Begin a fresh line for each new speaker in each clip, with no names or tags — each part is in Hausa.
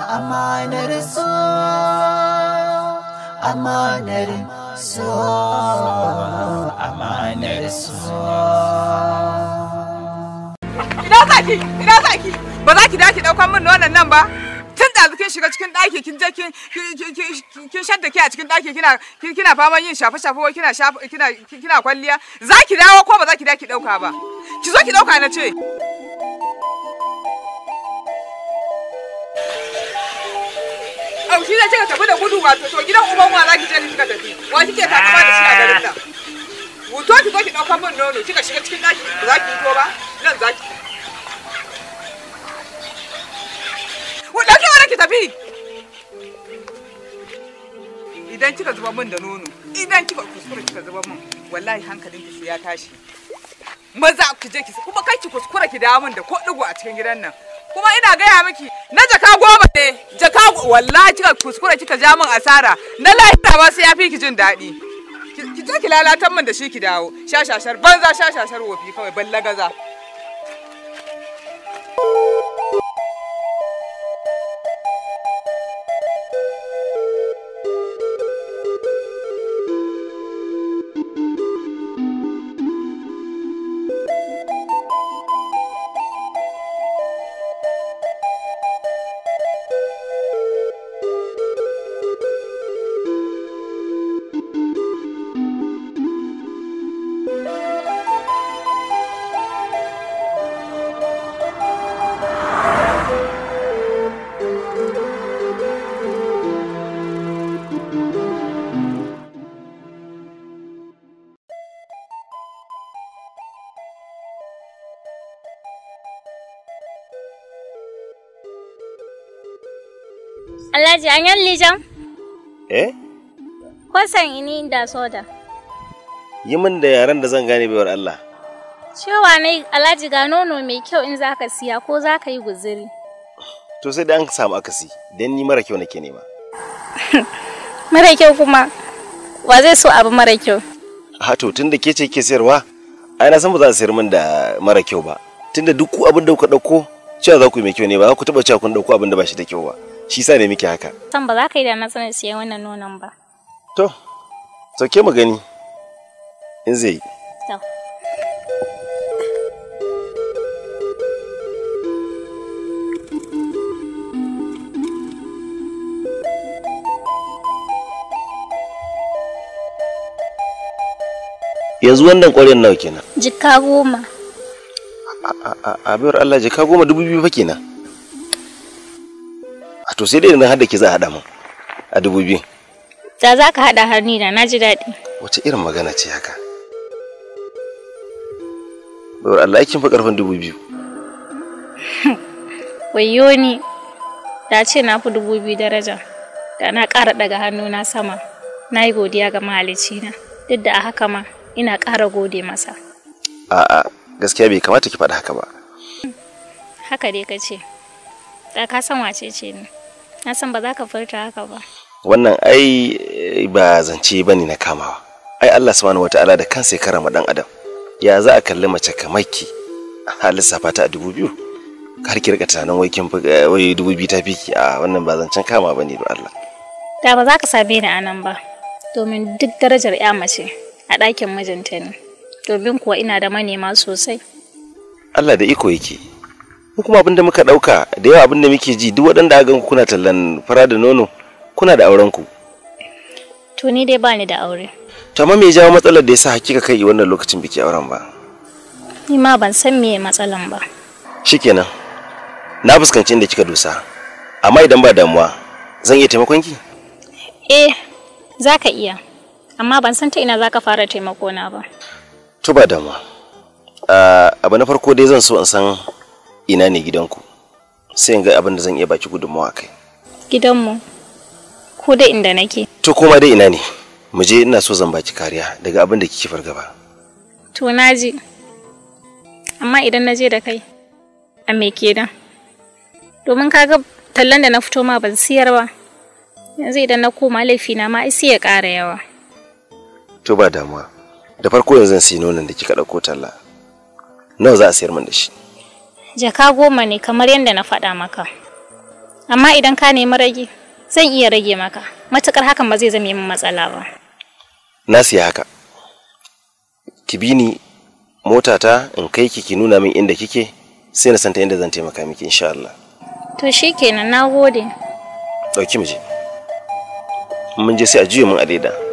Amanar so,
Ina zaki, ina zaki, ba za ki daki ɗaukan min nonon nan ba. Tun da kin shiga cikin ɗaki kin je kin shadda ke a cikin ɗaki kina kina faman yin shafe shafe wai kina kina kina kwalliya. Za ki dawo ko ba za ki daki ɗauka ba. Ki zo ki ɗauka na ce. au oh, shi zai ce ka tafi da gudu wato to gidan uban wa ki je ki kika tafi wa kike takama da shi a garin nan wuto ki zo ki dauka min nono kika shiga cikin daki za ki yi ba nan za ki ku dauki wani ki tafi idan kika zuba min da nono idan kika kuskura kika zuba min wallahi hankalin ki ya tashi maza ku je ki kuma kai ki kuskura ki dawo min da ko digo a cikin gidan nan kuma ina gaya miki na jaka goma ne jaka wallahi kika kuskure kika ja min asara na lahira ba sai yafi ki jin daɗi ki je ki lalatar min da shi ki dawo shashashar banza shashashar wofi kawai ballagaza
양현리 장 Eh? Kwasan ini da soda.
Yi min da yaren da zan gane baiwar Allah.
Cewa ne Alhaji ga nono mai kyau in za ka siya ko za ka yi guziri.
To sai da an samu akasi, don ni mara kyau nake nema.
mara kyau kuma, wa zai so abu mara kyau?
Ha to tun da ke ce ke sayarwa, ai na san ba za a sayar min da mara kyau ba. Tunda duk abin da kuka ɗauko, cewa za ku yi mai kyau ne ba, za ku taɓa cewa kun ɗauko abin da ba shi da kyau ba. shi sa ne muke haka
san ba za ka yi da na sanin siyan wannan nonon ba
to sauke mu gani in zai yi yanzu wannan ƙwarin nawa kenan
jika goma
a abiyar allah jika goma dubu biyu fa kenan to sai dai na hada ki za a hada mu a dubu biyu
da za ka hada har ni da na ji daɗi
wace irin magana ce haka Bawar Allah kin fi karfin dubu biyu
wayo ni da ce na fi dubu biyu daraja da na ƙara daga hannu na sama na yi godiya ga mahalicina duk da a haka ma ina ƙara gode masa
a'a gaskiya bai kamata ki faɗi haka ba
haka dai ka ce da ka san wace ce ne na san ba za ka furta haka ba
wannan ai eh, ba zance ba ne na kamawa ai Allah subhanahu wata'ala da kansa ya karama dan adam ya za a kalli mace kamar ki a lissafa ta a dubu biyu har ki rika tunanin wai kin eh, wai dubu biyu ta fiki a wannan ba zancen kama ba ne, don Allah
da ba za ka same ni anan ba domin duk darajar ya mace a ɗakin mijinta ne domin kuwa ina da manema sosai
Allah da iko yake mu kuma abin da muka dauka da yawa abin da muke ji duk waɗanda aka ganku kuna tallan fara da nono kuna da auren ku
to ni dai bani da aure
to amma me ya jawo matsalar da yasa hakika kai wannan lokacin biki auren ba
ni ma ban san me matsalan ba
shikenan na fuskanci inda kika dosa amma idan ba damuwa zan iya taimakon ki
eh za ka iya amma ban san ta ina za ka fara taimako na ba
to ba damuwa ah, abu na farko dai zan so in san ina ne gidanku sai in ga abin da zan iya baki gudunmawa kai
gidanmu ko da inda nake
to kuma dai ina ne mu je ina so zan baki kariya daga abin da kike fargaba
to naji amma idan na je da kai a me da domin kaga tallan da na fito ma ban siyar ba yanzu idan na koma laifina ma ai sai ya ƙara yawa
to ba damuwa da farko yanzu zan siyo nonon da kika ɗauko talla nawa za a sayar min da shi
jaka goma ne kamar yadda na faɗa maka amma idan ka nemi rage zan iya rage maka matukar hakan ba zai zame min matsala ba
na siya haka ki bi ni motata in kai ki ki nuna min inda kike sai na santa inda zan taimaka miki insha Allah
to shikenan nagode
dauki mu je mun je sai a juye mun a daidai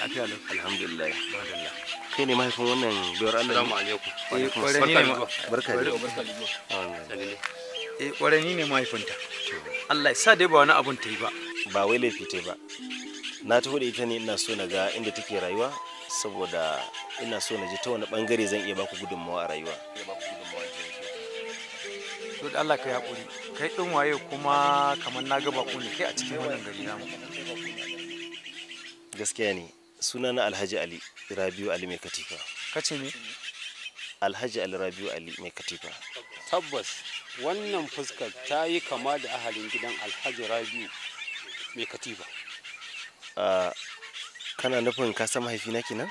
lafiya lau alhamdulillah kai ne mahaifin wannan
biyar allah salamu
alaikum barka da eh kware ni ne mahaifinta allah ya sa dai ba wani abun ta yi ba ba wai laifi ta ba na taho da ita ne
ina so na ga inda take rayuwa saboda ina so na ji ta wani bangare zan iya baku
gudunmawa a rayuwa to da Allah kai hakuri kai din waye kuma kamar na ga bako ne kai a cikin wannan gari namu
gaskiya ne suna na alhaji ali rabiu ali mai katifa kace ne? alhaji ali rabiu ali mai katifa tabbas wannan fuskar ta yi kama da ahalin gidan alhaji rabiu mai katifa a kana nufin ka san mahaifi na kenan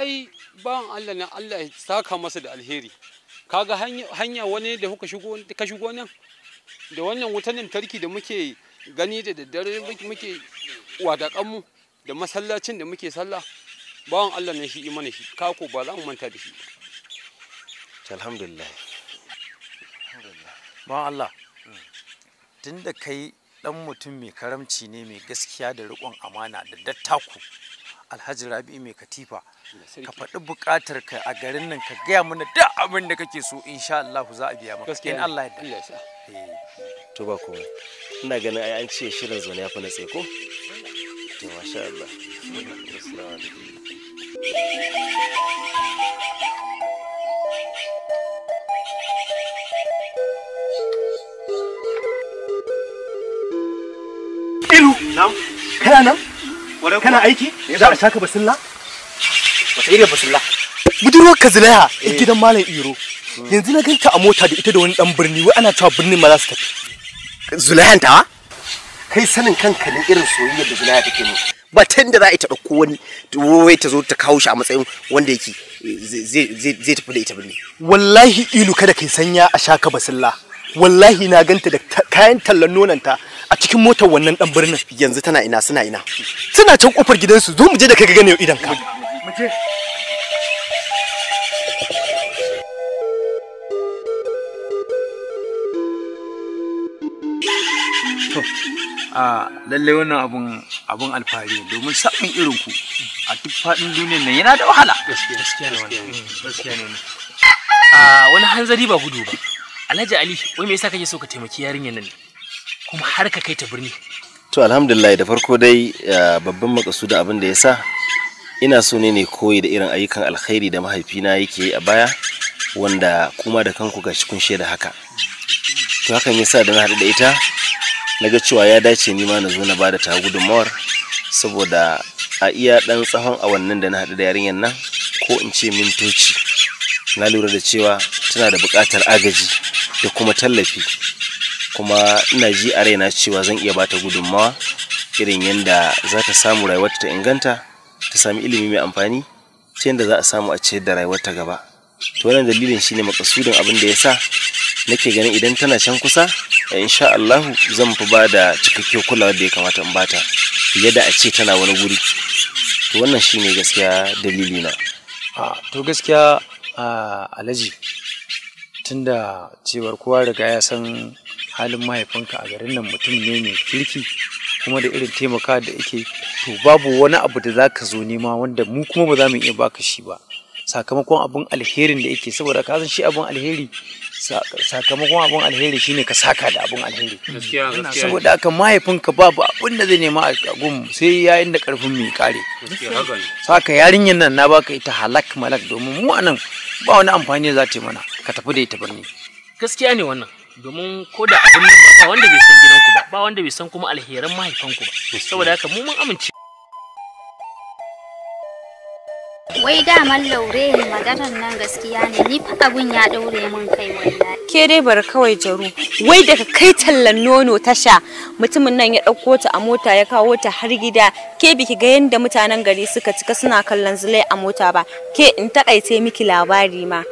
ai ban allah na allah ya saka masa da alheri kaga hanya wani da kuka shigo ka shigo nan da wannan wutan lantarki da muke gani da daddare muke wadakan mu da masallacin da muke sallah bawan Allah ne shi imani shi kako ba za mu manta da shi alhamdulillah bawan Allah tun da kai dan mutum mai karamci ne mai gaskiya da riƙon amana da dattaku alhaji rabi'u mai katifa ka faɗi buƙatar ka a garin nan ka gaya mana da abin da kake so insha Allah za a biya maka in Allah ya eh. to
ba komai ina ganin ai an ce shirin zone ya fi na tseko to masha Allah
assalamu
Ilu, na'am. Kana nan? Kana aiki? Za a saka basilla? Wata irin basilla? budurwar kazilaya eh. a gidan malam iro hmm. yanzu na ganta a mota da ita da wani dan birni wai ana cewa birnin ma za su tafi
zulayan tawa kai sanin kanka ne irin soyayya da ya take mu ba tanda za a yi ta ɗauko wani wai ta zo ta kawo shi a matsayin wanda yake zai tafi da ita birni
wallahi ilu kada kai sanya a shaka basilla wallahi na ganta da kayan tallan nonanta a cikin motar wannan dan birnin yanzu tana ina suna ina suna can kofar gidansu zo mu je da kai gane idan ka mu je
to a lalle wannan abun abun alfahari domin samun irin ku a duk faɗin duniyar nan yana da wahala gaskiya ne a wani hanzari ba gudu ba Alhaji Ali wai me yasa kake so ka taimaki yarinyar nan kuma har ka kai ta birni
to alhamdulillah da farko dai babban makasuda abin da yasa ina so ne ne koyi da irin ayyukan alkhairi da mahaifina yake yi a baya wanda kuma da kanku gashi kun shaida haka to hakan yasa da na haɗu da ita na ga cewa ya dace ni ma na zo na bada ta gudunmawar saboda a iya ɗan tsawon awannin da na haɗu da yarinyar nan ko in ce mintoci na lura da cewa tana da bukatar agaji da kuma tallafi kuma ina ji a raina cewa zan iya bata gudunmawa irin yadda za ta samu rayuwarta ta inganta ta sami ilimi mai amfani ta yadda za a samu a ciyar da rayuwarta gaba to wannan dalilin shine makasudin abin da ya sa nake ganin idan tana can kusa eh, insha Allahu zan fi ba da cikakkiyar kulawa da ya kamata in bata fiye da a ce tana wani guri to wannan shine gaskiya dalili na
to gaskiya alaji tunda cewar kowa riga ya san halin mahaifinka a garin nan mutum ne mai kirki kuma da irin taimaka da yake to babu wani abu da za ka zo nema wanda mu kuma ba za mu iya baka shi ba sakamakon abun alherin da yake saboda ka san shi abun alheri sakamakon abun alheri shine ka saka da abun alheri saboda haka mahaifinka babu abun da zai nema a gum sai ya da karfin mai kare saka yarinyar nan na baka ita halak malak domin mu anan ba wani amfani za ta yi mana ka tafi da ita birni gaskiya ne wannan
domin ko da abin nan ba wanda
bai san gidanku ba ba wanda bai san kuma alheran mahaifanku ba saboda haka mu mun amince
Wai daman laure maganar nan gaskiya ne
ni fa abun ya daure mun kai wallahi. Ke dai bar kawai jaru. Wai daga kai tallan nono tasha mutumin nan ya ɗauko ta a mota ya kawo ta har gida. Ke biki ga yanda mutanen gari suka cika suna kallon zulai a mota ba. Ke in takaice miki labari ma.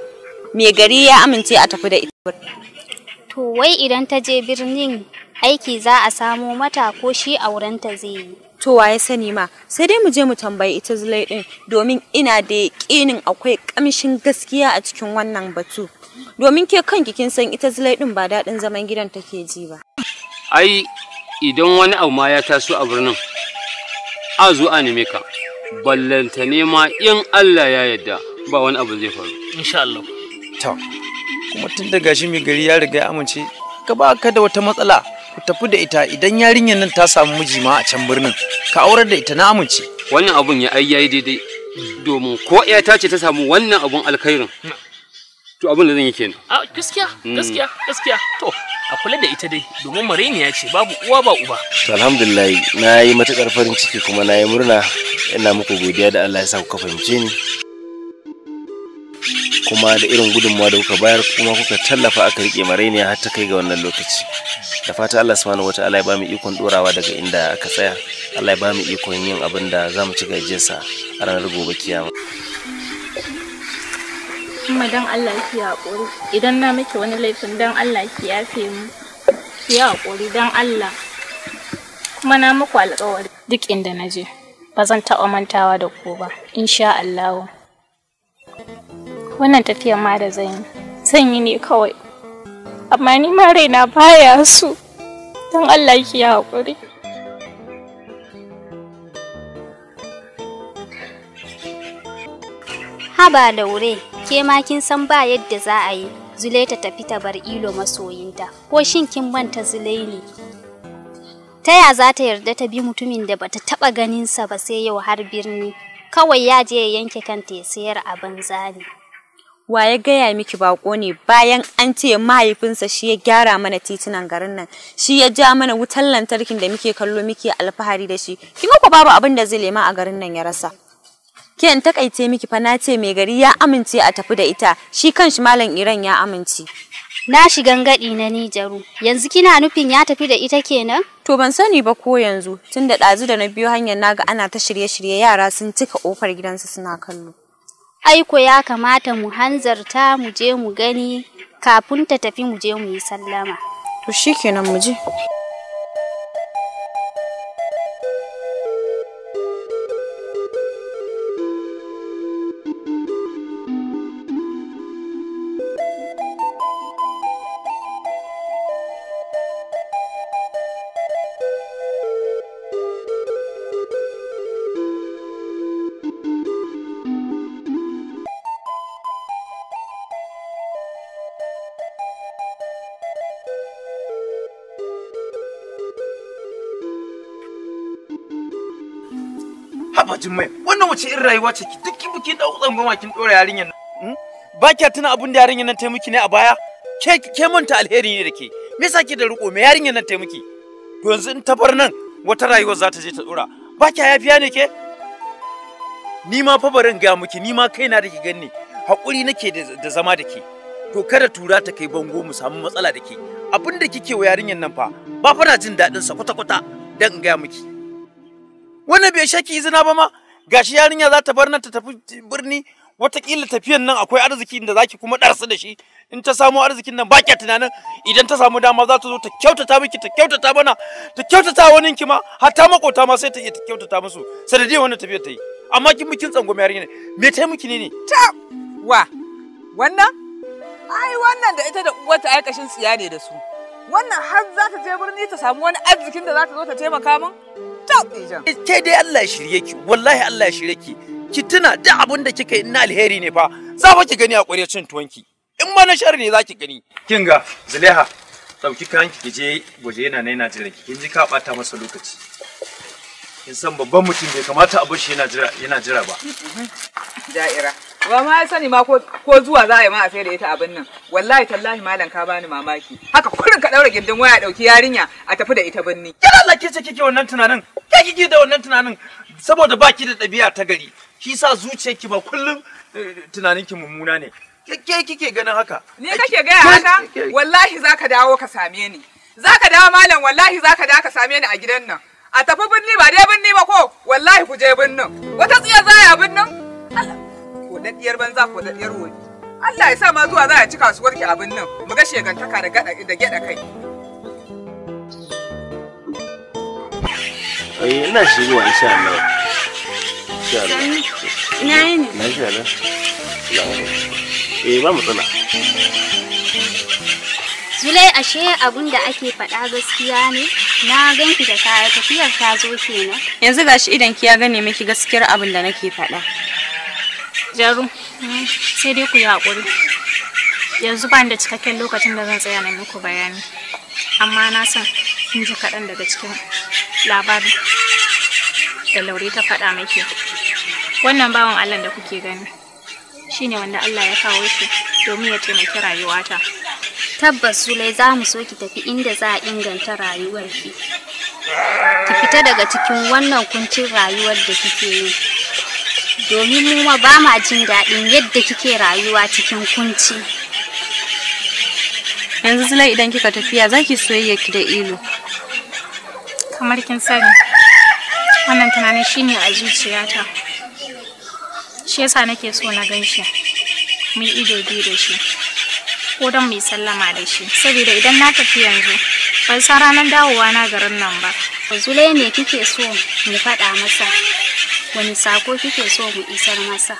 Me gari ya amince a tafi da ita.
To wai idan ta je birnin aiki za a samo mata ko shi aurenta zai yi.
to wa ya sani ma sai dai mu je mu tambayi ita zulai din domin ina da yakinin akwai ƙamshin gaskiya a cikin wannan batu domin ke kanki kin san ita zulai din ba daɗin zaman gidan take ji ba
ai idan wani abu ma ya taso a birnin a zo a neme ka ballanta nema in Allah ya yarda ba wani abu zai faru insha Allah
to kuma tun da gashi mai gari ya riga ya amince ka ba ka da wata matsala ku tafi da ita idan yarinyar nan ta samu miji ma a can birnin ka aurar da ita na amince
wannan abun ya ai yayi daidai domin ko ta ce ta samu wannan abun alkhairin to abin da zan yi kenan
a gaskiya mm. gaskiya gaskiya to a kula da ita dai domin
ya ce babu uwa ba uba alhamdulillah na yi matukar farin ciki kuma na yi murna ina muku godiya da Allah ya sa ku fahimce ni kuma da irin gudunmawa da kuka bayar kuma kuka tallafa aka rike marainiya har ta kai ga wannan lokaci da fata Allah subhanahu wataala ya bamu ikon dorawa daga inda aka tsaya Allah ya bamu ikon yin abin da za mu ci gajiyarsa a ranar gobe kiyama
kuma dan Allah ki haƙuri idan na miki wani laifin dan Allah ki yafe mu ki haƙuri dan Allah kuma na muku alƙawari duk inda na je ba zan taɓa mantawa da ku ba insha Allah wannan tafiyar ma da zan yi zan yi ne kawai amma ni ma raina baya su,
don Allah ki ya haƙuri haba wure ke ma kin san ba yadda za a yi zuleta ta tafi ta bar ilo masoyinta ko shin kin manta zulai ne ta ya za ta yarda ta bi mutumin da bata taba ganinsa ba sai yau har birni kawai ya je ya yanke kanta ya sayar a banza ne
wa ya gaya miki bako ne bayan an ce mahaifinsa shi ya gyara mana titunan garin nan shi ya ja mana wutar lantarkin da muke kallo muke alfahari da shi kin ko babu abin da zai lema a garin nan ya rasa kin takaice miki fa na ce mai gari ya amince a tafi da ita shi kanshi malam Iran ya amince na shi gangadi na jaru yanzu kina nufin ya tafi da ita kenan to ban sani ba ko yanzu tunda dazu da na biyo hanyar naga ana ta shirye-shirye yara sun cika kofar gidansu suna kallo aiko ya kamata mu hanzarta
mu je mu gani kafin ta tafi mu je mu yi sallama.
To shikenan mu je.
mai wannan wace irin rayuwa ce ki duk kin kin dau tsangwama kin dora yarinyar nan hmm? ba kya tuna abin da yarinyar nan ta miki ne a baya ke ke manta alheri ne da ke me yasa ki da riko me yarinyar nan ta miki to yanzu in ta bar nan wata rayuwar za ta je ta dora ba kya yafiya ne ke ni ma fa barin ga miki ni ma kaina da ki ganni hakuri nake da zama da ke to kada tura ta kai bango mu samu matsala da ke abin da kike wa yarinyar nan fa ba fa na jin daɗin sa kwata-kwata dan in ga miki wannan bai shaki izina ba ma gashi yarinya za ta bar nan ta tafi birni Wataƙila tafiyan nan akwai arzikin da zaki kuma darsu da shi in ta samu arzikin nan baki tunanin idan ta samu dama za ta zo ta kyautata miki ta kyautata mana ta kyautata wani ki ma hatta makota ma sai ta iya ta kyautata musu sanadiyar wannan tafiyar ta yi amma kin bikin tsango mai yarinya me ta yi miki ne ne ta wa wannan
ai wannan da ita da uwarta ai kashin tsiya ne da su wannan har za ta je birni ta samu wani arzikin da za ta zo ta taimaka min
Ke dai Allah ya shirye ki, wallahi Allah ya shirye ki. Ki tuna duk abin da kika yi ina alheri ne fa, za fa ki gani a ƙwarya cin tuwonki. In ma na shari ne za ki gani. Kin ga, Zuleha, ɗauki kayanki ki je waje yana na yana jiran ki, kin ji ka ɓata masa lokaci. kin san babban mutum bai kamata a bashi
yana jira yana jira ba
ja'ira ba ma ya sani ma ko zuwa za a yi ma a saida da ita abin nan wallahi tallahi malam ka bani mamaki haka kurin ka daura gindin waya dauki yarinya a tafi da ita binni kira Allah ke ce kike wannan tunanin ke kike da wannan tunanin saboda baki
da ɗabi'a ta gari shi sa zuciyarki ba kullum eh, tunaninki mummuna ne ke
kike ganin haka ni kake gaya haka wallahi zaka dawo ka same ni zaka dawo malam wallahi zaka dawo ka same ni a gidan nan a tafi birni ba dai birni ba ko wallahi ku je birnin wata tsiya tsiyar zaya birnin Allah ko daddiyar banza ko daddiyar wani Allah ya sa ma zuwa za a ci kasuwar ki a birnin mu ga shegantaka da gada da gada kai
ai eh, ina shigowa insha Allah insha Allah
na yi ne
na insha Allah eh ba mu matsala
zulai ashe abun da ake faɗa gaskiya ne na ganki da kaya tafiyar ta zo kenan
yanzu gashi idan ki ya gane miki gaskiyar abin da nake faɗa
jaru sai dai ku yi haƙuri
yanzu bani da cikakken lokacin da zan tsaya na muku bayani amma na san kin ji kaɗan daga cikin labarin da laure ta faɗa miki wannan bawan allah da kuke gani Shi ne wanda allah ya kawo shi domin ya taimaki rayuwata
Tabbas Zulai za mu so ki tafi inda za a inganta rayuwarki. Ki fita daga cikin wannan kuncin rayuwar da kike yi. Domin mu ba ma jin daɗin yadda kike rayuwa cikin kunci. Yanzu Zulai idan kika tafiya za ki soyayya ki da ilo.
Kamar kin sani. Wannan tunanin shine a zuciyata. Shi yasa nake so na gan shi. mun ido biyu da shi. ko don mai sallama da shi saboda idan na tafi yanzu ban san ranar dawowa na garin nan ba zulai ne kike so mu faɗa masa wani sako kike so mu isar masa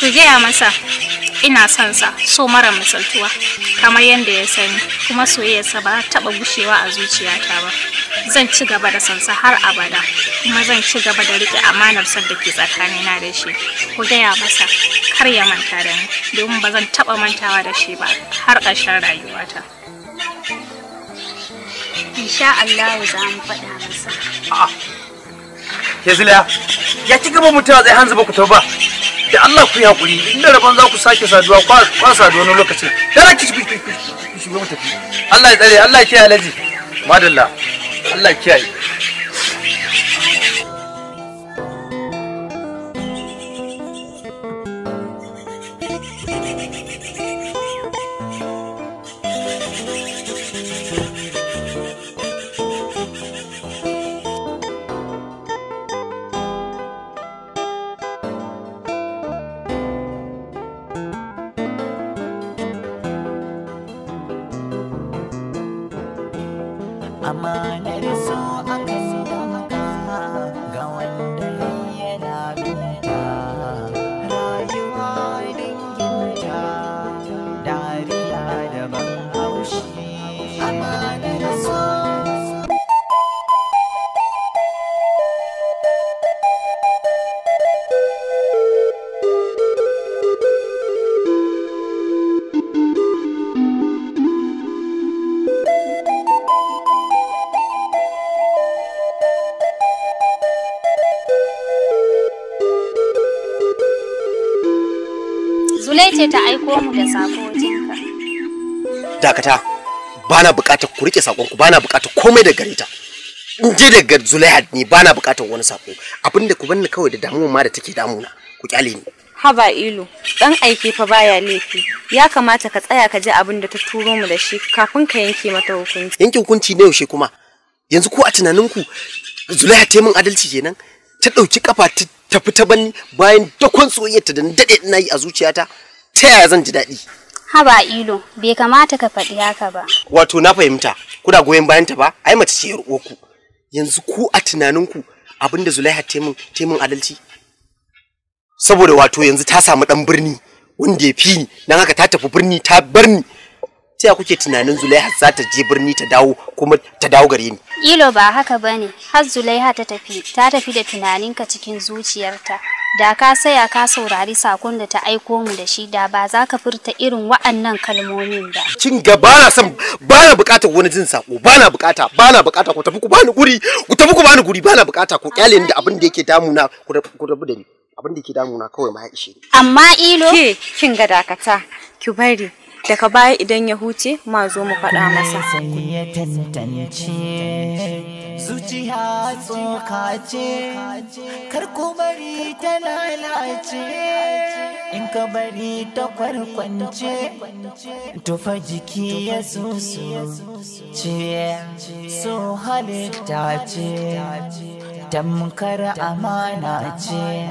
ku gaya masa ina son sa so mara misaltuwa kamar yadda ya sani kuma soyayyarsa ba taɓa gushewa a zuciyata ba zan ci gaba da sansa har abada kuma zan ci gaba da riƙe amanar son da ke tsakanina da shi ku gaya masa kar ya manta da ni domin ba zan taɓa mantawa da shi ba har ƙarshen rayuwata
insha Allah za mu faɗa masa
ke zila ya ci gaba mutum a hanzu ba ku ba da Allah ku yi haƙuri inda rabon za ku sake saduwa kwa saduwa wani lokacin da na kishi kishi kishi Allah ya tsare Allah ya kiyaye alaji madalla Allah ya kiyaye
aiko mu da sako
Dakata, bana bukatar ku rike sakonku, bana bukatar komai da gareta In je daga Zulaihat ne bana bukatar wani sako. Abinda ku banni kawai da damuwa ma da take damuna, ku kyale ni.
Haba ilu, dan aike fa baya laifi. Ya kamata ka tsaya ka ji abin da ta turo mu da shi kafin ka yanke mata hukunci.
Yanke hukunci ne yaushe kuma? Yanzu ko a tunaninku Zulaiha ta min adalci kenan? Ta ɗauki kafa ta tafi ta banni bayan dakon soyayyarta da na daɗe ina yi a zuciyata. ta yaya zan ji daɗi
haba ilo bai kamata ka faɗi haka ba
wato na fahimta kuna goyon bayanta ba ai mace ce yar uwarku yanzu ku a tunaninku abinda zulaiha ta ta min adalci saboda wato yanzu ta samu dan birni wanda ya fi ni dan haka ta tafi birni ta bar ni ta kuke tunanin zulaiha za ta je birni ta dawo kuma ta dawo
gare ni
ilo ba haka bane har zulaiha ta tafi ta tafi da tunaninka cikin zuciyarta da ka saya ka saurari sakon da ta aiko mu da shi da ba za ka furta irin wa'annan kalmomin ba
cin ga ba na san ba na bukatar wani jin sako ba na bukata
ba na bukata ku tafi ku bani guri ku tafi ku bani guri ba na bukata ku kyale ni da abin da yake damuna ku rabu da ni abin da yake damuna kawai ma ya ishe
amma ilo ke kin ga dakata ki bari daga baya idan ya huce ma zo mu faɗa masa
zuciya tsoka ce kar ku bari ta lalace in ka bari ta kwarkwance tufa jiki ya susu ce so halitta ce tamkar amana ce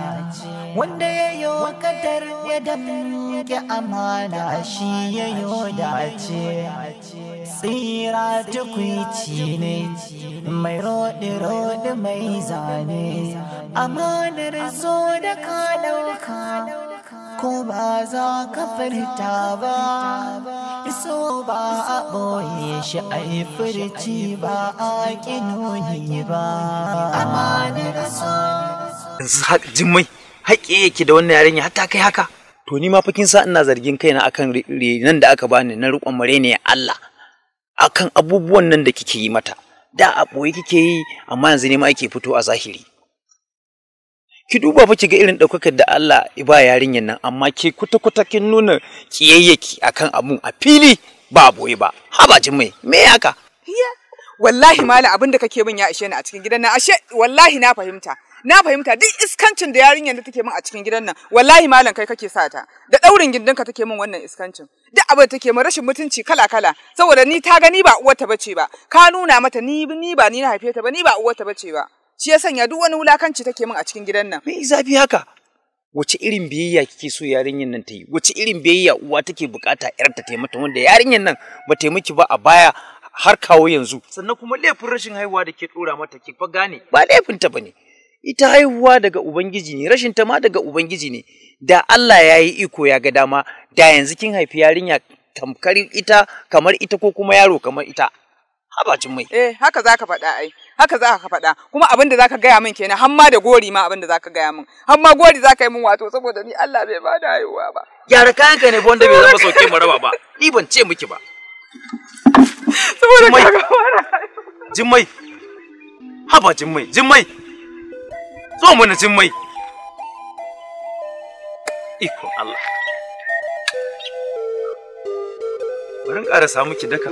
wanda ya yi wakadar ya damke amana shi ya yi dace tsira tukwici ne mai rodi rodi mai zane amanar zo da ka ɗauka ko ba za ka furta ba iso ba a ɓoye shi a yi furci ba a ƙinoni ba yanzu
jimmai haƙe yake da wannan yarinya hatta kai haka to ni ma fakin sa ina zargin kaina akan renan da aka bani na riƙon mare ne Allah akan abubuwan nan da kike yi mata da a ɓoye kike yi amma yanzu ne ma ake fito a zahiri ki duba ba ki ga irin ɗaukakar da Allah ba yarinyar nan amma ke kuta kuta kin nuna kiyayyaki akan abun a fili ba boye ba jin mai me haka
wallahi malam abin da kake min ya ishe ni a cikin gidan nan ashe wallahi na fahimta na fahimta duk iskancin da yarinyar da take min a cikin gidan nan wallahi malam kai kake sa ta da daurin gindinka take min wannan iskancin duk abin da take min rashin mutunci kala kala saboda ni ta gani ba uwarta bace ba ka nuna mata ni ni ba ni na haife ta ba ni ba uwarta bace ba shi ya sanya duk wani wulakanci take min a cikin gidan nan. Me
zafi haka? Wace irin biyayya kike so yarinyar nan ta yi? Wace irin biyayya uwa take bukata yar ta taimata wanda yarinyar nan ba taimaki ba a baya har kawo yanzu. Sannan kuma laifin rashin haihuwa da ke dora mata ke fa gane ba laifin ta bane. Ita haihuwa daga Ubangiji ne, rashin ta ma daga Ubangiji ne. Da Allah ya yi iko ya ga dama, da yanzu kin haifi
yarinya tamkar ita kamar ita ko kuma yaro kamar ita. Habacin mai. Eh, haka za ka faɗa ai. haka za ka faɗa kuma abin da za ka gaya min kenan hamma da gori ma abin da za ka gaya min hamma gori za ka yi min wato saboda ni Allah bai ba da haihuwa ba gyara kayan ka ne ba wanda bai zama sauke
mu raba ba ni ban ce miki ba saboda ka ga jimmai haba jimmai jimmai zo mana jimmai Iko Allah bari in ƙara samu ki daka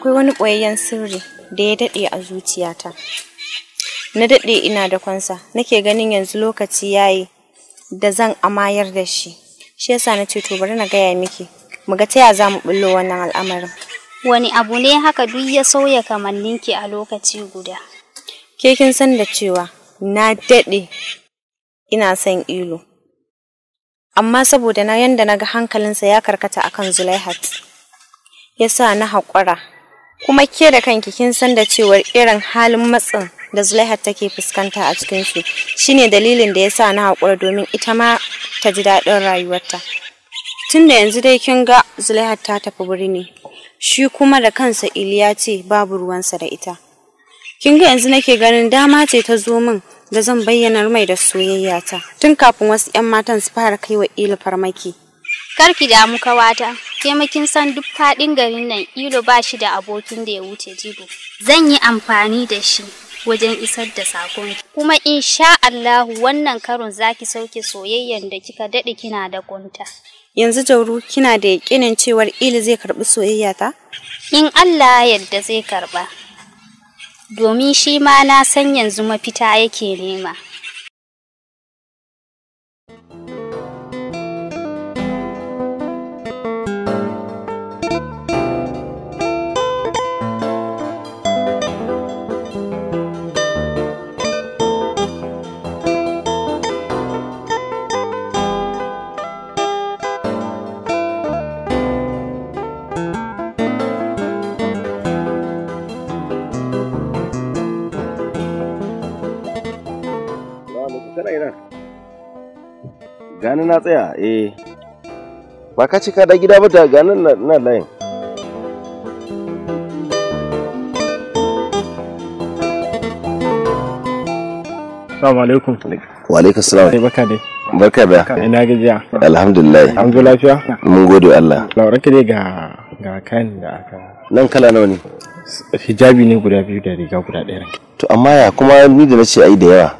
akwai wani ɓoyayyen sirri da ya daɗe a zuciyata na daɗe ina da kwansa nake ganin yanzu lokaci ya yi da zan amayar da shi shi yasa na ce to bari na gaya miki mu ga ta za mu bullo wannan al'amarin
wani abu ne haka duk ya sauya kamanninki a lokaci guda
ke kin san da cewa na daɗe ina son ilo amma saboda na yanda na ga hankalinsa ya karkata akan zulaihat yasa na haƙura kuma ke da kanki kin san da cewar irin halin matsin da Zulaiha take fuskanta a cikin su shine dalilin da yasa na haƙura domin ita ma ta ji daɗin rayuwarta tunda yanzu dai kin ga Zulaiha ta tafi birni shi kuma da kansa Iliya ce babu ruwansa da ita kin ga yanzu nake ganin dama ce ta zo min da zan bayyanar mai da soyayyata tun kafin wasu 'yan matan su fara kai wa farmaki.
karki ki damu kawata taimakin san duk faɗin garin nan ilo ba shi da abokin da ya wuce jibo. Zan yi amfani da shi wajen isar da sakon kuma insha Allahu wannan karon zaki sauke soyayyar da kika dade kina da kunta
yanzu Jauro kina da yakinin cewar ilo zai karbi soyayya
in Allah yadda zai karba
domin shi ma na san yanzu
mafita yake nema
gani na tsaya eh ba ka cika da gida ba da gani na layin Assalamu alaikum. Wa alaikum salam. Eh, baka dai. Barka da.
Ina gajiya.
Alhamdulillah. Alhamdulillah zo lafiya? Mun gode Allah.
Lawarka dai ga ga kayan da aka. Nan kala nawa ne? Hijabi ne guda biyu da riga guda ɗaya. To amma ya kuma ni da nace ai da yawa.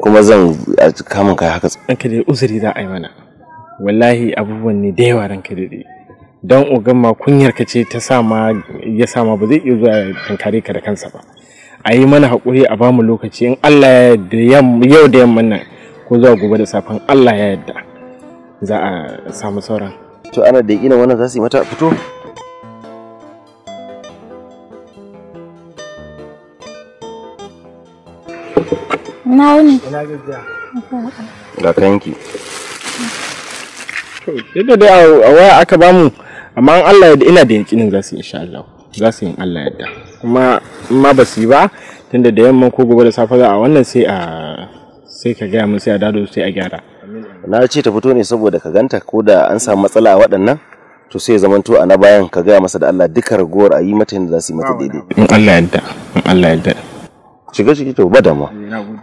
kuma zan kamun kai haka ranka dai uzuri za a yi mana wallahi abubuwan ne da yawa ranka dai don ogan ma kunyar ka ce ta sama ya sama ba zai iya zuwa tankare ka da kansa ba a yi mana haƙuri a bamu lokaci in Allah ya yau da yamman nan ko zuwa gobe da safen Allah ya yadda za a samu sauran
to ana da ina wannan za su yi mata fito
Ina wuni? Ina
gajiya. Ga da dai a waya aka bamu amma in Allah yadda ina da yakinin za su insha Allah. Za su yin Allah yadda. Kuma in ma ba su yi ba tunda da yamma ko gobe da safe za a wannan sai a sai ka gaya min sai a dado sai a gyara. Na ce ta fito ne saboda ka
ganta ko da an samu matsala a waɗannan to sai zamanto a na bayan ka gaya masa da Allah duka ragowar a yi mata yadda za su yi mata daidai. In Allah yadda. In Allah yadda. shiga ciki to ba damuwa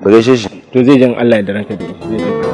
ba gaishe shi to zai jan Allah ya daraka da shi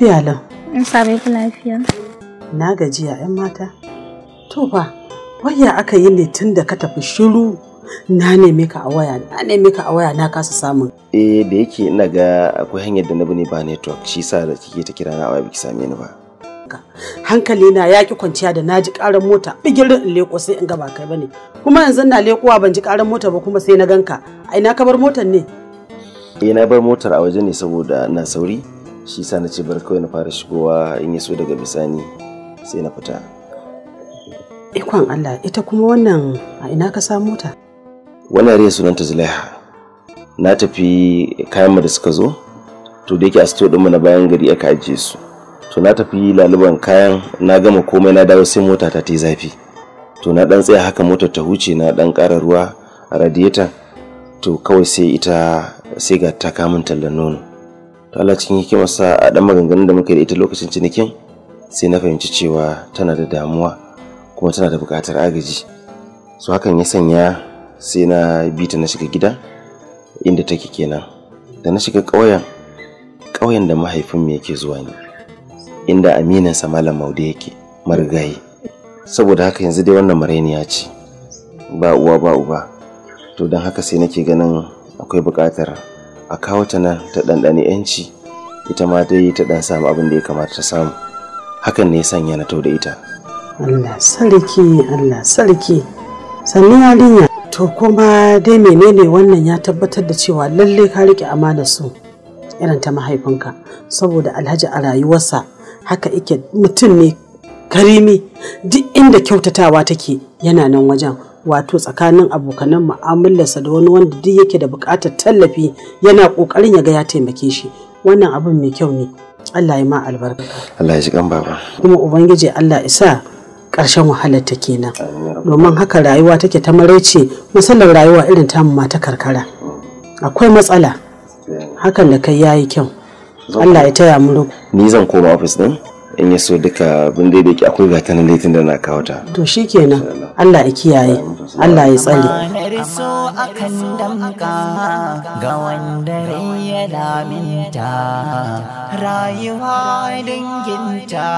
lafiya lau.
In same ku lafiya.
Na gajiya 'yan mata. To fa, waya aka yi ne tun da ka tafi shiru na neme ka a waya na neme ka a waya na kasa samun. Eh da yake ina ga
akwai hanyar da na ne ba network shi sa da kike ta kira na a biki same ni ba.
Hankali na yaƙi kwanciya da naji karar mota bigirin in leko sai in ga ba kai bane. Kuma yanzu na lekowa ban ji karar mota ba kuma sai na ganka. Ai na bar motar ne.
Eh na bar motar a waje ne saboda na sauri. shi sa na ce bar kawai na fara shigowa in yaso daga bisani sai na fita
ikon Allah ita kuma wannan a ina ka samu ta
wannan riya sunanta Zulaiha na tafi kayan da suka zo to da yake a sto ɗinmu na bayan gari aka ajiye su to na tafi laluban kayan na gama komai na dawo sai mota ta ta zafi to na dan tsaya haka motar ta huce na dan ƙara ruwa a to kawai sai ita sai ga ta kamun tallan nono to Allah cikin hikimarsa a dan maganganun da muka yi da ita lokacin cinikin sai na fahimci cewa tana da damuwa kuma tana da buƙatar agaji so hakan ya sanya sai na bi ta na shiga gida inda take kenan da na shiga ƙauyen ƙauyen da mu yake zuwa ne inda sa malam maude yake marigayi saboda haka yanzu dai wannan marainiya ce ba uwa ba uba to don haka sai nake ganin akwai buƙatar a kawo ta nan ta ɗanɗani yanci ita ma dai ta ɗan samu abin da ya kamata ta samu hakan ne sanya na to da ita
Allah sarki Allah sarki sannan yarinya to kuma dai menene wannan ya tabbatar da cewa lalle ka rike amanar su irin ta mahaifinka saboda alhaji a rayuwarsa haka ike mutum ne karimi duk inda kyautatawa take yana nan wajen wato tsakanin abokanan mu'amalarsa da wani wanda duk yake da buƙatar tallafi yana ƙoƙarin ya ga ya taimake shi wannan abin mai kyau ne Allah ya ma albarka
Allah ya ji kan baba
kuma ubangiji Allah isa ƙarshen wahalar ta kenan domin haka rayuwa take ta maraice musallar rayuwa irin tamu ma ta karkara akwai matsala hakan da kai yayi kyau
Allah ya taya mu ni zan koma ofis din in ya so duka abin da yake akwai gata nan dai da na kawo ta
to shikenan Allah ya kiyaye Allah ya tsare
so akan damka ga wanda ya laminta rayuwa danginta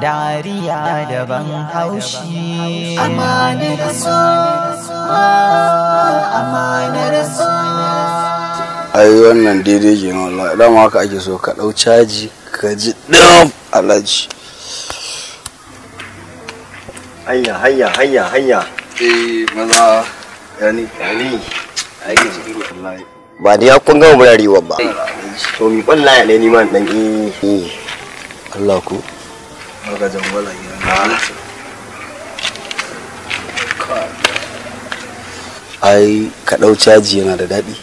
dariya daban haushi amanar so amanar so
ai wannan daidai ke wallahi dama haka ake so ka dau caji ka ji dam alhaji hanya hanya hanya hanya eh maza yani yani aiki cikin wallahi ba da ya kun gama burarewa ba eh, to mi kwallaya ne ni ma dan eh Allah ku
maka wala ya
ai ka dau caji yana da daɗi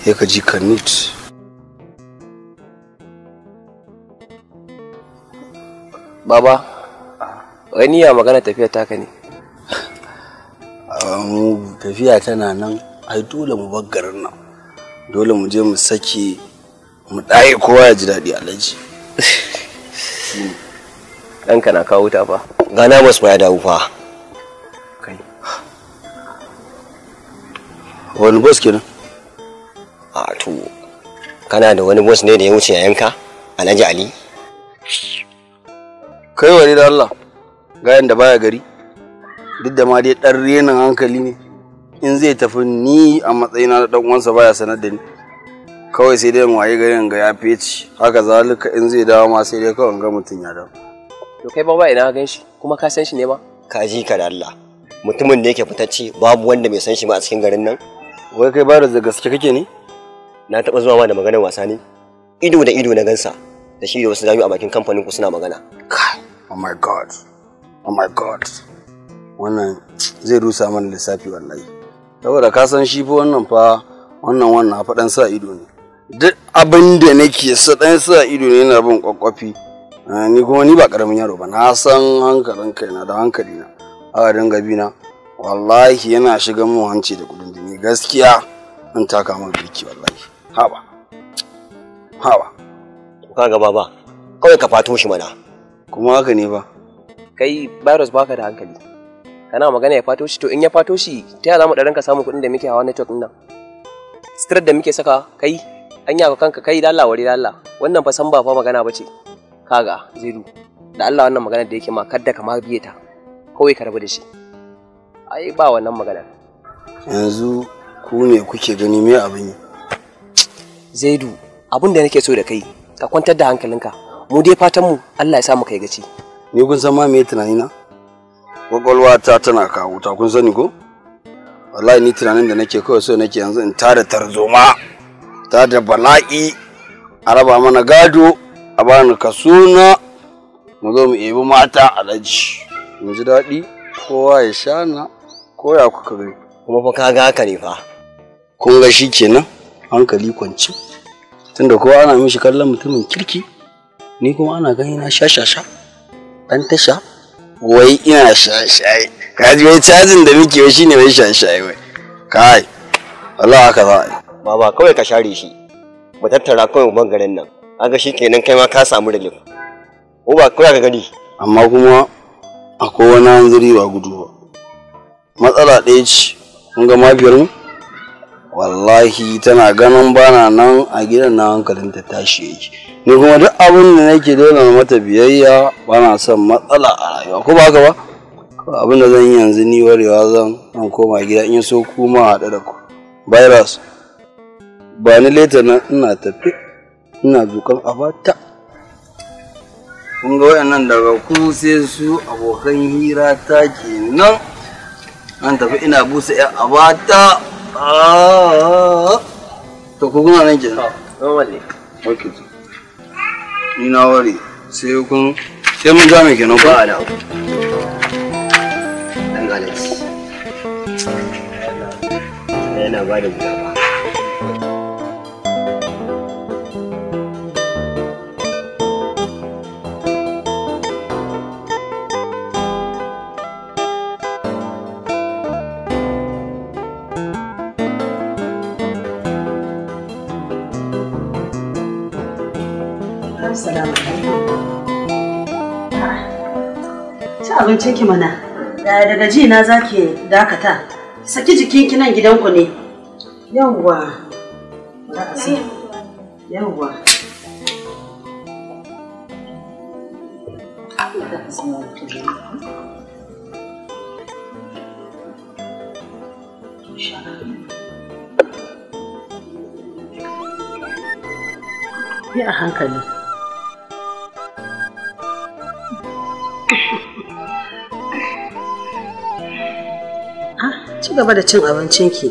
sai ka ji kanut
Baba, wani ya magana tafiya taka ne.
Ah,
tafiya tana nan, ai dole mu bar garin nan. Dole mu je mu sake mu ɗaye kowa ya ji daɗi alhaji. Ɗanka na kawo ta fa. Gana bas ma ya dawo fa. Kai. Wani bas kenan? A ah, to, kana da wani bas ne da ya wuce yayanka? Alhaji Ali? kai wari da Allah ga da baya gari duk da ma dai dan renin hankali ne in zai tafi ni a matsayina da uwansa baya sanar da ni kawai sai dai mu waye garin ga ya feci haka zalika in zai dawo ma sai dai kawai ga mutum ya dawo
to kai baba ina gan shi kuma ka san shi ne ba
ka ji ka da Allah mutumin da yake fitacce babu wanda bai san shi ma a cikin garin nan wai kai bara da gaske kake ne na taba zuwa ma da maganar wasa ne ido da ido na gansa da shi da wasu rayu a bakin kamfanin ku suna magana kai oh my god oh my god wannan zai rusa mana lissafi wallahi saboda ka san shi fa wannan fa wannan wannan fa dan sa ido ne duk abin da nake sa dan sa ido ne yana bin kwakwafi eh, ni kuma ni ba karamin yaro ba na san hankalin kaina da hankalina a dinga bi na wallahi yana shiga mu hanci da kudin jini gaskiya an taka min biki wallahi haba haba
kaga baba kawai ka fato shi mana
kuma haka ne ba
kai virus baka da hankali kana magana ya fato shi to in ya fato shi ta yaya za mu da ranka samun kuɗin da muke hawa network ɗin nan stress da muke saka kai an yaka kanka kai lalla wari lalla wannan fa san ba fa magana bace kaga zaidu da Allah wannan magana da yake ma kadda ka ma biye ta kawai ka rabu da shi ai ba wannan magana yanzu ku ne kuke gani me abin yi zaidu abin da nake so da kai ka kwantar da hankalinka mu dai fatan mu Allah ya sa mu kai gaci ni kun san
ma me tunani na kwakwalwa ta tana kawo ta kun sani ko wallahi ni tunanin da nake kawai so nake yanzu in tada tarzoma ta da bala'i a raba mana gado a bani kasuna. mu zo mu ebi mata alaji mu ji daɗi kowa ya sha na ko ya kuka gari. kuma fa kaga haka ne fa kun ga shi kenan hankali kwanci tunda kowa ana mishi kallon mutumin kirki ni kuma ana gani na sha-sha-sha, dan tasha wai ina shashaye ka ji wai cajin da muke wai shine wai shashaye wai kai Allah haka za baba kawai ka share shi mu tattara kawai mu garin nan ga shi kenan kai ma ka samu relief ko ba kawai ka gani amma kuma akwai wani zuri ba gudu ba matsala ɗaya ce kun ga mafiyar mu wallahi tana ganin bana nan a gidan na hankalin ta tashi yake ni kuma duk abin da nake dole na mata biyayya bana son matsala a rayuwa ko ba haka ba abin da zan yi yanzu ni warewa zan an koma gida in so kuma haɗu da ku virus ba ni leta na ina tafi ina dukan abata kun ga wayannan daga ku sai su abokan hira ta kenan an tafi ina busa yan abata ah. to kuma nan kenan ah, normal ne okay ni na ware sai hukun sai mun ja mai kenan ba a da
dan galis
yana ba da guda ba
Assalamu Ci abincin ki mana. Yaya daga ji na zaki dakata. Saki jikin kinan nan gidanku ne. Yawwa. Yawwa. Yi a hankali. Ah, ci gaba da cin abincinki.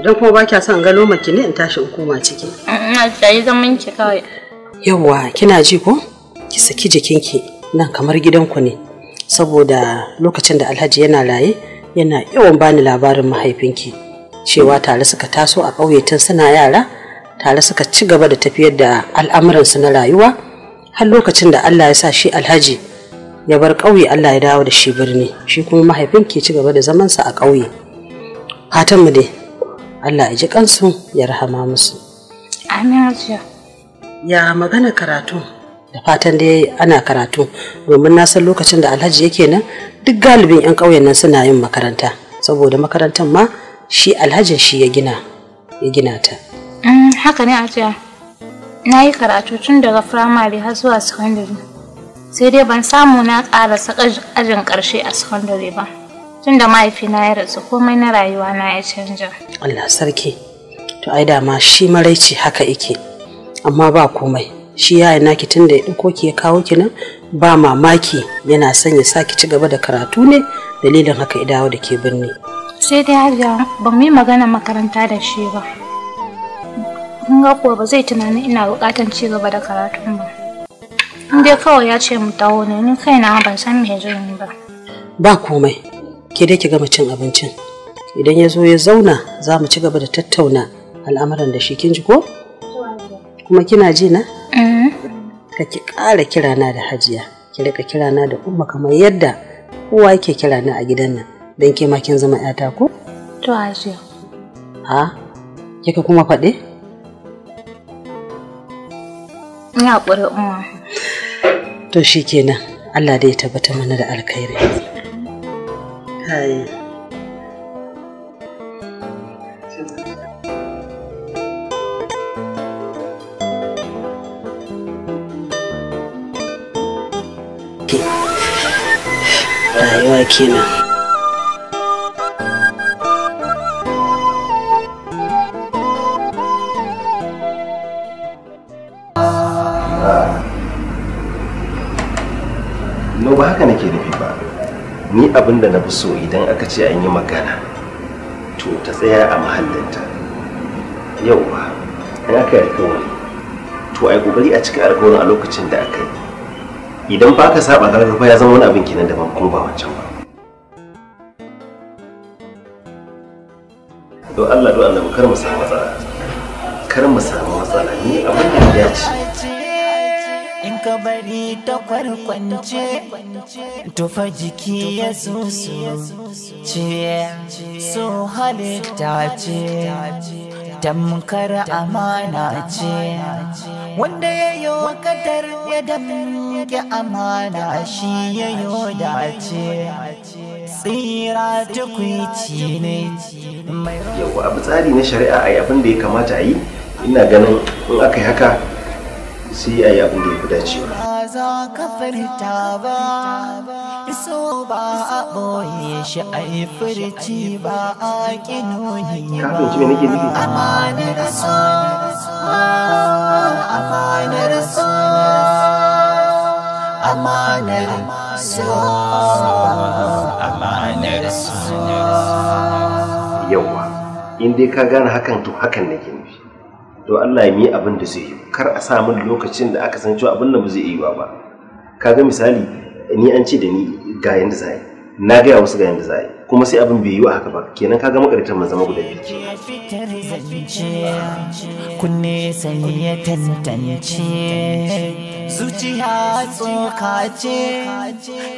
Idan kuma ba kya son ga lomarki ne in tashi in koma ciki.
Ina tsaye zaman ki
kawai. Yawwa, kina ji ko? Ki saki jikinki nan kamar gidanku ne. Saboda lokacin da Alhaji yana laye, yana yawan bani labarin mahaifinki. Cewa tare suka taso a ƙauye tun suna yara, tare suka ci gaba da tafiyar da al'amuransu na rayuwa, har lokacin da Allah ya sa shi Alhaji ya bar ƙauye Allah ya dawo da shi birni shi kuma mahaifin ke ci gaba da zamansa a ƙauye Fatanmu mu dai Allah ya ji kansu ya rahama musu amin ya magana karatu da fatan dai ana karatu domin na san lokacin da alhaji yake nan duk galibin 'yan ƙauyen nan suna yin makaranta saboda makarantar ma shi alhajin shi ya gina ya gina ta
mm, haka ne a na yi karatu tun daga firamare har zuwa secondary sai dai ban samu na ƙara ajin ƙarshe a secondary ba tun da mahaifina ya rasu komai na rayuwa na ya
canja
Allah sarki to ai dama shi maraici haka yake amma ba komai shi yayin naki tun da ya ɗauko ya kawo ki nan ba mamaki yana son ya sa ki ci gaba da karatu ne dalilin haka ya dawo da ke birni
sai dai hajiya ba mu yi magana makaranta da shi ba kun ga kuwa ba zai tunanin ina bukatan ci gaba da karatun ba in dai kawai ya ce mu dawo ne ni na ban san me
zan yi ba
ba komai ke dai ki gama cin abincin idan ya zo ya zauna za mu ci gaba da tattauna al'amuran da shi kin ji ko kuma kina ji na mm-hmm. ka ki ƙara kira na da hajiya ki rika kira na da umma kamar yadda kowa yake kira na a gidan nan don ke ma kin zama yata ko to hajiya ha kika kuma faɗi
ina ƙuri umma
to kenan Allah dai ya tabbata mana da alkhairi
rayuwa kenan
ba haka nake nufi ba ni abin da na fi so idan aka ce an yi magana to ta tsaya a mahallinta yau ba an aka yi alkawari to ai kokari a cikin alkawarin a lokacin da aka yi idan ba ka saba karfafa ya zama wani abin kenan ban kuma ba wancan ba to Allah do Allah kar mu samu matsala kar mu samu matsala ni abin da ya
ce. in ka bari ta kwarkwance tufa jiki ya susu ce so halitta ce tamkar amana ce wanda ya yi kadar ya damke amana shi ya yi dace tsira tukwici ne yau
abu tsari na shari'a a abin da ya kamata a yi ina ganin in aka yi haka sai a yi abin da ya fi
za ba, a boye shi a yi furci ba a ƙi nuni ba. Ka fahimci me nake nufi?
in dai ka gane hakan to hakan nake nufi. to Allah ya mi abin da zai yi kar a sa min lokacin da aka san cewa abin da ba zai yi ba kaga misali ni an ce da ni ga yanda za yi na gaya wasu ga yanda za kuma sai abin bai yi wa haka ba kenan ka ga makaritan man zama guda
biyu kunne sani ya zuciya tsoka ce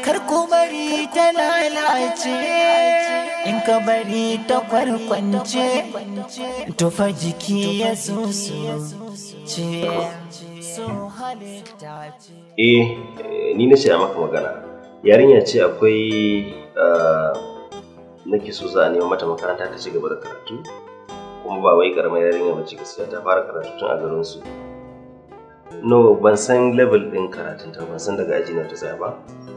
kar ku bari ta lalace in ka bari ta kwarkwance tufa jiki ya ce
eh, eh ni na ce maka magana yarinya ce akwai ah, nake so za a mata makaranta ta ci gaba da karatu kuma ba wai karamar yarinya ba ce gaskiya ta fara karatu tun a garin su no ban san level din karatun ta ban san daga aji na ta tsaya ba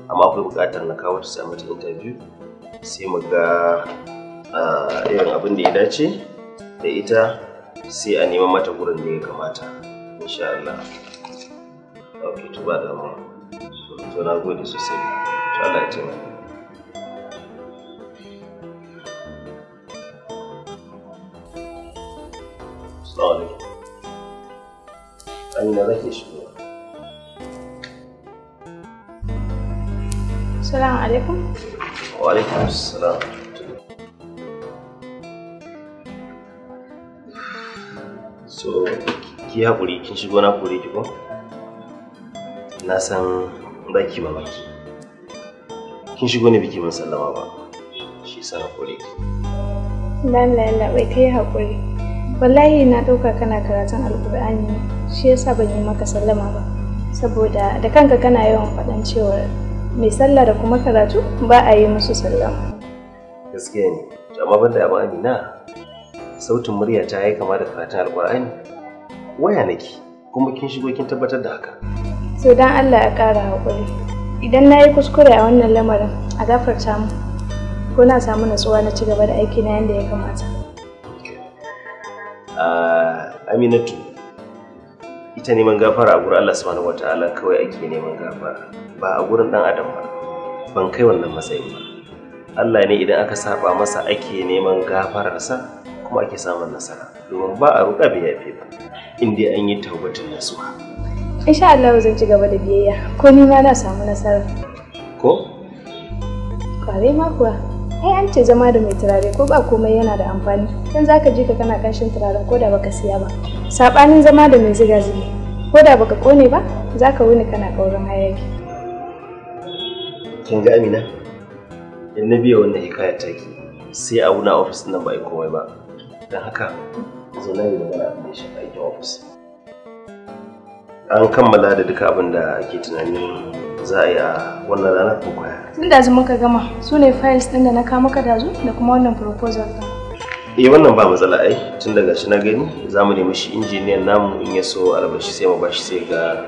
amma akwai buƙatar na kawo ta samu ta interview sai mu ga irin abin da ya dace da ita sai a neman mata gurin da ya kamata insha Allah ok to da mu to na gode sosai to Allah ya taimaka Assalamu alaikum. Amina za shigo.
Assalamu alaikum.
Wa alaikum assalam. So, ki haƙuri kin shigo na kore ki ko? Na san za ki mamaki. Kin shigo ne biki mun sallama ba. Shi sana kore ki.
Lallai labai kai haƙuri. wallahi na ɗauka kana karatun alkur'ani shi yasa ban yi maka sallama ba saboda da kanka kana yawan faɗan cewa mai sallah da kuma karatu ba a yi musu sallama
gaskiya ne amma banda da amina sautin murya ta yi kama da karatun alkur'ani waya nake kuma kin shigo kin tabbatar da haka
so dan Allah ya ƙara haƙuri idan na yi kuskure a wannan lamarin a gafarta mu ko na samu natsuwa na ci gaba da aiki na yadda ya kamata
Aminatu ita neman gafara a gurin Allah subhanahu ta'ala kawai ake neman gafara ba a gurin dan adam ba ban kai wannan matsayin ba Allah ne idan aka saba masa ake neman gafararsa kuma ake samun nasara domin ba a ruka biya fi ba in dai an yi taubatun nasuwa
insha Allah zan ci gaba da biyayya ko ni ma na samu nasara ko kware ma kuwa ai an ce zama da mai turare ko ba komai yana da amfani dan zaka je ka kana kashin turaren ko da baka siya ba sabanin zama da mai ziga zige ko da baka kone ba zaka wuni kana kaurin hayaki
kin ga Amina in na biya wannan hikaya take sai a wuna office nan ba ai komai ba dan haka zo na yi magana da shi aikin office an kammala da duka abin da ake tunanin za a yi a wannan ranar ko kwaya.
Tun da muka gama su ne files ɗin da na kawo maka dazu da kuma wannan proposal ɗin.
Eh wannan ba matsala ai tun daga shi na gani za mu nemi shi injiniyan namu in ya so albashi sai mu bashi sai ga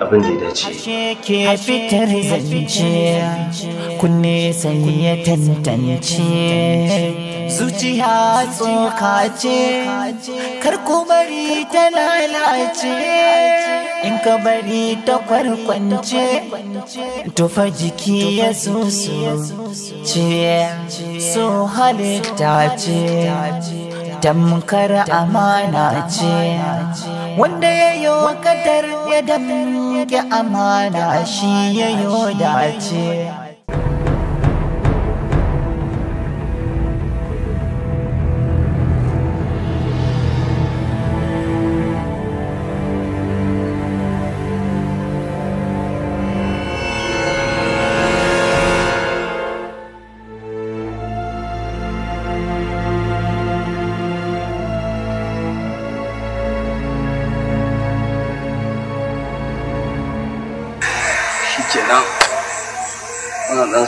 abin da ya dace
ke fitar zance kunne sai ya tantance zuciya tsoka ce kar ku bari ta lalace in ka bari ta kwarkwance fa jiki ya susu ce so halitta ce tamkar amana ce wanda ya yi kadar ya damke amana shi ya yi dace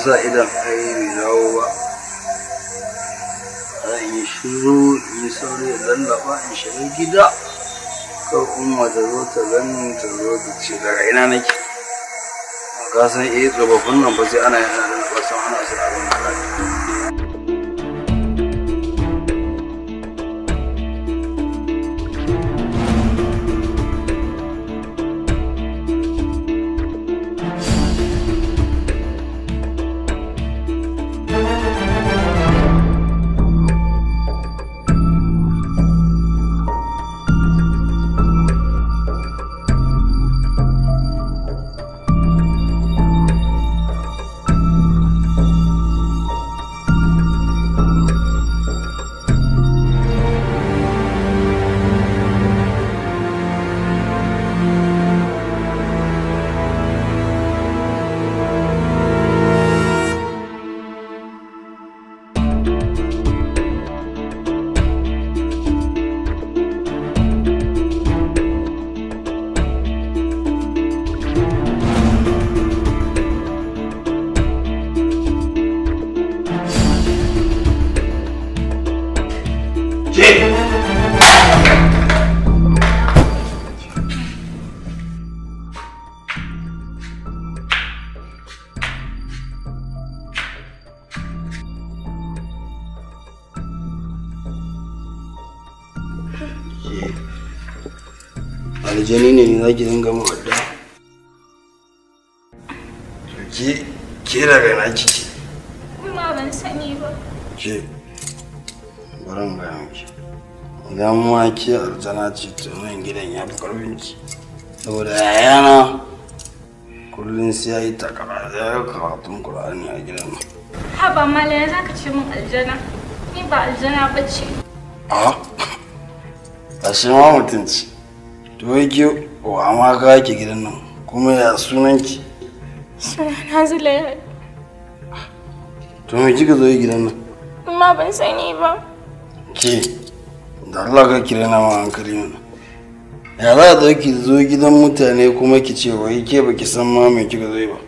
sa idan ai bai dawo ba a yi shiru yi sauri ya lallaba in shiga gida kar umma ta zo ta gani ta zo ta ce daga ina nake a kasan iya eh, tsofaffin nan ba sai
ana yana da na ana sa
za ki dinga mu wadda ki ke
daga na kike
kuma ban sani ba
ke baran ga yanki idan ma ke arzana ce to nan gidan ya fi karfin ki saboda yayana kullum sai ya yi takara ya yi karatun kur'ani a gidan
nan ba mala ya za ka ce min aljana ni ba aljana ba ce
a ah, ashe ma mutunci to yake wa amma ka ki gidan nan kuma ya sunanki
sunana zulaiha
to me kika zo gidan nan
amma ban sani ba
ke da Allah ka kira na ma hankali mana ya za ta ki zo gidan mutane kuma ki ce wai ke ki san ma me kika zo ba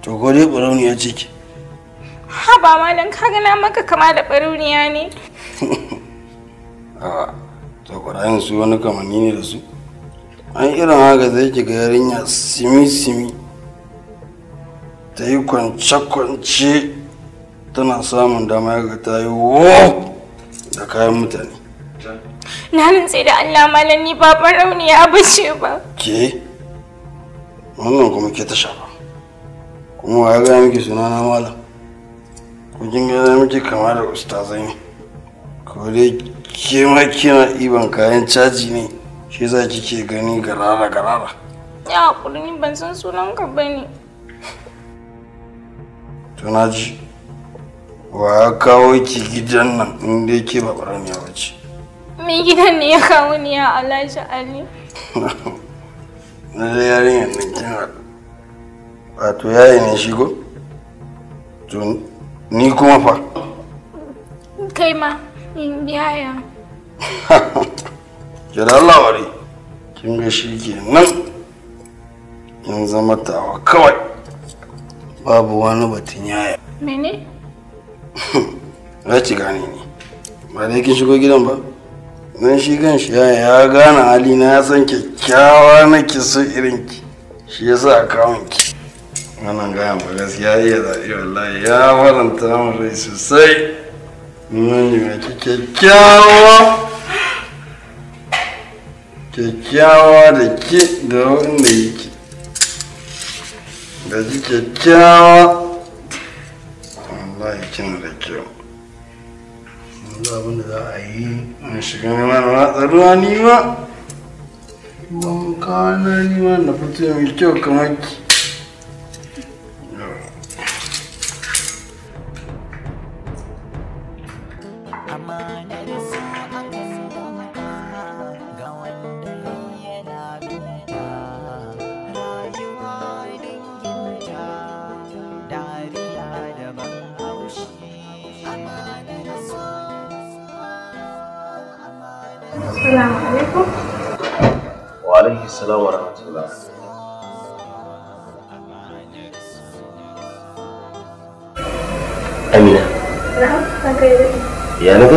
to ko dai ya ce ki
ha ba malam kaga na maka kama da barauniya ne
a'a to ƙwararren su wani kamanni ne da su an irin haka zai ki ga yarinya simi-simi ta yi kwance-kwance tana samun dama ga ta yi wo da kayan mutane
na rantse da allah malam ni ba rauni ya bace ba
ke wannan kuma ke ta shafa kuma wa ya gaya miki sunana malam kujin gaya miki kama da ustazai ne ko dai ke ma kina iban kayan caji ne shi za kike gani
garara garara
ya hakuri ni ban san sunan ka ne.
to na ji wa ya kawo ki gidan nan inda ya ke ba barani ya wace
me gidan ne ya kawo ni ya Alhaji Ali
na da yarinyar nan kin haɗu wato yayi ne shi to ni kuma fa
kai ma Yaya.
Kira lawari, kin ga shi ke nan in zama tawa kawai babu wani batun
yaya. Mene?
Za ci gane ni. Ba dai kin shigo gidan ba? Nan shi gan shi yaya ya gane hali na ya san kyakkyawa na ki so irin ki. Shi yasa akawun ki. Wannan gayan ba gaskiya iya zaɓi wallahi ya faranta mu rai sosai. majimaci kyakkyawa kyakkyawa da ke da wanda yake da ji kyakkyawa wallahi kina da kyau
yanzu abin da za a yi a shiga neman watsa ruwa ni ma wanka na ni ma na fito mai kyau kamar ki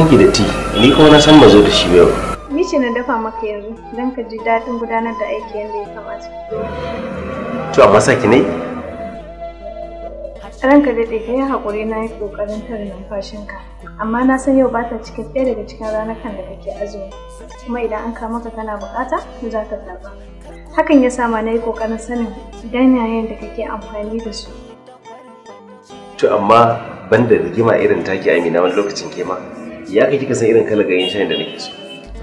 Ki da ti ni kuma na san ba zo da shi ba.
ni ce na dafa maka yanzu don ka ji daɗin gudanar da aiki yadda ya kamata
to amma saki ne
ranka da ɗaya ya haƙuri na yi ƙoƙarin tare numfashinka amma na san yau ba ta cikin ɗaya daga cikin kan da kake azumi kuma idan an kama ka kana buƙata za ka zaɓa hakan ya ma na yi ƙoƙarin sanin dan ganyayen da kake amfani da su
to amma banda rigima irin take amina wani lokacin ke ma ya kai kika san irin kalar ganyen shayin da nake so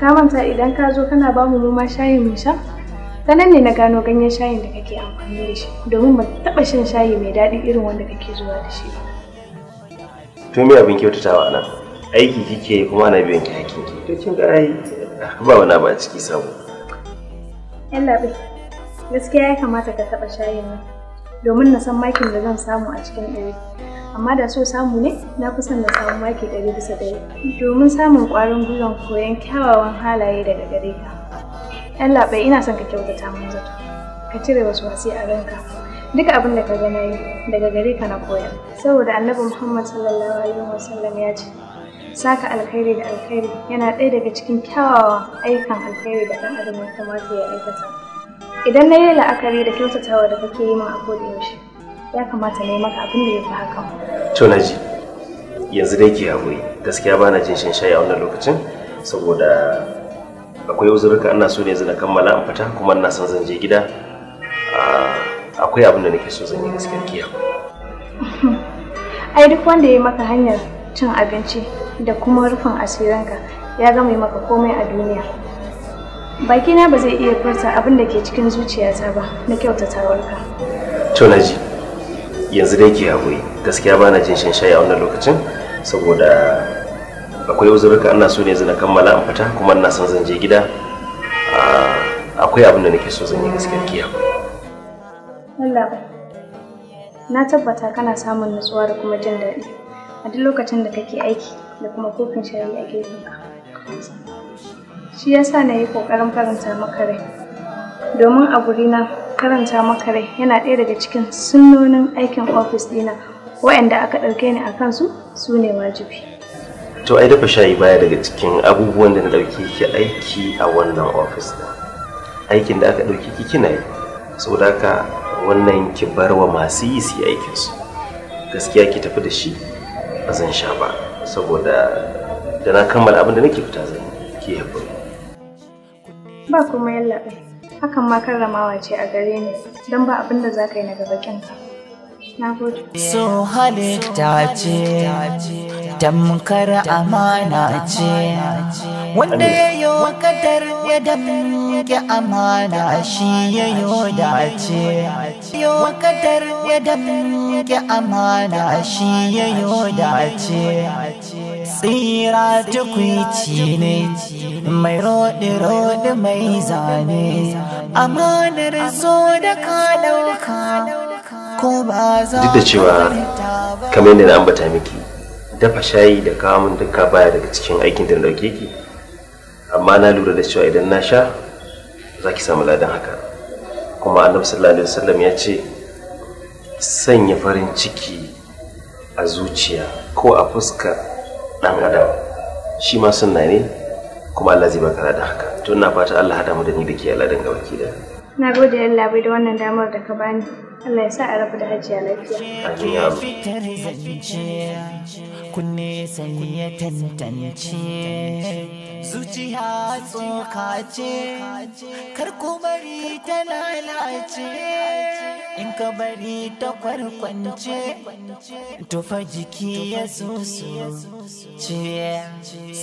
ka manta idan ka zo kana ba mu noma shayi mai sha ta nan ne na gano ganyen shayin da kake amfani da shi domin ba taɓa shan shayi mai daɗi irin wanda kake zuwa da shi
to me abin kyautatawa nan aiki kike kuma na biyan ki hakkin ki to kin ga ai ba wani ba ciki sabo
Yallaɓe, gaskiya ya kamata ka taɓa shayin nan domin na san makin da zan samu a cikin ɗari amma da so samu ne na fi son na samu maki ɗari bisa ɗari domin samun ƙwarin gwiwan koyon kyawawan halaye daga gare ka ɗan labai ina son ka kyautata mun zato ka cire wasu wasi a ranka duka abin da ka ga yi daga gare ka na koya saboda annabi muhammad sallallahu alaihi Sallam ya ce saka alkhairi da alkhairi yana ɗaya daga cikin kyawawan aikan alkhairi da ɗan adam ya kamata ya aikata Idan na yi la'akari da kyautatawa da kake yi min a yaushe, ya kamata na yi maka abin da ya fi
haka. ji, yanzu dai ke haƙuri, gaskiya ba na jin shan shayi a wannan lokacin saboda akwai uzurka ana so ne yanzu na kammala in fita kuma ina son zan je gida. Ah, akwai abin da nake so zan yi gaskiya ke
Ai duk wanda ya maka hanyar cin abinci da kuma rufin asirinka ya gama maka komai a duniya. bakina ba zai iya furta abin da ke cikin zuciyata ba na kyautatawarka.
Tolaji, yanzu dai ke haƙuri gaskiya ba na jin shayi a wannan lokacin saboda akwai uzurka ana so ne yanzu na kammala in fita kuma ina son zan je gida ah, akwai abin da nake so zan yi gaskiya ke haƙuri.
Allah na tabbata kana samun nutsuwa da kuma jin daɗi a duk lokacin da kake aiki da kuma kofin shayi a gefenka. shi yasa na yi ƙoƙarin karanta maka rai domin a na karanta maka rai yana ɗaya daga cikin sunnonin aikin ofis ɗina waɗanda aka ɗauke ni a kansu su ne wajibi
to ai dafa shayi baya daga cikin abubuwan da na ɗauke ki aiki a wannan ofis ɗin aikin da aka ɗauke ki kina yi saboda haka wannan ki bar wa masu yi su yi aikinsu gaskiya ki tafi da shi ba zan sha ba saboda da na kammala abin da nake fita zan ki haƙuri
Ba kuma yallaɓe. Hakan ma karramawa ce a gare ni don ba abin da za ka yi na gaba kinka
Na gode. So halitta ce, tamkar amana ce, wanda ya yi wa kadar ya damke amana shi ya yi dace. Yo kadar ya damke amana shi ya yi dace. tsira tukwici ne mai roɗe-roɗe mai zane amanar zo da ka ɗauka ko ba za duk da cewa
kamar yadda na ambata miki dafa shayi da kamun duka baya daga cikin aikin da na dauke ki amma na lura da cewa idan na sha za ki samu ladan haka kuma annabi sallallahu alaihi wasallam ya ce sanya farin ciki a zuciya ko a fuska dan adam shi ma sunna ne kuma Allah zai baka da haka to ina fata Allah hada mu da ni da ke
Allah dan gabaki da
Na gode Allah bai da wannan damar da ka bani. Allah ya sa a rabu da hajiya
lafiya. Fitar zance, kunne sani tantance. Zuciya tsoka ce, kar ku bari ta lalace. In ka bari ta kwarkwance, tufa jiki ya susu ce,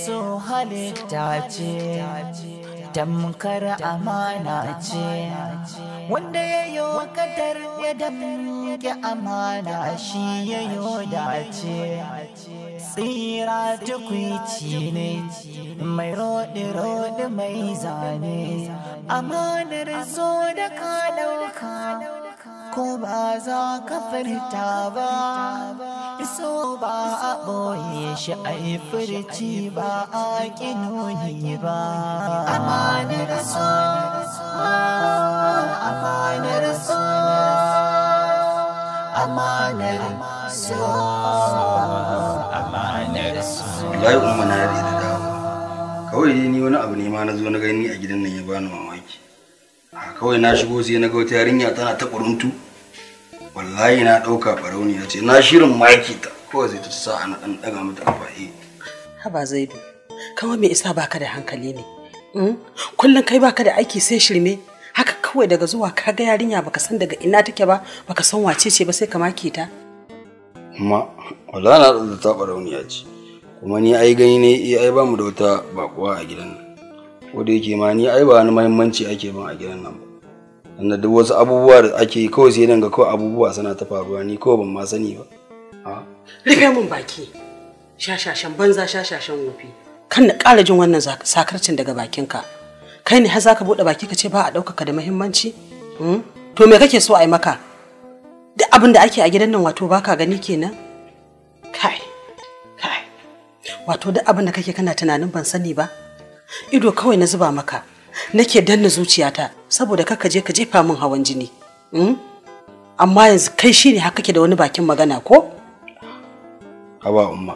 so halitta ce. tamkar amana ce wanda ya yi wa kadar ya damke amana shi ya yi dace tsira tukwici ne mai roɗe-roɗe mai zane amanar zo da ka ɗauka ko ba za ka furta ba iso ba a ɓoye shi a yi furci ba a ƙinoni ba amanar so amanar so
amanar so amanar so wallahi
umma na da dawo kawai ni wani abu ne ma na zo na gani a gidan nan ya bani mamaki kawai na shigo sai na ga wata yarinya tana ta ƙuruntu wallahi na ɗauka barauni ce na shirin maki ta kawai zai ta sa ana ɗan ɗaga mata ba eh.
haba bi kawai me isa baka da hankali ne hmm? kullum kai baka da aiki sai shirme haka kawai daga zuwa ka ga yarinya baka san daga ina take ba baka san wace ce ba sai ka maki ta
ma wallahi na da ta barauni ce kuma ni ai gani ne eh, ai ba mu da wata bakuwa a gidan nan ko da yake ma ni ai ba wani muhimmanci ake ban a gidan nan ba na duk wasu abubuwa da ake yi kawai sai nan ga kawai abubuwa suna ta faruwa ni
kawai ban ma sani ba rufe mun baki shashashan banza shashashan wofi kan na ƙara jin wannan sakarcin daga bakinka kai ne har zaka bude buɗe baki ka ce ba a ɗaukaka da muhimmanci hmm? to me kake so a yi maka duk abin da ake a gidan nan wato baka gani kenan kai kai wato duk abin da kake kana tunanin ban sani ba ido kawai na zuba maka nake danna zuciyata saboda kaka je ka jefa min hawan jini hmm? amma yanzu kai shine haka ke da wani bakin magana ko
haba umma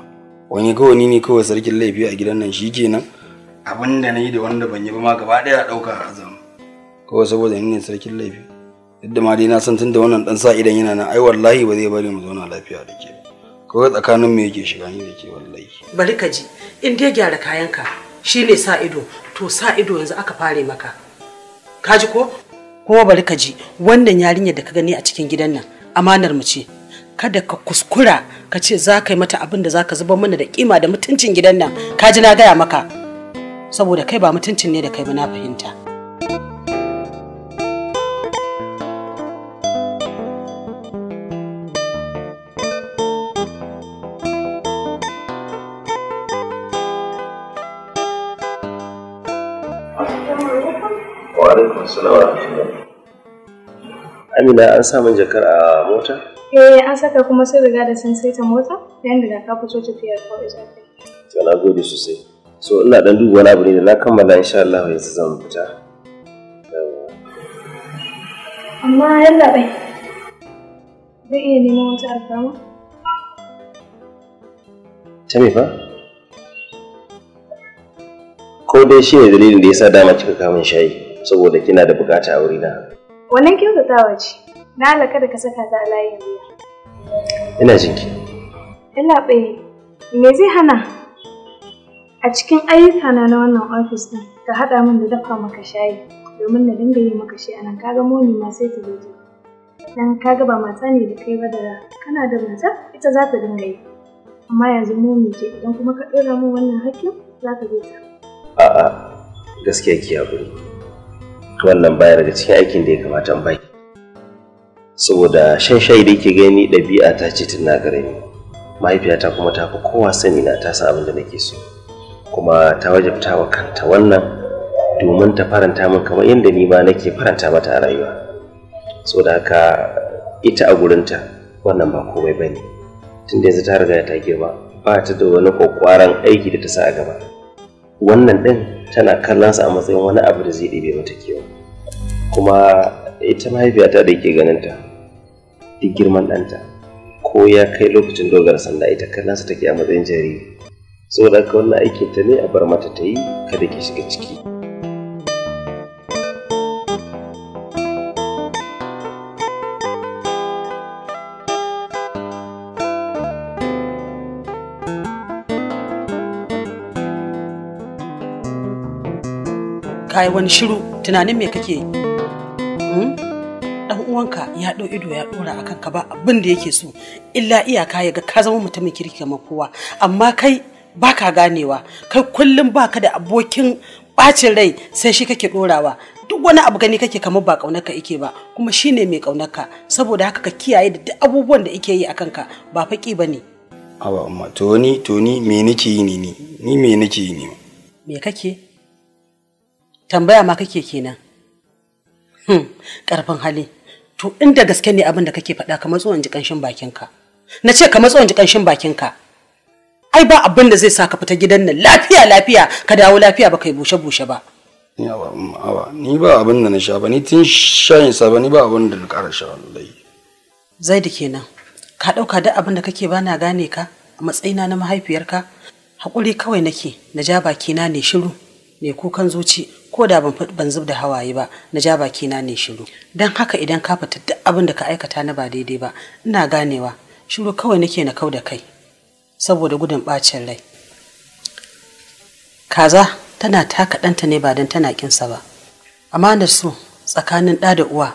wani ga wani ne kawai sarkin laifi a gidan nan shikenan abin da na yi da wanda ban yi ba ma gaba ya dauka a azam kawai saboda ni ne sarkin laifi duk da ma dai na san tun da wannan dan sa idan yana nan ai wallahi ba zai bari mu zauna lafiya da ke kawai tsakanin mu yake shiga ni da ke wallahi
bari ka ji in dai gyara kayanka shi ne sa ido to sa ido yanzu aka fare maka kaji ji ko kuma bari ka ji wannan yarinyar da ka gani a cikin gidan nan amanar mu ce kada ka kuskura ka ce za ka yi mata abin da za ka zuba mana da kima da mutuncin gidan nan ka ji na gaya maka saboda kai ba mutuncin ne da kai ba na fahimta
Amina an sa min jakar a mota?
Eh
an saka kuma sun riga da sun saita mota dan riga ka fito tafiyar kawai za ka
To na gode sosai. So ina dan duba wani abu ne da na kammala insha Allah yanzu zan fita.
Amma yalla bai. Zai iya neman wata alfarma?
Ta me fa?
ko dai shi ne dalilin da ya sa dama kika kamun shayi saboda kina da bukata a wurina
wannan kyautatawa ce na alaka da ka saka ta a layin biya ina jinki ina bai me zai hana a cikin ayyuka na wannan ofis ɗin, ka haɗa min da dafa maka shayi domin na dinga yi maka shi anan kaga moni ma sai ta gaji. dan kaga ba mata ne da kai ba da kana da mata ita za ta dinga yi amma yanzu moni ce idan kuma ka ɗora min wannan hakkin za ka je
ta a'a gaskiya ki haƙuri wannan baya daga cikin aikin da ya kamata in baki saboda shan shayi da yake gani ɗabi'a ta ce tun na ni, mahaifiyata kuma ta fi kowa sani na ta san abin da nake so kuma ta wajabta wa kanta wannan domin ta faranta min kamar yadda ni ma nake faranta mata a rayuwa saboda haka ita a gurinta wannan ba komai bane tunda yanzu ta riga ta girma ba ta da wani kwakwaran aiki da ta sa a gaba wannan ɗin tana kallon sa a matsayin wani abu da zai ɗebe mata kewa kuma ita mahaifiyata da ke ganinta duk girman ɗanta ko ya kai lokacin dogara sanda ita kallon sa take a matsayin jariri saboda haka wannan aikin ta ne a bar mata ta yi kada ki shiga ciki.
kayi wani shiru tunanin me kake yi hmm? dan uwanka ya ɗau ido ya ɗora a kanka ba abin da yake so illa iyaka ya ga ka zama mutumin kirki kowa amma kai baka ganewa kai kullum baka da abokin bacin rai sai shi kake ɗorawa duk wani abu gani kake kamar ba kaunarka ike ba kuma shi shine mai ka saboda haka ka kiyaye da duk abubuwan da ike yi a kanka ba faki ba ne.
Awa amma to ni to ni me nake yi ni ni me nake yi ne.
Me kake? tambaya ma kake kenan hmm karfin hali to inda gaske ne abin da kake faɗa ka matso in ji ƙanshin bakinka na ce ka matso in ji ƙanshin bakinka ai ba abin da zai sa ka fita gidan nan lafiya lafiya ka dawo lafiya ba kai bushe bushe ba
yawa ni ba abin da na sha ba ni tun shayin sa ba ni ba abin da na ƙara sha wallahi
da kenan ka ɗauka duk abin da kake ba na gane ka a matsayina na mahaifiyarka haƙuri kawai nake na ja bakina ne shiru ne kukan zuci ko da ban zub da hawaye ba na ja bakina ne shiru Don haka idan ka fita duk abin da ka aikata na ba daidai ba ina ganewa shiru kawai nake na kau da kai saboda gudun bacin rai kaza tana taka ɗanta ne ba don tana kinsa ba amanar su tsakanin ɗa da uwa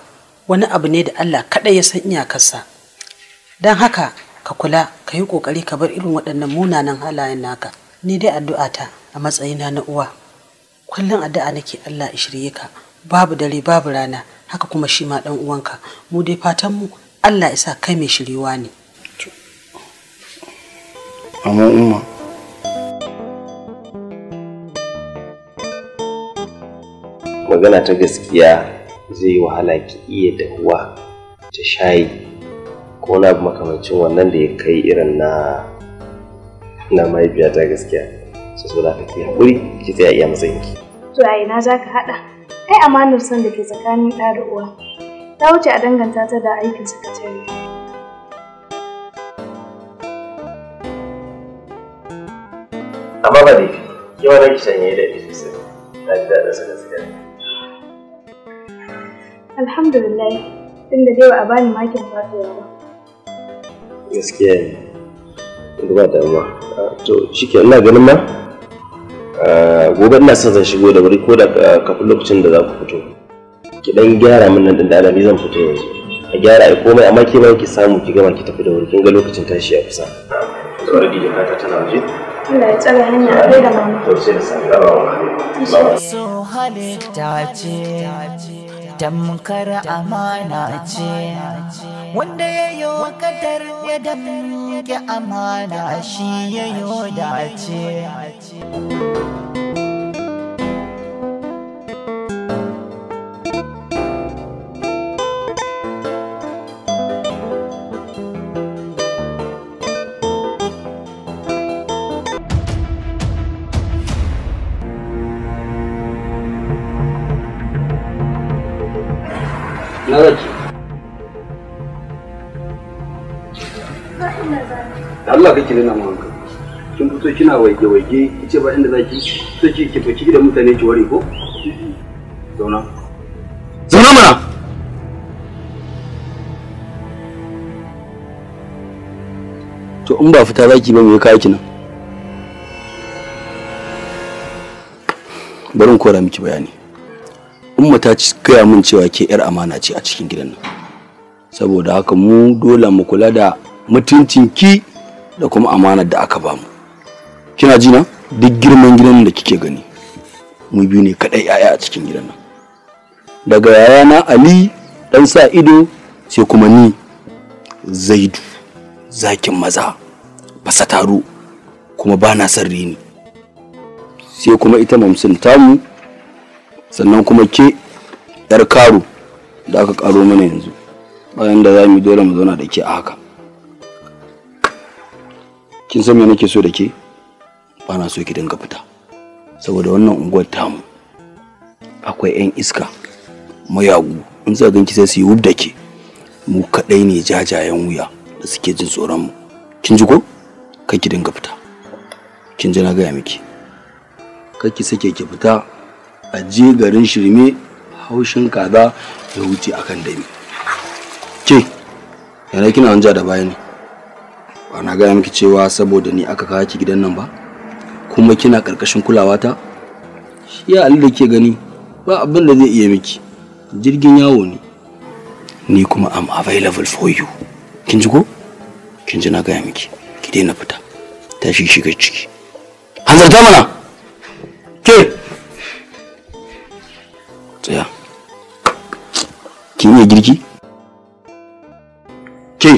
wani abu ne da Allah kaɗai ya san iyakarsa don haka ka kula ka yi ƙoƙari ka bar irin waɗannan munanan halayen naka ni dai addu'ata a matsayina na uwa kullum addu'a nake Allah ya shirye ka babu dare babu rana haka kuma shi ma dan uwanka mu dai fatan mu Allah ya sa kai mai shirewa ne
amma umma magana ta gaskiya zai wahala ki iya dahuwa ta shayi ko na makamancin wannan da ya kai irin na na mahaifiya ta gaskiya su so da kake hakuri ki tsaya iya matsayinki
to a ina za ka haɗa ai amanar son da ke tsakanin ɗa da uwa ta wuce a danganta ta da aikin sakatare
amma ba
dai yawa na ki shanye da ita sosai na ji daɗin sa gaskiya
alhamdulillah tunda dai ba a bani makin fata ba
gaskiya ne ba damuwa ah, to ke ina ganin ma Eh, gobe ina son zan shigo da wuri ko da eh, kafin lokacin da za ku fito ki dan gyara min nan da alami zan fito yanzu a gyara ai komai amma ke ba ki samu ki gama ki tafi da wuri kin ga lokacin tashi ya kusa
already da fata tana waje
Allah ya tsara hanya a da mama tamkar amana ce wanda ya yi wa kadar ya damke amana shi ya yi dace.
na
Allah kake nuna mu hankali kin fito kina waje waje kice ba inda zaki to ki ki fiki da mutane ki ware ko zauna
zauna mana to in ba fita zaki ba me kai kina?
bari in kora miki bayani umma ta gaya min cewa ke yar amana ce a cikin gidan nan saboda haka mu dole mu kula da mutuncin ki da kuma amanar da aka bamu kina ji na duk girman gidan da kike gani mu biyu ne kadai yaya a cikin gidan nan daga yaya na ali dan sa ido sai kuma ni zaidu zakin maza fasa taro kuma ba na son rini sai kuma ita mamsin tamu sannan kuma ke yar karo da aka karo mana yanzu bayan da za mu dole mu zauna da ke a haka kin san me nake so da ke ba na so ki dinga fita saboda wannan unguwar tamu akwai 'yan iska mayagu in za ganki sai su yi da ke mu kadai ne jajayen wuya da suke jin tsoron mu kin ji ko kai ki dinga fita kin ji na gaya miki kai ki sake ki fita a je garin shirme haushin kaza ya wuce akan dami ke yana kina wanja da baya ne ba na gaya miki cewa saboda ni aka kawo ki gidan nan ba kuma kina karkashin kulawa ta shi ya ali da ke gani ba abin da zai iya miki jirgin yawo ne ni kuma am available for you kin ji ko kin ji na gaya miki ki daina fita tashi shiga ciki hanzarta mana ke Kin iya girki ke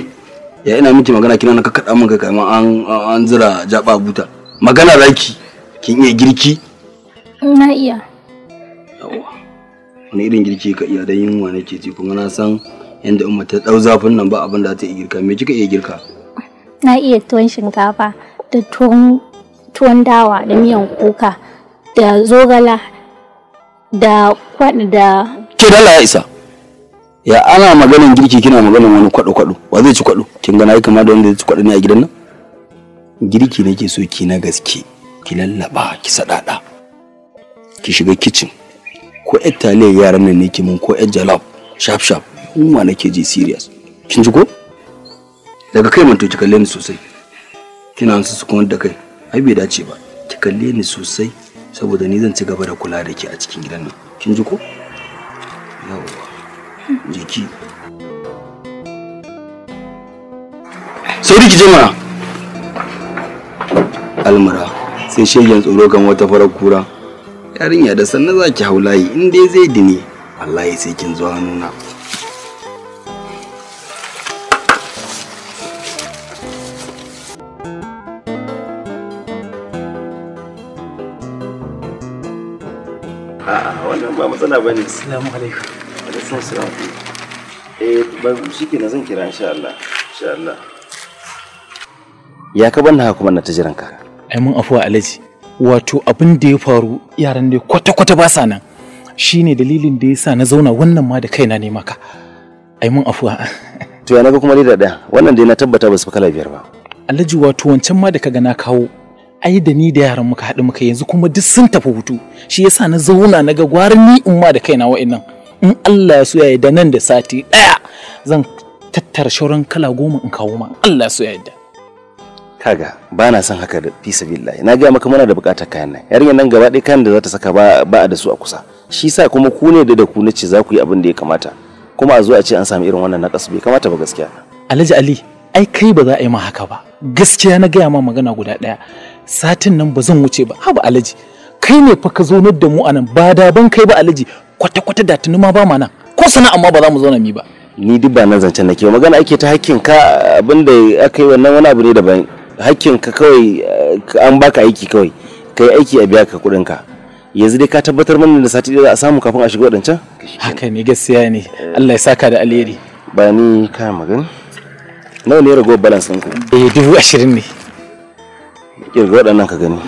ya ina miki magana kina na kakkaɗa min kai an an zira jaba buta magana raki kin iya girki na iya wani irin girki ka iya dan yunwa nake ji kuma na san yanda umma ta dau zafin nan ba abin da ta iya girka me kika iya girka
na iya tuwon shinkafa da tuwon tuwon dawa da miyan kuka da zogala da kwad da ke
dala ya isa ya ana maganin girki kina maganin wani kwado kwado wa zai ci kwado kin ga nayi kama da wanda zai ci kwado ne a gidan nan girki nake so ki na gaske ki lallaba ki sadada ki shiga kitchen ko yar taliyar yaran nan ne ki mun ko yar jalab sharp shaf in nake ji serious kin ji ko daga kai mun to ki kalle ni sosai kina su su kuma da kai ai bai dace ba ki kalle ni sosai saboda ni zan ci gaba da kula da ki a cikin gidan nan kin ji ko yawwa jiki sauri ki je mana almara sai shegen tsoro kan wata farar kura yarinya da sanna za ki hau layi in dai zai dini wallahi sai kin zo nuna. a'a wannan ba matsala bane assalamu alaikum da son su rafi eh ba shi kenan zan kira insha Allah insha Allah ya ka banna haka kuma na ta jiran ka
ai mun afuwa alaji wato abin da ya faru yaran ne kwata kwata ba sa nan shine dalilin da yasa na zauna
wannan ma da kaina ne maka ai mun afuwa
to ya naga kuma da daya wannan dai na tabbata ba su kala biyar ba
alaji wato wancan ma da kaga na kawo ai da ni da yaran muka haɗu muka
yanzu kuma duk sun tafi hutu shi yasa na zauna naga gwarin ni in ma da kaina wa'annan in Allah ya so ya da nan da sati ɗaya zan tattara shauran kala goma in kawo ma
Allah ya so ya yarda
kaga ba na son haka da fi sabilillahi na gaya maka muna da bukatar kayan nan yarinyar nan gaba ɗaya kayan da za ta saka ba ba da su a kusa shi sa kuma ku ne da ku nace za ku yi abin da ya kamata kuma a zo a ce an samu irin wannan nakasu bai kamata ba gaskiya
Alhaji Ali ai kai ba za a yi ma haka ba gaskiya na gaya ma magana guda ɗaya satin nan ba zan wuce ba haba Alhaji kai ne fa ka zo da mu anan ba da ban kai ba Alhaji kwata-kwata da tuni ma ba ma nan ko sana'a amma ba za mu zauna mi ba
ni duk ba nan zancen nake magana ake ta hakkin ka abinda aka yi wannan wani abu ne daban hakkin ka kawai eh, an baka aiki kawai kai aiki a biya ka kudin ka yanzu dai ka tabbatar mana da sati za a samu kafin a shiga wadancan haka ne gaskiya ne Allah ya saka da alheri ba ni ka magana nawa ne ragowar balance ɗinku eh dubu ashirin ne kirga waɗannan ka gani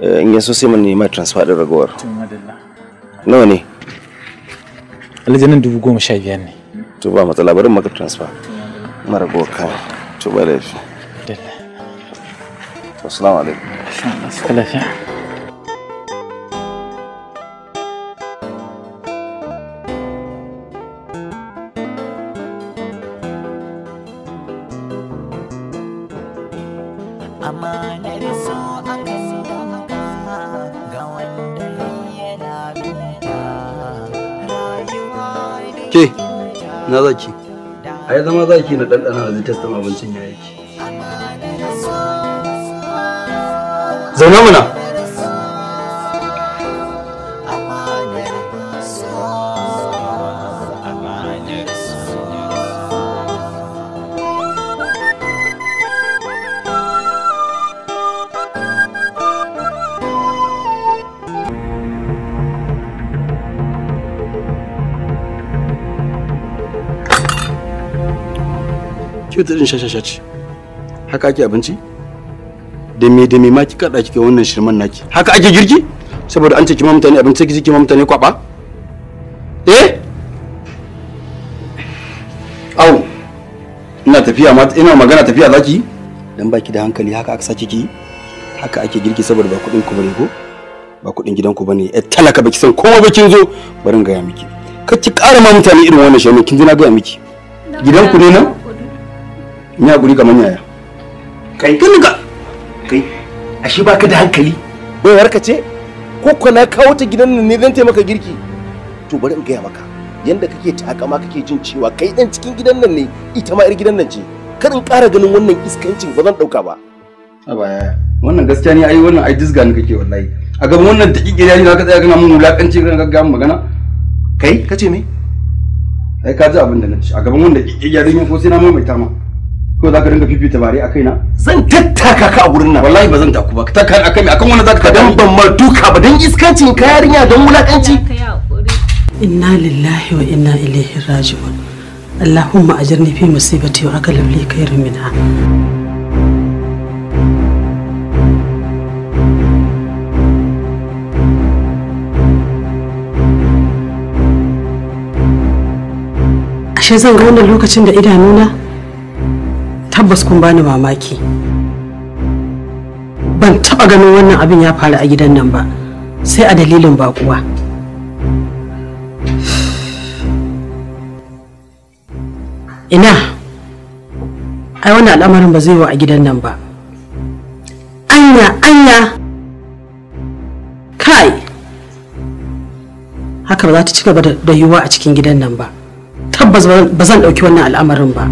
Eh, in ya so sai mun nema transfer din ragowar nawa ne aljanin dubu goma sha biyar ne to ba matsala bari maka transfer na ragowar kaya to ba laifi
assalamu alaikum
zaki ai zama zaki na ɗanɗana da zai abincin ya yake
zauna muna
fitar din shashasha ce
haka ake abinci da me da me ma ki kada kike wannan shirman naki haka ake girki saboda an ce ki ma mutane abinci kike ki ma mutane kwaba eh au ina tafiya ma ina magana tafiya zaki dan baki da hankali haka aka saki ki haka ake girki saboda ba kudin ku bane ko ba kudin gidan ku bane eh talaka baki san kowa baki zo barin ga ya miki kar karama ƙara ma mutane irin wannan shirman kin ji na ga miki gidan ku ne nan in ya guri kamar yaya kai kin ga kai ashe baka da hankali bai warka ce ko ko na kawo ta gidan nan ne zan taimaka girki to bari in gaya maka yanda kake takama kake jin cewa kai dan cikin gidan nan ne ita ma 'yar gidan nan ce kar in ƙara ganin wannan iskancin ba zan ɗauka ba a baya wannan gaskiya ne ai wannan ai disga ne kake wallahi a gaban wannan ta gida ne zaka tsaya kana mun wulakanci kana gaggawa magana kai kace me ai ka ji abin da ci a gaban wanda kike gida ne ko sai na maimaita ma ko za ka dinga fifita bare a kaina zan tattaka ka a gurin nan wallahi ba zan taku ba ka tattaka akan me akan wani zaka ka dan ban mar duka ba
dan iskancin ka yarinya dan wulakanci inna lillahi wa inna ilaihi raji'un allahumma ajirni fi musibati wa aqlib li khairan minha ashe zan ga wannan lokacin da idanuna tabbas kun bani mamaki ban taba ganin wannan abin ya faru a gidan nan ba sai a dalilin bakuwa ina ai wannan al'amarin ba zai wa a gidan nan ba anya anya kai haka ba za ta ci gaba da yiwuwa a cikin gidan nan ba tabbas ba zan ɗauki wannan al'amarin ba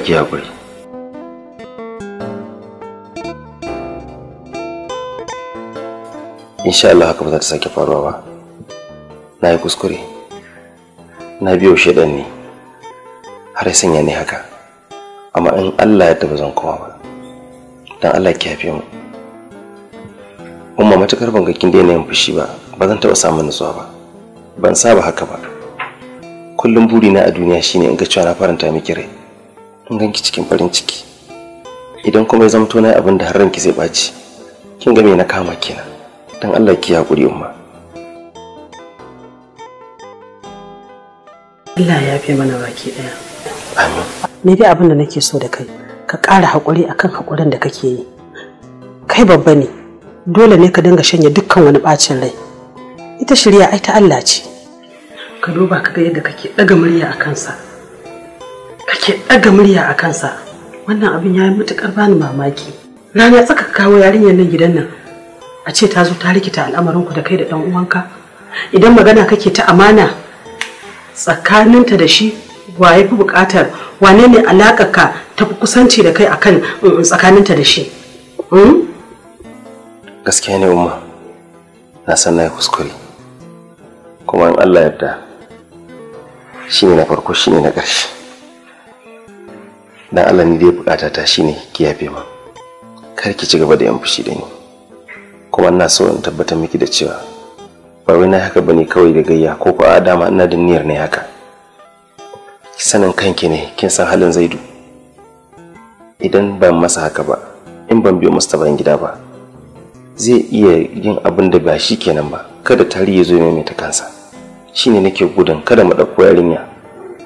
ki hakuri insha Allah haka ba za ta sake faruwa ba na yi kuskure na biyo shaidan ne har sanya ni haka amma in Allah ya taba zan koma ba dan Allah ki haife mu umma matukar ban ga kin daina yin fushi ba ba zan taba samun nutsuwa ba ban saba haka ba kullum burina a duniya shine in ga cewa na faranta miki rai in ganki cikin farin ciki idan kuma ya zamto na abin da har ranki zai ɓaci kin ga me na kama kenan dan Allah ki hakuri umma
Allah ya fi mana baki daya amin ni dai abin da nake so da kai ka ƙara hakuri akan hakurin da kake yi kai babba ne dole ne ka dinga shanye dukkan wani bacin rai ita shirya ai ta Allah ce ka duba ka ga yadda kake daga murya a kansa kake ɗaga murya a kansa wannan abin ya yi matuƙar bani mamaki rana tsaka kawo yarinyar nan gidan nan a ce ta zo ta rikita al'amarinku da kai da ɗan uwanka idan magana kake ta amana tsakaninta da shi wa ya fi buƙatar wane ne ka ta fi kusanci da kai akan mm, mm, tsakaninta da shi hmm?
gaskiya ne umma na san na kuskure kuma in allah yarda shi ne na farko shi ne na ƙarshe dan Allah da dai bukata ta shine ki yafe min kar ki ci gaba da yan fushi da ni kuma ina so in tabbatar miki da cewa ba wai na haka bane kawai da gayya ko ko Adama ina da niyyar ne haka sanin kanki ne kin san halin zaidu idan ban masa haka ba in ban biyo masa bayan gida ba zai iya yin abin da ba shi kenan ba kada tarihi zo mai ta kansa shine nake gudun kada mu ɗauko yarinya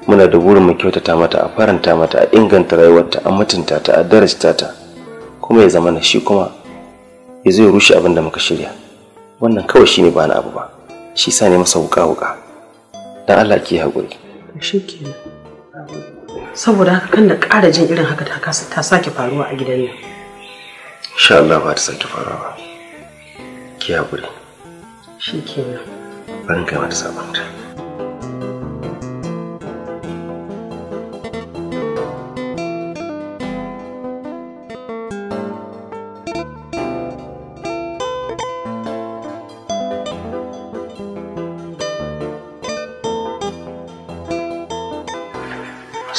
muna da burin mu kyautata mata a faranta mata a inganta rayuwarta a mutunta ta a darajta ta kuma ya zama na shi kuma ya zo ya rushe abin da muka shirya wannan kawai shine ba na abu ba shi sa ne masa wuka wuka dan Allah ki haƙuri
shi ke saboda haka kan da ƙara jin irin haka ta kasa ta sake faruwa a gidan nan
insha Allah ba ta sake faruwa ba, ki haƙuri
shi kenan
ban kai mata ta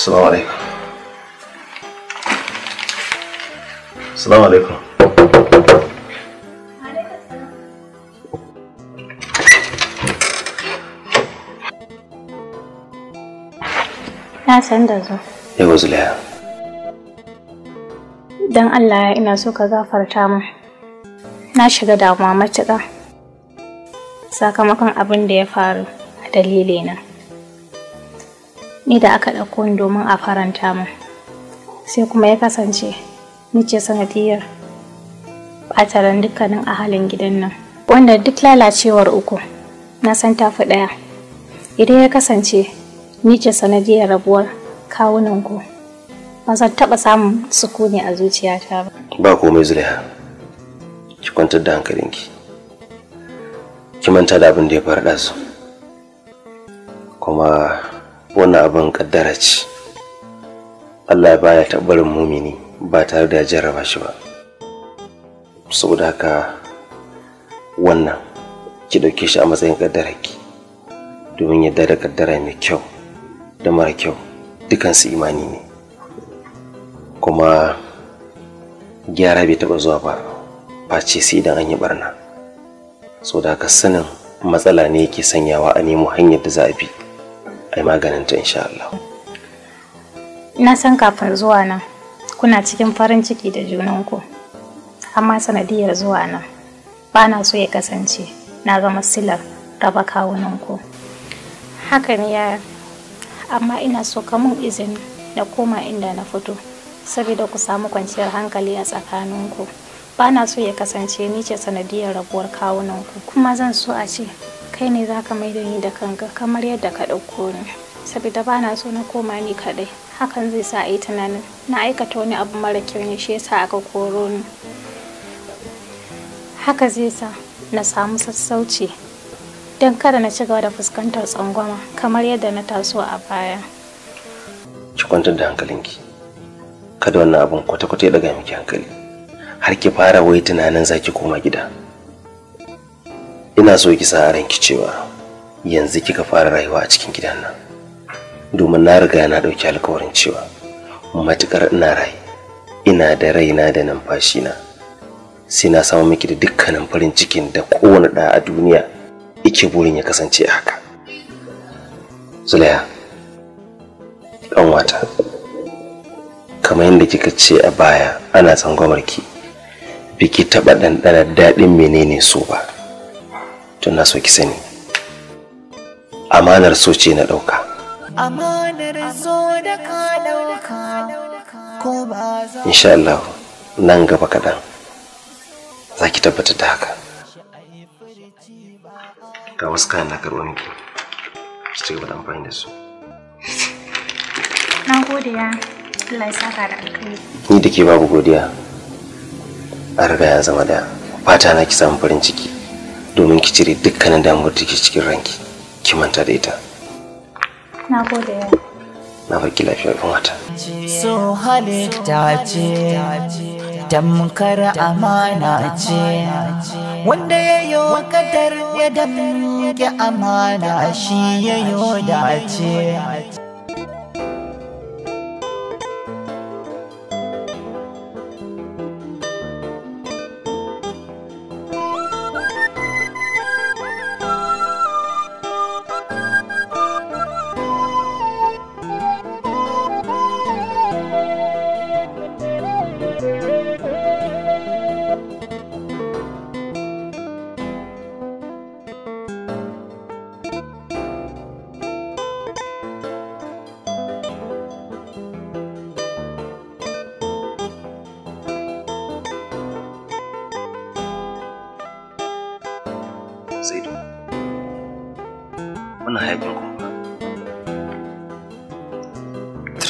السلام عليكم السلام عليكم
na san da zo yawa zuliya don allah ina so ka gafarta min na shiga damuwa matuƙa sakamakon abin da ya faru a dalilina. na ni da aka ɗauko ni domin a faranta mun, sai kuma ya kasance ni ce sanadiyar ɓataran dukkanin ahalin gidan nan wanda duk lalacewar uku na san tafi ɗaya idan ya kasance ni ce sanadiyar rabuwar kawunan ku ba zan taɓa samun sukuni a zuciyata ba
ba komai zuriya ki kwantar da hankalinki ki manta da abin da ya faru su kuma wannan abin kaddara ce Allah baya tabbarin mumini ba tare da jarraba shi ba saboda haka wannan ki ɗauke shi a matsayin kaddararki domin yadda da kaddara mai kyau da mara kyau dukansu imani ne kuma gyara bai taɓa zuwa ba face sai idan an yi barna saboda haka sanin matsala ne yake sanyawa a nemo hanyar da za a bi ai maganin ta insha Allah
na san kafin zuwa nan kuna cikin farin ciki da junan ku amma sanadiyar zuwa nan ba na so ya kasance na zama silar raba kawunanku hakan ya amma ina so ka mun izini na koma inda na fito saboda ku samu kwanciyar hankali a tsakaninku ba na so ya kasance ni ce sanadiyar rabuwar kawunanku kuma zan so a ce kai ne za ka mai da ni da kanka kamar yadda ka ɗauko ni saboda ba na so na koma ni kaɗai hakan zai sa a yi tunanin na aikata wani abu mara kyau ne shi yasa aka koro ni haka zai sa na samu sassauci don kada na ci gaba da fuskantar tsangwama kamar yadda na taso a baya
ki kwantar da hankalinki kada wannan abun kwata-kwata ya daga miki hankali har ki fara wai tunanin za ki koma gida ina so ki sa ranki cewa yanzu kika fara rayuwa a cikin gidan nan domin na riga na ɗauki alkawarin cewa matukar ina rai ina da raina da na, sai na samu miki da dukkanin farin cikin da kowane ɗa a duniya yake burin ya kasance haka zulaiha wata kamar yadda kika ce a baya ana tsangwamarki biki taɓa ɗanɗanar daɗin menene so ba to na so ki sani amanar so ce na ɗauka amanar zo da ka ko ba za insha Allah nan gaba kaɗan za ki tabbatar da haka ga wasu kayan na karɓar miki ki ci gaba da amfani da su
na gode ya Allah ya saka da alkhairi
ni da ke babu godiya an riga ya zama da fata na ki samu farin ciki domin ki cire dukkanin damuwar da ke cikin ranki ki manta da ita
na gode na lafiya ga wata so halitta ce tamkar amana ce wanda ya yi kadar ya damke amana shi ya yi dace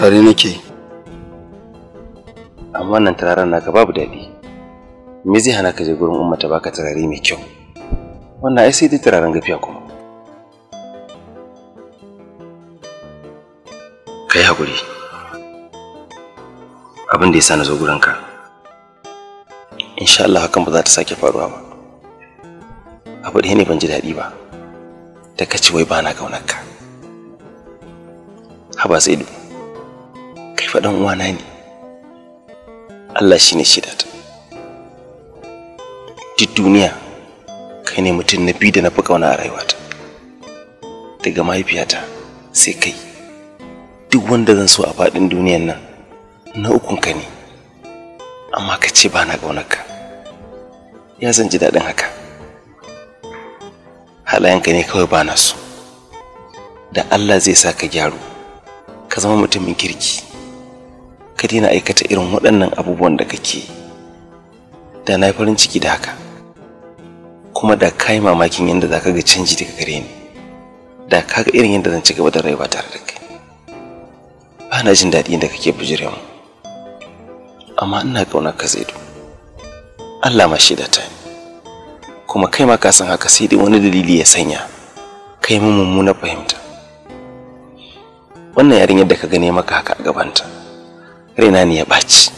tare nake amma nan turaren naka babu daɗi me zai hana ka je gurin umma ta baka turare mai kyau wannan ai sai dai turaren gafiya kuma kai hakuri abin da ya sa na zo gurinka insha Allah hakan ba za ta sake faruwa ba abu da ne ban ji daɗi ba ta kace wai ba na ƙaunarka haba sai kai fa dan uwana ne Allah shine shidata duk duniya kai ne mutum na bi da na fi ƙauna a rayuwata daga mahaifiyata sai kai duk wanda zan so a faɗin duniyan nan na ukun ka ne amma ka ce ba na ƙaunarka ya zan ji daɗin haka halayenka ne kawai ba na so da Allah zai sa ka gyaru ka zama mutumin kirki ka na aikata irin waɗannan abubuwan da kake da na farin ciki da haka kuma da ka yi mamakin yadda za ka ga canji daga gare ni da ka ga irin yadda zan ci gaba da rayuwa tare da kai ba na jin daɗi da kake bujire mu amma ina ƙaunar ka zaidu Allah ma shaida ta kuma kai ma ka san haka sai dai wani dalili ya sanya kai mun mummunar fahimta wannan yarinyar da ka gane maka haka a gabanta raina ne ya ɓaci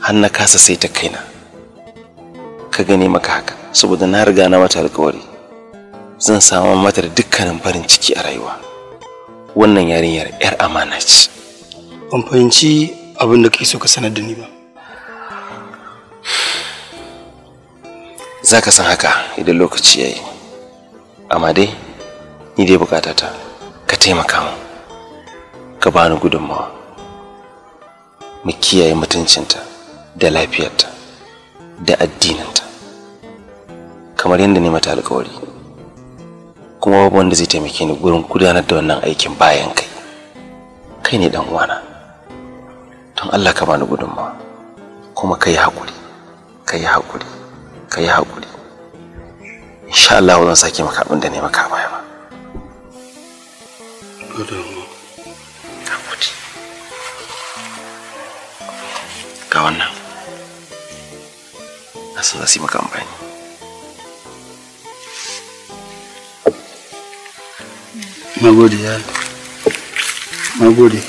har na kasa sai ta kaina ka gani maka haka saboda na riga na mata alkawari zan samu mata da dukkanin farin ciki a rayuwa wannan yarinyar yar amana ce ban fahimci abin da kai so ka sanar da ni ba za ka san haka idan lokaci ya yi amma dai ni dai bukatata ka taimaka mu ka bani gudunmawa mu kiyaye mutuncinta da lafiyarta da addininta kamar yadda ne mata alkawari kuma babu wanda zai taimake ni gurin gudanar da wannan aikin bayan kai kai ne dan uwana don Allah ka bani gudunmawa kuma ka yi haƙuri ka yi hakuri ka yi haƙuri insha Allah zan sake maka abin da ne maka baya ba ga wannan na san za su yi maka amfani
na gode ya na gode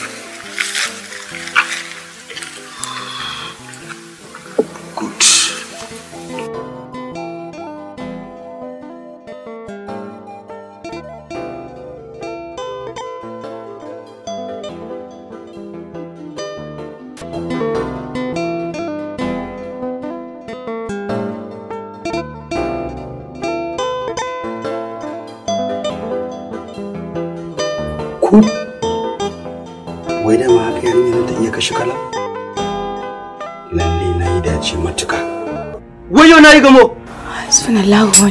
na yi gamo subhanallahu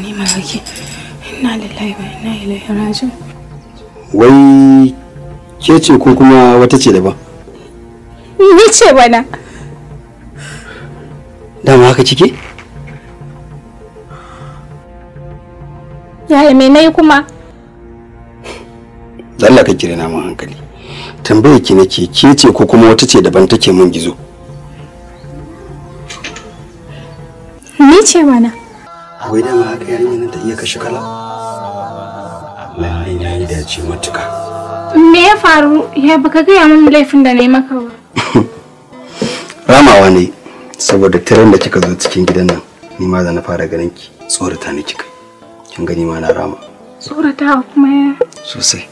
wai ke ce ko kuma wata ce daban
ni ce bana
dama haka kike
yaya me nayi kuma
ka na hankali tambayar ki nake ke ce ko kuma wata ce daban take mun gizo ce mana wai dama haka yarinya nan ta iya kashe kala lalle ya yi dace matuka
me ya faru ya baka gaya min laifin da na yi maka ba
ramawa ne saboda tiran da kika zo cikin gidan nan ni ma da na fara ganin ki tsorata ni kika kin gani ma na rama
tsorata kuma sosai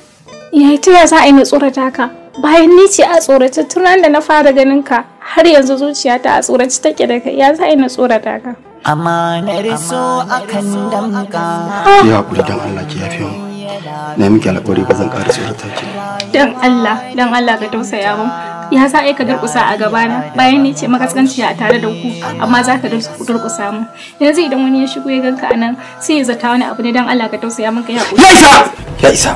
yayi tuna za a yi na tsorata ka bayan ni ce a tsorata tun da na fara ganin ka har yanzu zuciyata a tsoraci take da kai ya za a yi na tsorata ka
amanar so kan damka
ya hakuri don Allah ki yafe mu na miki alƙawari ba zan ƙara tsorata ki
dan Allah dan Allah ka tausaya mu ya sa ka durƙusa a gabana bayan ni ce makaskanci a tare da ku amma za ka durƙusa mu yanzu idan wani ya shigo ya ganka anan sai ya zata wani abu ne dan Allah ka tausaya min ka ya ya isa
ya isa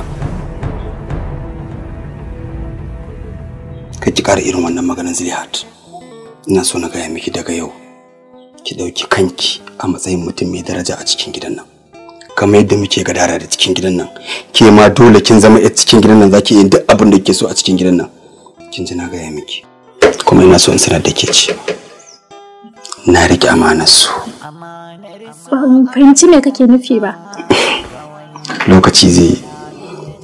kai ki ƙara irin wannan maganar zilihat ina so na gaya miki daga yau ki ɗauki kanki a matsayin mutum mai daraja a cikin gidan nan kamar yadda muke gadara da cikin gidan nan ke ma dole kin zama a cikin gidan nan zaki yi duk abin da kike so a cikin gidan nan kin ji na gaya miki kuma ina so in sanar da ke ci. na rike amanar su
fahimci me kake nufi ba
lokaci zai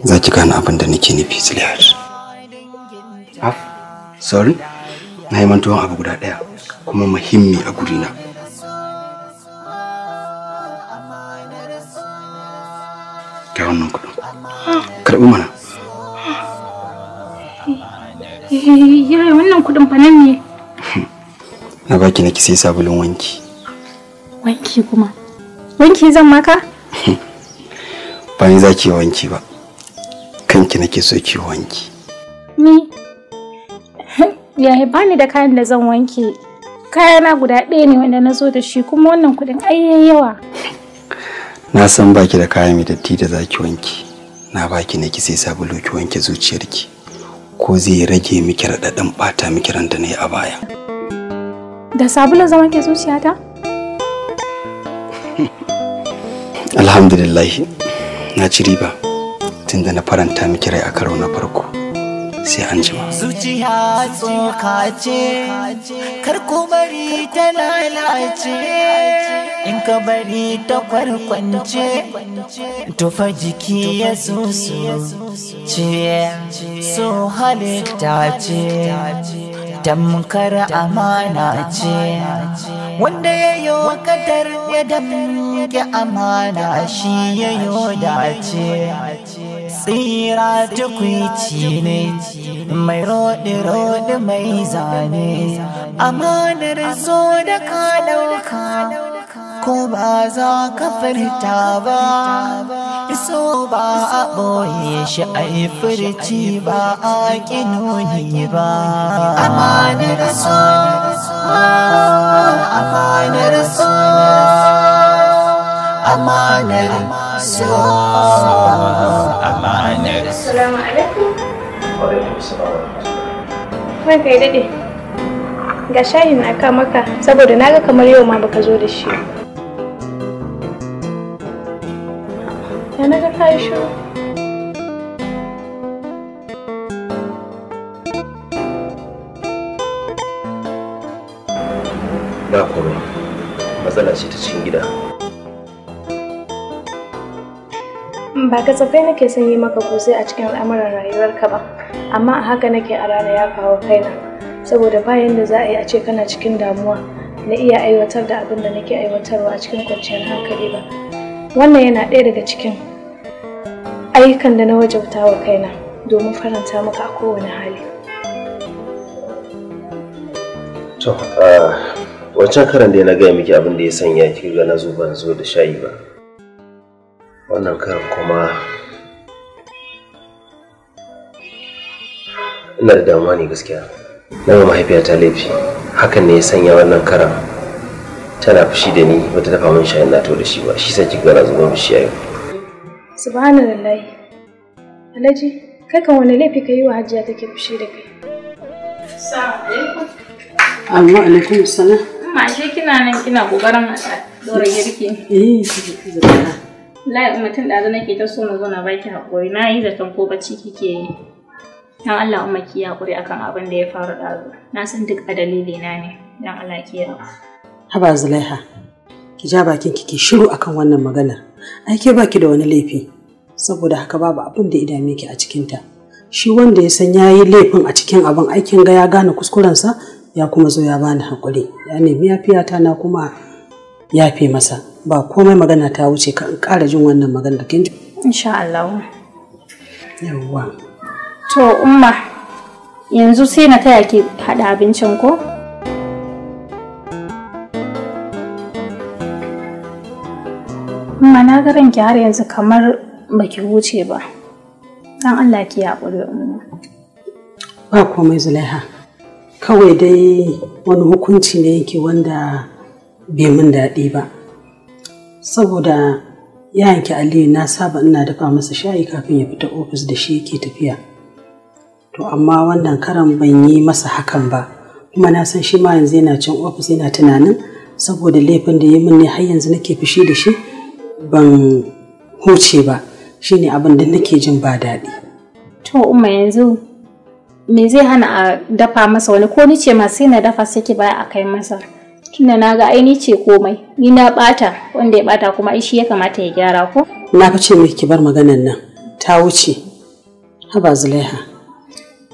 za ki gane abin da nake nufi Zuliyar. Sorry, na yi mantuwan abu guda ɗaya kuma muhimmi a gurina.
ga wannan kuɗin karɓi mana
yaya wannan kuɗin fa nan ne
na baki na sai sabulun wanki
wanki kuma wanki zan maka
ba ni za ki wanki ba kanki nake so ki wanki
ni yaya ba ni da kayan da zan wanke kayana guda ɗaya ne wanda na zo da kuma wannan kuɗin ai yawa
na san baki da kayan mai datti da zaki wanki na baki na ki sai sabulu ki wanke zuciyarki ko zai rage miki raɗaɗin ɓata miki ran da a baya
da sabulun zama ke zuciyata
alhamdulillah na ci riba tunda na faranta miki rai a karo na farko sai
an jima.
Zuciya tsoka ce, kar ku bari ta lalace, in ka bari ta kwarkwance, tufa jiki ya susu ce, so halitta ce. Damkar amana ce wanda ya yi wa kadar ya damke amana shi ya yi dace tsira tukwici ne mai roɗi-roɗi mai zane amanar zo da ka ɗauka ko ba za ka furta ba iso ba a boye shi a yi furci ba a ƙinoni ba amanar so amanar so amanar
so amanar so Assalamu alaikum.
Wa kai dade. ga shayin na ka maka saboda ga kamar yau ma baka zo da shi
Ya ga cikin
gida.
Ba kasafai nake son yi maka sai a cikin al'amuran rayuwarka ba, amma a haka nake a rana ya kaina, saboda bayan da za a yi a ce kana cikin damuwa na iya aiwatar da abin da nake aiwatarwa a cikin kwanciyar hankali ba. wannan yana ɗaya daga cikin ayyukan da na wajabta wa kaina domin faranta maka a kowane
hali
to wancan karan da na gaya miki abin da ya sanya ki ga na zo ban zo da shayi ba wannan karan kuma ina da damuwa ne gaskiya na mahaifiyata laifi hakan ne ya sanya wannan karan tana fushi da ni wata dafa min shayin na da shi ba shi sa kika gara zuwa mishi yayin
subhanallahi alhaji kai kan wani laifi kai wa hajiya take
fushi da kai
assalamu alaikum
amma alaikum assalam
amma shi kina nan kina kokarin dora girki
eh
lai mutum da nake ta so na zo na baki hakuri na yi zaton ko bacci kike yi dan Allah umma kiyaye hakuri akan abin da ya faru dazu na san duk a na ne dan Allah ki
haba zulaiha ki ja bakin ki ki shiru akan wannan maganar ai ke baki da wani laifi saboda haka babu abin da idame ki a cikinta shi wanda ya san yayi laifin a cikin abin aikin ga ya gane kuskurensa ya kuma zo ya bani hakuri ya nemi yafiyata na kuma yafe masa ba komai magana ta wuce ka ƙara jin wannan maganar kin ji
insha Allah yawwa to umma yanzu sai na taya ki hada abincin ko amma na ga ranki har yanzu kamar baki wuce ba dan Allah ki haƙuri umma
ba komai zulaiha kawai dai wani hukunci ne yake wanda bai min daɗi ba saboda yayanki aliyu na saba ina dafa masa shayi kafin ya fita ofis da shi yake tafiya to amma wannan karan ban yi masa hakan ba kuma na san shi ma yanzu yana cin ofis yana tunanin saboda laifin da ya min ne har yanzu nake fushi da shi ban huce ba shine abin da nake jin ba daɗi
to umma yanzu me zai hana a dafa masa wani ko ni ce ma sai na dafa sai ki baya a kai masa tunda na ga ni ce komai ni na bata wanda ya bata kuma ai shi ya kamata ya gyara ko
na fi ce mai ki bar maganan nan ta wuce haba zulaiha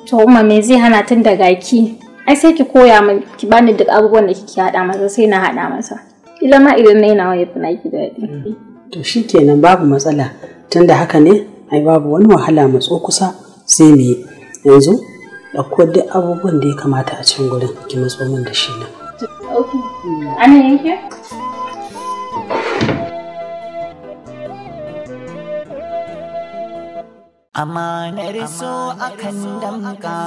to umma me zai hana tun daga ki ai sai ki koya min ki bani duk abubuwan da kike hada masa sai na hada masa ila ma idan na yi nawa ya fi naki daɗi
mm. to shi kenan babu matsala tun da haka ne ai babu wani wahala matso kusa sai mu yi yanzu ɗauko duk abubuwan da ya kamata a cikin gurin ki matso min da shi na.
Amanar so kan damka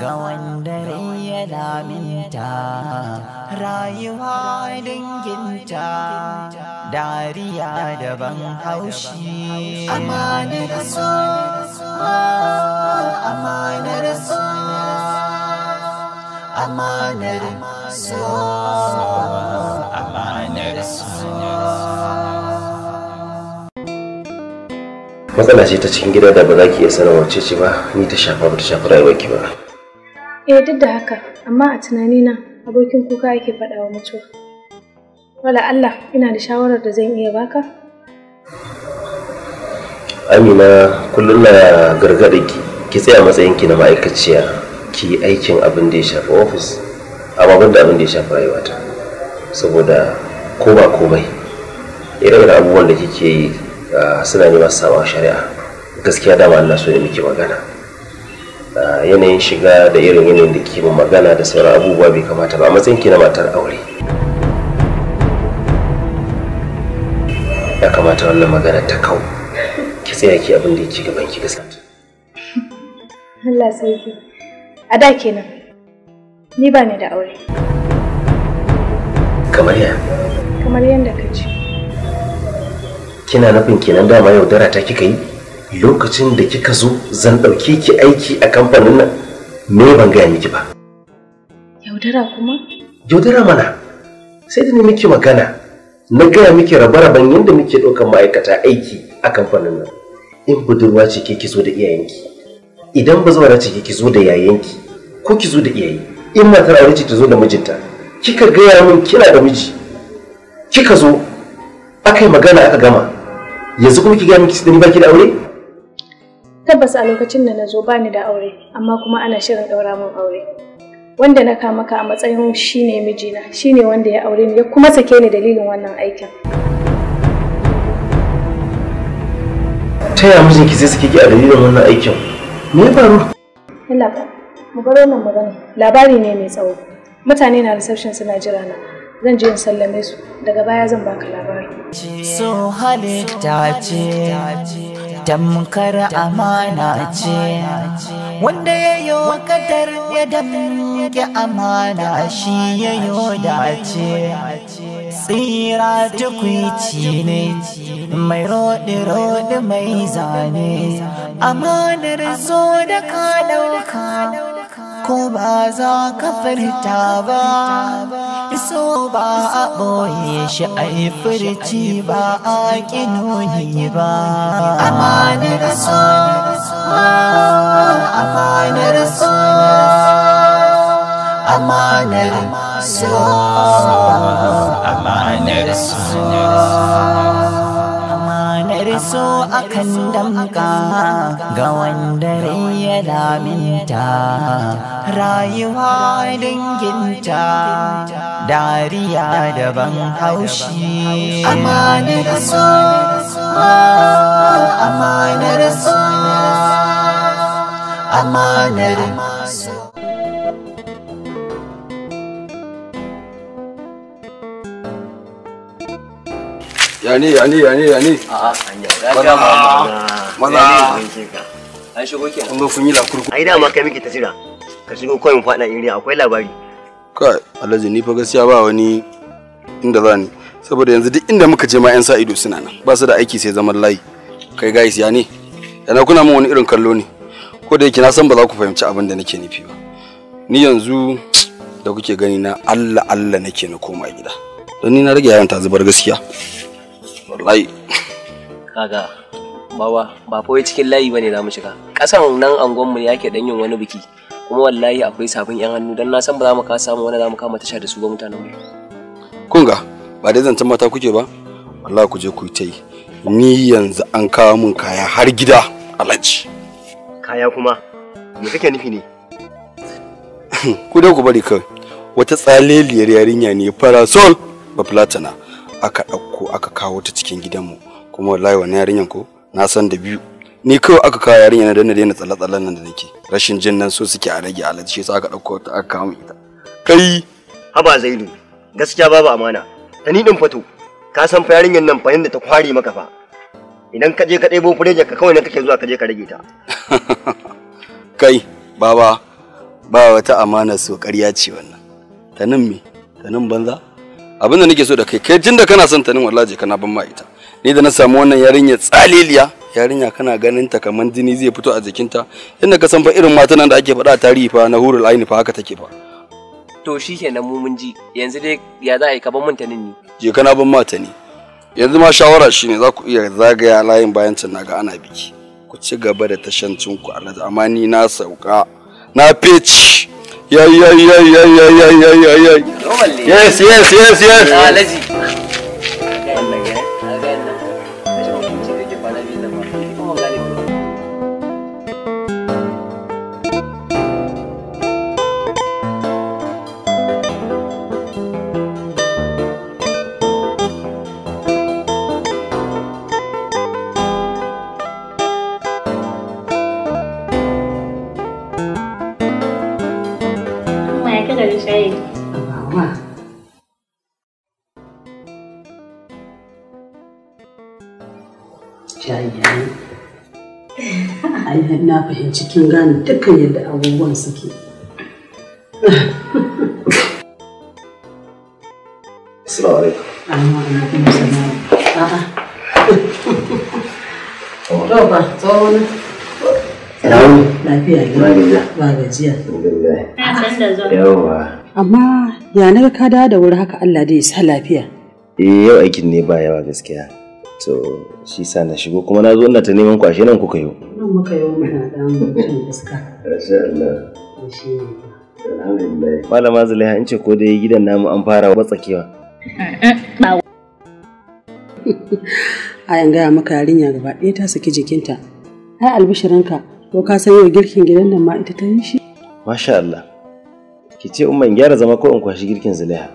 ga wanda ya laminta rayuwa danginta dariya daban haushi. Amanar so, amanar so,
amanar
so,
amanar so.
matsala ce ta cikin gida da ba za ki iya sanin wace ce ba ni ta shafa ba ta rayuwar ki ba
eh duk da haka amma a tunani na abokin kuka yake faɗa wa mutuwa wala Allah ina da shawarar da zan iya baka
Amina kullum na gargaɗa ki ki tsaya matsayin ki na ma'aikaciya ki yi aikin abin da ya shafi ofis amma ban da abin da ya shafi rayuwata saboda ko ba komai irin abubuwan da kike yi suna ne masu sawa shari'a gaskiya dama Allah so ne muke magana yanayin shiga da irin yanayin da ke magana da sauran abubuwa bai kamata ba a matsayin ki na matar aure ya kamata wannan magana ta kau ki tsaya ki abin da yake gaban ki gaskiya
Allah sarki a da kenan ni ba ne da aure kamar ya kamar da ka ce
kina nufin kenan dama yaudara ta kika yi lokacin da kika zo zan ɗauke ki aiki a kamfanin nan me ban gaya miki ba
yaudara kuma
yaudara mana sai da ni miki magana na gaya miki rabe-raben yadda muke ɗaukar ma'aikata aiki a kamfanin nan in budurwa ce ke kizo da iyayenki idan ba zaura ce ke ki da yayanki ko kizo da iyaye in matar aure ce ta zo da mijinta kika gaya min kina da miji kika zo aka yi magana aka gama yanzu kuma ki gaya miki da ni baki da aure
tabbas a lokacin da na zo bani da aure amma kuma ana shirin daura min aure wanda na kama ka a matsayin shine mijina shine wanda ya aure ni ya kuma sake ni dalilin wannan aikin
ta yaya ki sai sake ki a dalilin wannan aikin me ya faru
Allah mu bar wannan magana labari ne mai tsawo mutane na reception suna jira na zan je in sallame su daga baya zan baka labari.
So halitta ce, damkar amana ce, wanda ya yi wa kadar ya damke amana shi ya yi dace. Tsira tukwici ne, mai roɗe-roɗe mai zane, amanar zo da ka ɗauka. ko ba za ka furta ba iso ba a boye shi a yi furci ba a ƙinoni ba amanar so amanar so
amanar
so
amanar
so so a kan damka ga wanda rai ya daminta rayuwa danginta dariya daban haushi amanar so amanar so amanar
so
ya ne ya ne ya ne
an shigo kenan kun zo yi lakurku ai dama kai miki tasira ka shigo kawai mu faɗa iri akwai labari
kai alhaji ni fa gaskiya ba wani inda za ni saboda yanzu duk inda muka je ma yan sa ido suna nan ba su da aiki sai zaman layi kai guys ya ne yana kuna mun wani irin kallo ne ko da yake na san ba za ku fahimci abin da nake nufi ba ni yanzu da kuke gani na Allah Allah nake na koma gida don ni na rage yawan ta zubar gaskiya wallahi
kaga
baba ba fa cikin layi bane za mu shiga kasan nan angon mu yake dan yin wani biki kuma wallahi akwai sabon yan hannu dan na san ba za mu ka samu wani za mu kama tasha da su ga mutanen mu
kun ga ba dai zancen mata kuke ba wallahi ku je ku yi ta yi ni yanzu an kawo mun kaya har gida alhaji kaya kuma me kake nufi ne ku dai ku bari kai wata tsaleliyar yarinya ne parasol ba platana aka ɗauko aka kawo ta cikin gidanmu kuma wallahi wani yarinyan ko na san da biyu ni kawai aka kawo yarinya na danna daina tsalle-tsallen nan da nake rashin jin nan so suke a rage alaji shi yasa aka ɗauko ta aka kawo ita kai haba zaidu gaskiya babu amana ta ni din fato ka san fa yarinyan nan fa yanda ta kware maka fa idan ka je ka ɗebo fureja ka kawai nan kake zuwa ka je ka rage ta kai baba ba wata amana so ƙarya ce wannan ta nan me ta nan banza abinda nake so da kai kai tunda kana son ta nin wallahi kana ban ma ita ni da na samu wannan yarinya tsaliliya yarinya kana ganin ta kaman jini zai fito a jikinta inda ka san fa irin matan nan da ake faɗa tarihi fa na hurul aini fa haka take fa
to shikenan mu mun ji yanzu dai ya za a yi ka ban mun ta ni
je kana ban ma ta ni yanzu ma shawara shine za ku iya zagaya layin bayan can naga ana biki ku ci gaba da tashancin ku alhaji amma ni na sauka
na feci Yeah, yeah, yeah, yeah, yeah, yeah, yeah, yeah.
Yes, yes, yes,
yes. Ah, lazy.
cikin gane dukkan yadda abubuwan suke. Assalamu Lafiya Ba gajiya. Amma ya naga ka dawo da wuri haka Allah dai ya sa lafiya.
Eh yau aikin ne ba yawa gaskiya. to shi sa na shigo kuma na zo ina ta neman kwashe nan kuka yi.
nan muka yi muna dan cin iska masha Allah Alhamdulillah.
malama zulaiha in ce ko dai gidan namu an fara watsakewa
a yan gaya maka yarinya gaba ɗaya ta saki jikinta ai albishirinka ko ka san yau girkin gidan nan ma ita ta yi shi
masha Allah ki ce umman gyara zama ko in kwashi girkin zulaiha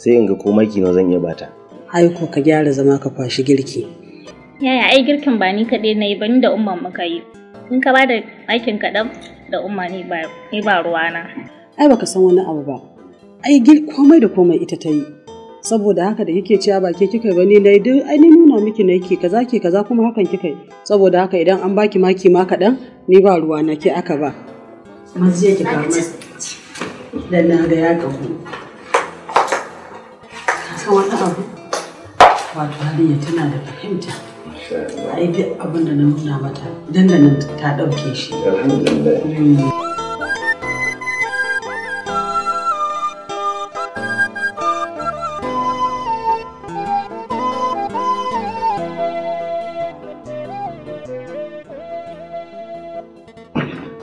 sai in ga
komai kino zan iya bata aiko ka gyara zama ka kwashi girki.
Yaya ai girkin ba ni kaɗai na yi ba ni da umma muka yi. In ka ba da ɗakin kaɗan da umma ni ba ruwana.
Ai baka san wani abu ba. Ai komai da komai ita ta yi. Saboda haka da kike cewa ba ke kika ba na dai duk ai ni nuna miki na yake kaza ke kaza kuma hakan kika yi. Saboda haka idan an baki maki ma kaɗan ni ba ruwana ke aka ba. yake ba mai. Dan na ga ya gabu. Ka wani abu? wato hariya tana da fahimta ai duk abin da na nuna mata dandanan ta ɗauke shi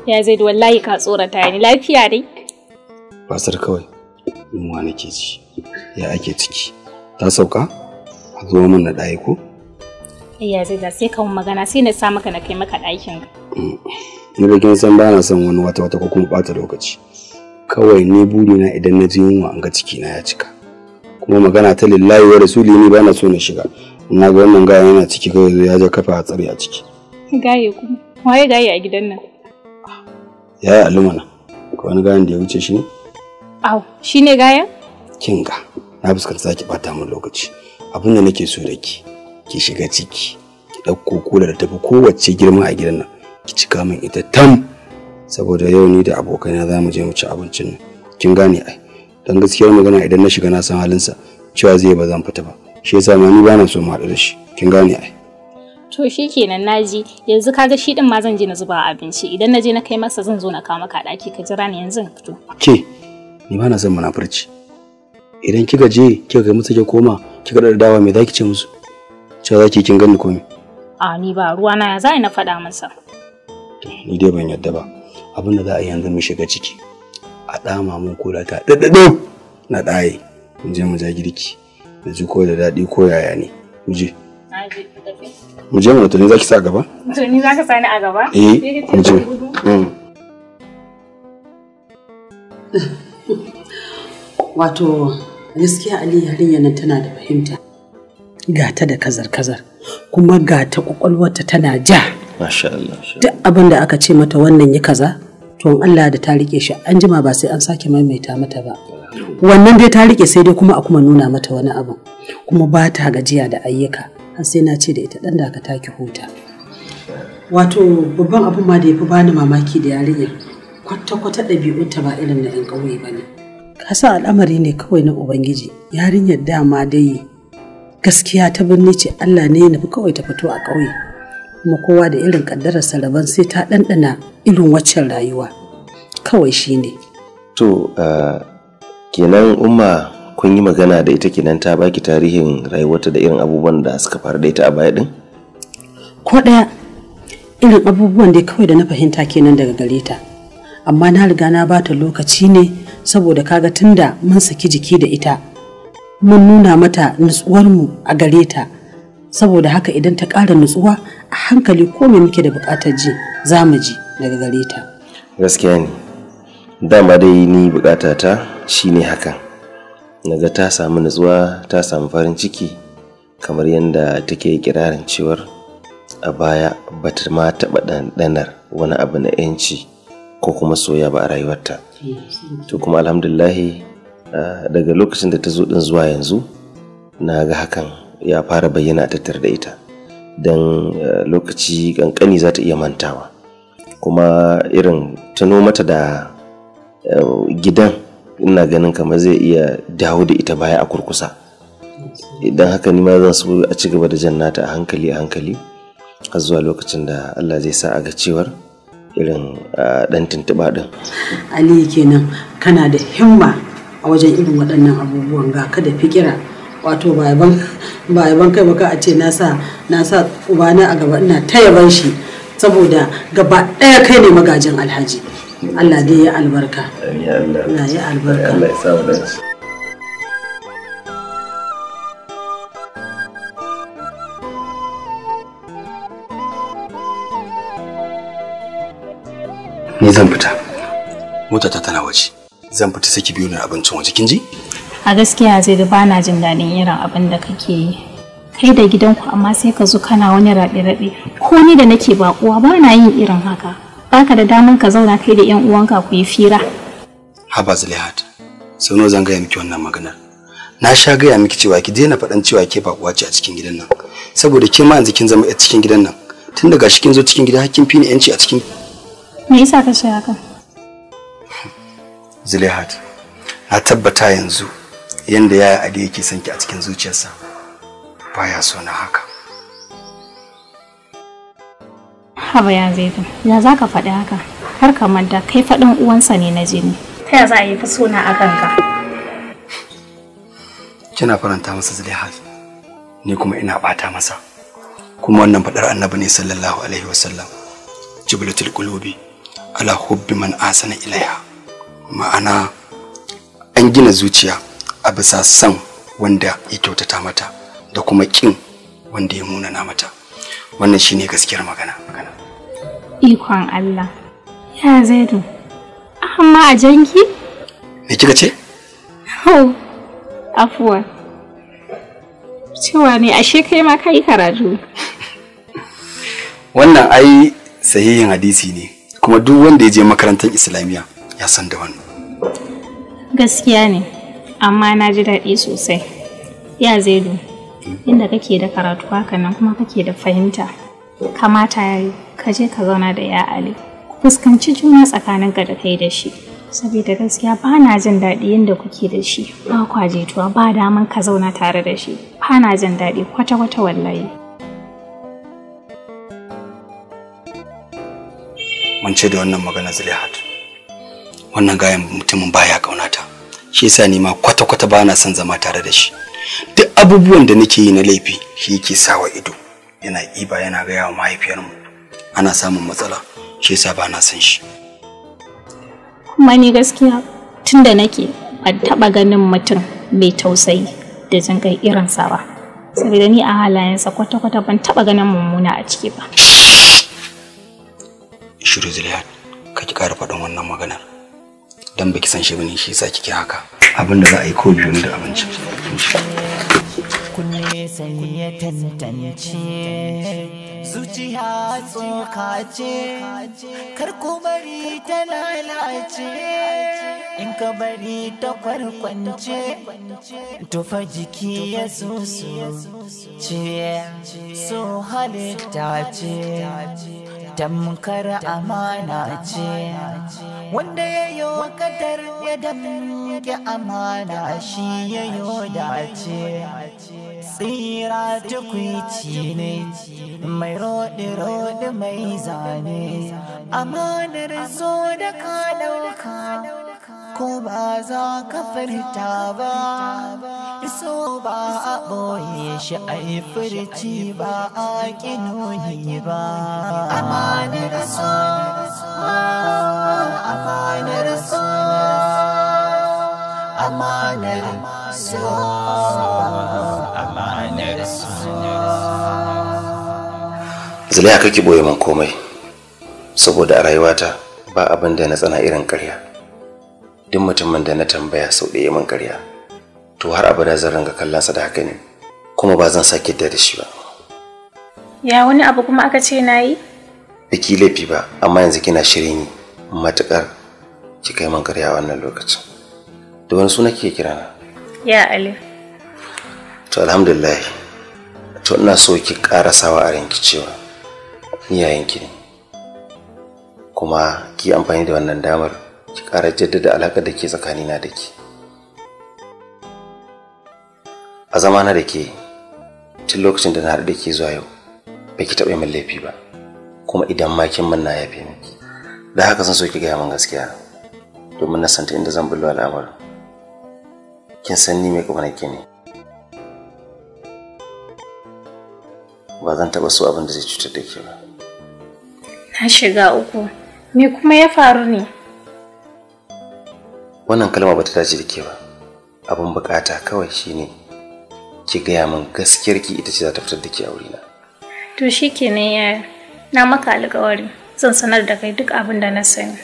ya zai da wallahi ka tsorata ni lafiya dai
Fasar kawai yunwa ke ci ya ake ciki ta sauka Ka zo min na ɗaya ko?
Iya zai da sai ka magana sai na sa maka na kai maka ɗakin. Mm.
Ni da kin san na son wani wata wata ko kuma ɓata lokaci. Kawai ni burina idan na ji yunwa an ga cikina ya cika. Kuma magana ta lillahi wa rasuli ni na so na shiga. Na ga wannan gaya yana ciki kawai ya ja kafa a tsare a ciki.
Gaye kuma. Waye gaye a gidan nan?
Yaya alumana. Ko wani gayan da ya wuce shi ne?
Aw, shi ne gayan?
Kinga, na fuskanta zaki bata min lokaci. abin da nake so da ki ki shiga ciki ki ɗauko kula da tafi kowace girma a gidan nan ki cika min ita tam saboda yau ni da abokaina za mu je mu ci abincin nan kin gane ai dan gaskiyar magana idan na shiga na san halinsa cewa zai ba zan fita ba shi yasa ma ni bana so mu haɗu da shi kin gane ai
to shikenan naji yanzu kaga shi din ma zan je na zuba abinci idan na je na kai masa zan zo na kawo maka daki ka jira ni yanzu fito
ke ni ba bana son munafurci idan kika je kika ga musu kika koma kika da dawa mai zaki ce musu cewa zaki kin gani komai
a ni ba ruwa na ya zai na faɗa masa
ni dai ban yadda ba abin da za a yanzu mu shiga ciki a dama mun kula ta daddado na ɗaye Mun je mu ja girki da ji ko da daɗi ko yaya ne mu je mu je mu tuni zaki sa gaba
tuni zaka sa a gaba eh mu je
mm.
wato gaskiya ali harin nan tana da fahimta gata da kazar-kazar kuma gata kwakwalwarta tana ja duk abin da aka ce mata wannan ya kaza to Allah da ta rike shi an jima ba sai an sake maimaita mata ba wannan dai ta rike sai dai kuma a kuma nuna mata wani abu kuma ba ta gajiya da ayyuka har sai na ce da ita dan da ka ki huta wato babban abin ma da ya fi bani mamaki da yarinya kwata-kwata ɗabi'unta ba irin na 'yan ƙauye ba ne kasa al'amari ne kawai na ubangiji yarinyar dama dai gaskiya ta birni ce allah ne fi kawai ta fito a ƙauye kuma kowa da irin ƙaddarar saraban sai ta ɗanɗana irin waccan rayuwa kawai shi ne
to kenan umma kun yi magana da ita kenan ta baki tarihin rayuwarta da irin abubuwan da suka faru da ita a baya din?
Ko ɗaya irin abubuwan da kawai da na fahimta kenan daga gare ta. Amma na riga na bata lokaci ne saboda kaga tunda mun saki jiki da ita mun nuna mata nutsuwar mu a gare ta saboda haka idan ta ƙara nutsuwa a hankali ko me muke da buƙatar ji za mu ji daga gare ta
gaskiya ne dama dai ni buƙata ta shine hakan naga ta samu nutsuwa ta samu farin ciki kamar yadda take kirarin cewar a baya ba ta ma taɓa ɗanɗanar wani abu na 'yanci ko kuma soya ba a rayuwarta to kuma alhamdulahi ah, daga lokacin da ta zo din zuwa yanzu na ga hakan ya fara bayyana tattar da ita don ah, lokaci kankani za ta iya mantawa kuma irin tuno mata da ah, gidan ina ganin kamar zai iya dawo da ita baya a kurkusa idan haka ni ma zan so a ci gaba da jannata a hankali a hankali har zuwa lokacin da Allah zai sa a ga cewar irin dan tuntuɓa ɗin.
Ali kenan kana da himma a wajen irin waɗannan abubuwan ga ka da fikira wato ba yaban kai baka a ce na sa ubana a gaba ina ta yaban shi saboda gaba ɗaya kai ne magajin alhaji Allah dai ya albarka. Allah ya albarka. Allah ya
sa ni zan fita mota tana waje zan fita saki biyu na abincin waje kin ji
a gaskiya zai da bana jin daɗin irin abin da kake yi kai da gidanku amma sai ka zo kana wani raɗe-raɗe ko ni da nake bakuwa ba na yin irin haka baka da damar ka zauna kai da yan uwanka ku yi fira
haba zulihat sau nawa zan gaya miki wannan maganar na sha gaya miki cewa ki daina faɗan cewa ke bakuwa ce a cikin gidan nan saboda ke ma yanzu kin zama a cikin gidan nan tun daga shi kin zo cikin gida hakkin fi ni yanci a cikin
Me yasa ka shi haka?
Zulehat, na tabbata yanzu yanda yaya Ade yake sanki a cikin zuciyarsa baya so na haka.
Haba ya zaitu, ya za ka faɗi haka? Har ka manta kai faɗin uwansa ne na jini. Ta ya za a yi fi suna a kanka?
Kina faranta masa Zulehat, ni kuma ina ɓata masa. Kuma wannan faɗar annabi ne sallallahu alaihi wasallam. Jibilatul qulubi. ala hubbi man asana ilaiha ma'ana an gina zuciya a bisa san wanda ya kyautata mata da kuma kin wanda ya munana mata wannan shine gaskiyar magana
ikon Allah ya zaidu amma a janki me kika ce Hau, afuwa cewa ne ashe kai ma kai karatu
wannan ai sahihin hadisi ne kuma duk wanda ya je makarantar islamiyya
ya san da wannan
gaskiya ne amma na ji daɗi sosai ya zaidu inda kake da karatu haka nan kuma kake da fahimta kamata ya yi ka je ka zauna da ya ali fuskanci juna tsakanin ka da kai da shi saboda gaskiya ba na jin daɗi yadda kuke da shi ba kwa ba daman ka zauna tare da shi ba na jin daɗi kwata-kwata wallahi
Mun ce da wannan magana zulihat wannan gayan mutumin baya kaunata shi yasa ni ma kwata-kwata ba na son zama tare da shi duk abubuwan da nake yi na laifi shi yake sawa ido yana iba yana gaya wa mahaifiyarmu ana samun matsala shi yasa ba na son shi
kuma ni gaskiya tunda nake ban taɓa ganin mutum mai tausayi da jin kai irinsa ba saboda ni a halayensa kwata-kwata ban taɓa ganin mummuna a ciki ba
shiru ziliyar ka ki kara faɗin wannan maganar don baki san shi bane shi yasa kike haka abin da za a yi ko biyu da abinci
kunne sai ya tantance zuciya tsoka ce kar ku bari ta lalace in ka bari ta kwarkwance tufa jiki ya susu ce so halitta ce tamkar amana ce wanda ya yi wa kadar ya damke amana shi ya yi dace tsira tukwici ne mai roɗi-roɗi mai zane amanar zo da ka ɗauka ko ba za ka furta ba so ba a boye shi a yi furci ba a ƙinoni ba amanar so amanar so
amanar
so
amanar so
zaliya kake ɓoye man komai saboda a rayuwata ba abin da na tsana irin ƙarya. duk mutumin da na tambaya sau ɗaya min ƙarya to har abada zan ranga kallonsa da haka ne kuma ba zan sake da shi ba
ya wani abu kuma aka ce na yi
biki laifi ba amma yanzu kina shirin yi matuƙar ki kai min ƙarya wannan lokacin da wani suna kike kira na ya ali to alhamdulillah to ina so ki ƙara sawa a ranki cewa iyayenki ne kuma ki amfani da wannan damar ki ƙara jaddada alaƙar da ke tsakanina da ke a zamana da ke tun lokacin da na haɗu da ke zuwa yau ba ki taɓa yi min laifi ba kuma idan ma kin min na yafe miki da haka zan so ki gaya min gaskiya domin na santa inda zan bullo al'amur. kin san ni mai ƙaunar ki ne ba zan taɓa so abin da zai cutar da ke ba
na shiga uku me kuma ya faru ne
wannan kalma ta dace da ke ba abin bukata kawai shine ki gaya min gaskiyar ki ita ce za ta fitar da ke a wurina
to shi kenan ya na maka alkawari zan sanar da kai duk abin da na sani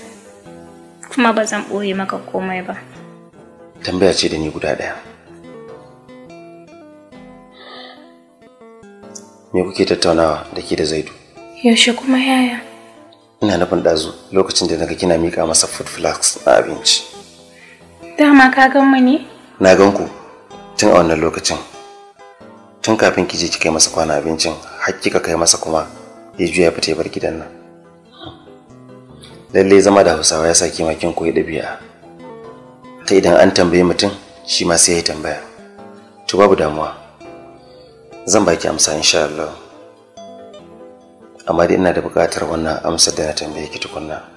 kuma ba zan ɓoye maka komai ba
tambaya ce da ni guda ɗaya me kuke tattaunawa da ke da zaidu
yaushe kuma yaya
ina nufin ɗazu lokacin da naga kina miƙa masa food flags na abinci
Dama ka gan mu ne?
Na gan ku tun a wannan lokacin. Tun kafin ki je kika masa kwana abincin, har kika kai masa kuma ya juya fita bar gidan nan. Lallai zama da Hausawa ya sa makin koyi ɗabi'a. Ta idan an tambaye mutum shi ma sai ya tambaya. To babu damuwa. Zan baki amsa insha Allah. Amma dai ina da buƙatar wannan amsar da na tambaye ki tukunna.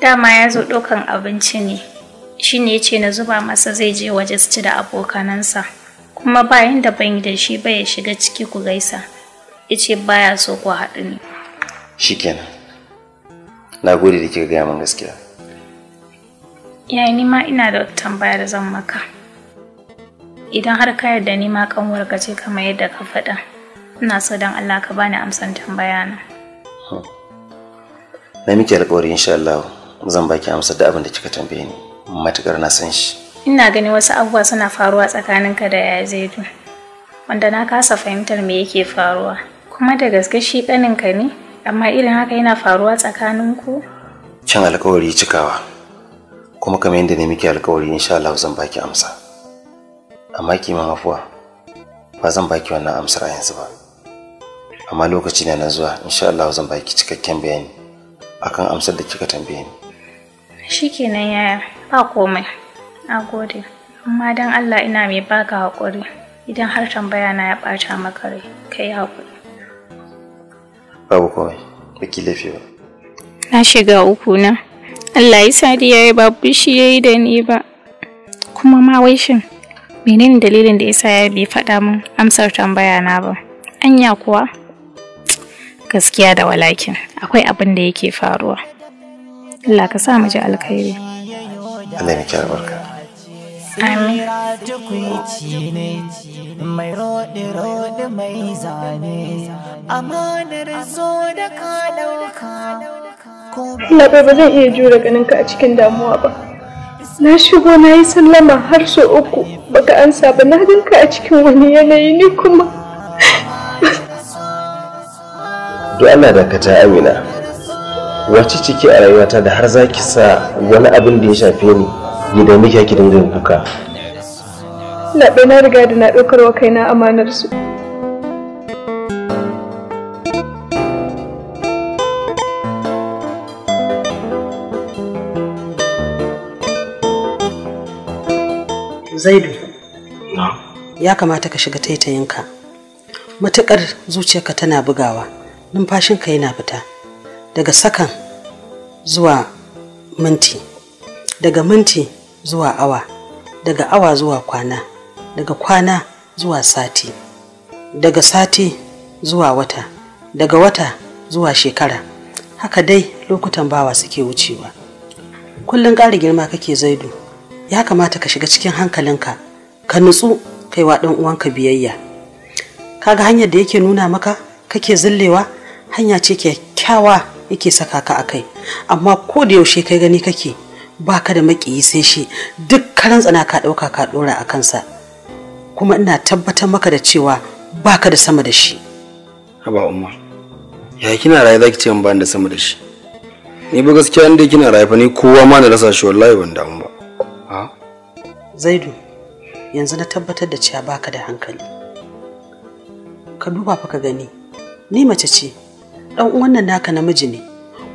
dama ya zo ɗaukan abinci ne shi ne ya ce na zuba masa zai je waje su ci da abokanansa kuma bayan da ban yi da shi ba ya shiga ciki ku gaisa ya ce baya so ku haɗu ne
kenan na gode da kika gaya min gaskiya
ya ni ma ina da tambaya da zan maka idan har ka yarda ni ma kanwar ka ce kamar yadda ka faɗa ina so don Allah ka bani amsan tambaya na
hmm. na miki alƙawari insha Allah zan baki amsa da abin da kika tambaye ni matukar na san shi
ina ganin wasu abubuwa suna faruwa tsakaninka da yaya zaidu wanda na kasa fahimtar me yake faruwa kuma da gaske shi ɗaninka ne amma irin haka yana faruwa tsakaninku
cin alkawari cikawa kuma kamar yadda ne muke alkawari insha Allah zan baki amsa amma ki ma afuwa ba zan baki wannan amsar a yanzu ba amma lokaci na na zuwa insha Allah zan baki cikakken bayani akan amsar da kika tambaye ni
shikenan yaya ba komai na gode amma don allah ina mai baka haƙuri idan har tambaya na ya ɓata maka rai ka yi haƙuri
babu komai baki laifi ba
na shiga uku na allah ya sadiya ya babu shi ya yi da ni ba kuma ma wai shin menene dalilin da yasa ya bi faɗa min amsar tambaya na ba anya kuwa gaskiya da walakin akwai abin da yake faruwa Allah ka sa mu ji alkhairi
Allah ya miki barka. Amin. ka Allah ba zan iya jure
ganin ka a cikin damuwa ba na shigo na yi sallama har sau uku baka ansa ba na ganka a cikin wani yanayi ni kuma
duk Allah da ka ta amina wace ciki a rayuwata da har za ki sa wani abin da ya shafe ni ya da miki ki dinga yin kuka
na na riga da na ɗaukar wa kaina amanar su
Zaidu. Ya kamata ka shiga taitayinka. Matuƙar zuciyarka tana bugawa, numfashinka yana fita. daga sakan zuwa minti daga minti zuwa awa daga awa zuwa kwana daga kwana zuwa sati daga sati zuwa wata daga wata zuwa shekara haka dai lokutan bawa suke wucewa kullum ƙara girma kake zaidu ya kamata ka shiga cikin hankalinka ka nutsu kaiwa ɗan uwanka biyayya kaga hanyar da yake nuna maka kake zillewa hanya ce kyakkyawa yake saka ka a kai amma ko da yaushe kai gani kake baka da makiyi sai shi duk karan tsana ka ɗauka ka ɗora a kansa kuma ina tabbatar maka da cewa ba ka da sama da shi
haba umma ya kina raye zaki ce ban da sama da shi ni ba gaskiya inda kina raye fa ni kowa ma na rasa shi wallahi ban damu ba ha
zaidu yanzu na tabbatar da cewa baka da hankali ka duba fa ka gani ni mace ce dan uwan naka namiji ne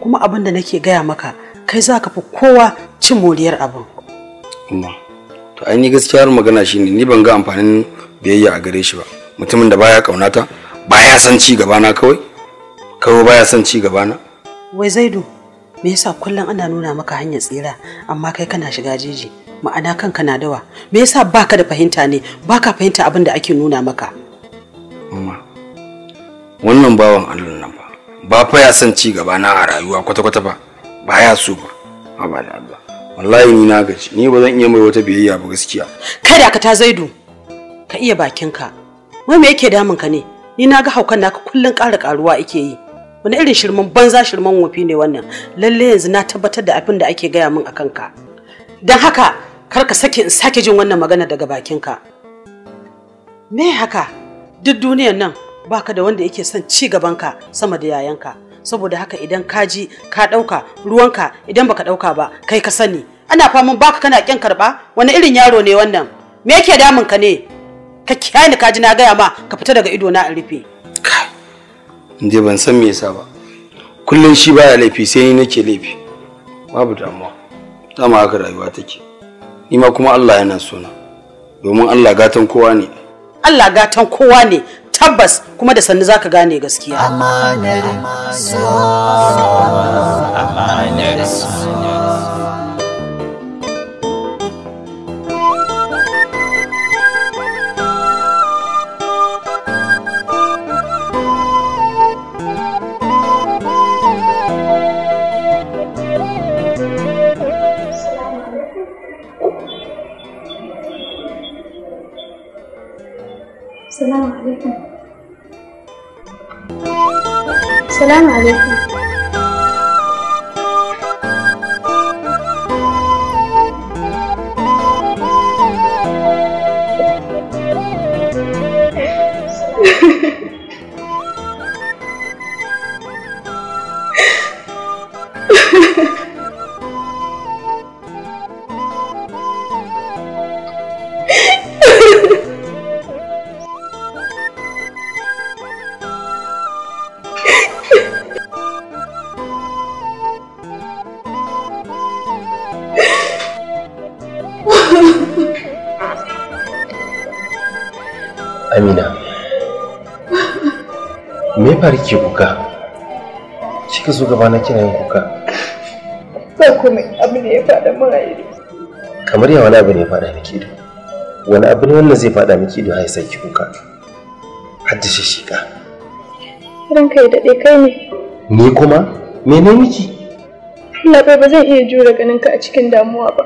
kuma abin da nake gaya maka kai za ka fi kowa cin moriyar abin
amma to ai ni gaskiyar magana shine ni ban ga amfanin biyayya a gare shi ba mutumin da baya kaunata baya san ci gaba na kawai kawai baya san ci gaba na
wai zaidu me yasa kullum ana nuna maka hanyar tsira amma kai kana shiga jeji ma'ana kanka na dawa me yasa baka da fahimta ne baka fahimta abin da ake nuna maka
amma wannan bawan Allah nan ba ba fa ya san ci gaba na a rayuwa kwata-kwata ba ba ya so ba amma da Allah wallahi ni na gaji ni ba zan iya mai wata biyayya ba gaskiya
kada ka ta zaidu ka iya bakinka wai me yake damun ka ne ni na ga haukan naka kullun ƙara ƙaruwa yake yi wani irin shirman banza shirman wofi ne wannan lalle yanzu na tabbatar da abin da ake gaya min akan ka don haka kar ka sake in sake jin wannan magana daga bakinka me haka duk duniyar nan baka da wanda yake son ci gabanka sama da yayanka saboda haka idan ka ji ka ɗauka ruwanka idan baka ɗauka ba kai ka sani ana fama baka kana ƙin karɓa wani irin yaro ne wannan me yake damun ka ne ka kyani ka ji na gaya ma ka fita daga ido na in rufe kai
ban san me yasa ba kullum shi baya laifi sai ni nake laifi babu damuwa dama haka rayuwa take ni ma kuma Allah yana sona domin Allah
gatan kowa ne Allah gatan kowa ne tabbas kuma da sannu zaka gane gaskiya
amanar amanar
Assalamu alaikum.
fara ke kuka shi ka so na kina yin kuka
ba kuma abu ne ya faɗa mara ido
kamar yawa wani abu ne ya faɗa miki kido wani abu ne wanda zai faɗa miki kido har sai kuka haddace shi ka
ranka ya daɗe kai ne
ni kuma me ne miki
Allah ba zan iya jure ganin ka a cikin damuwa ba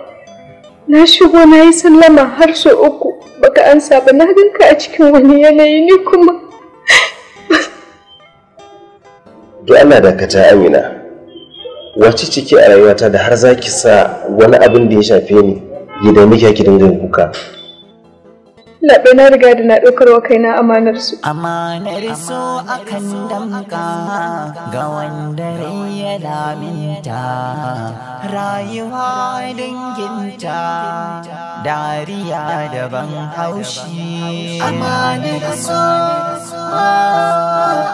na shigo na yi sallama har sau uku baka ansa ba na ganka a cikin wani yanayi ni kuma
to Allah dakata amina wace ciki a rayuwata da har zaki sa wani abin da ya shafe ni idan da muke dinga kuka
Laɓe na riga da na ɗaukar wa kaina amanar su. Amanar
su kan damka ga wanda ya laminta rayuwa danginta dariya daban haushi. Amanar su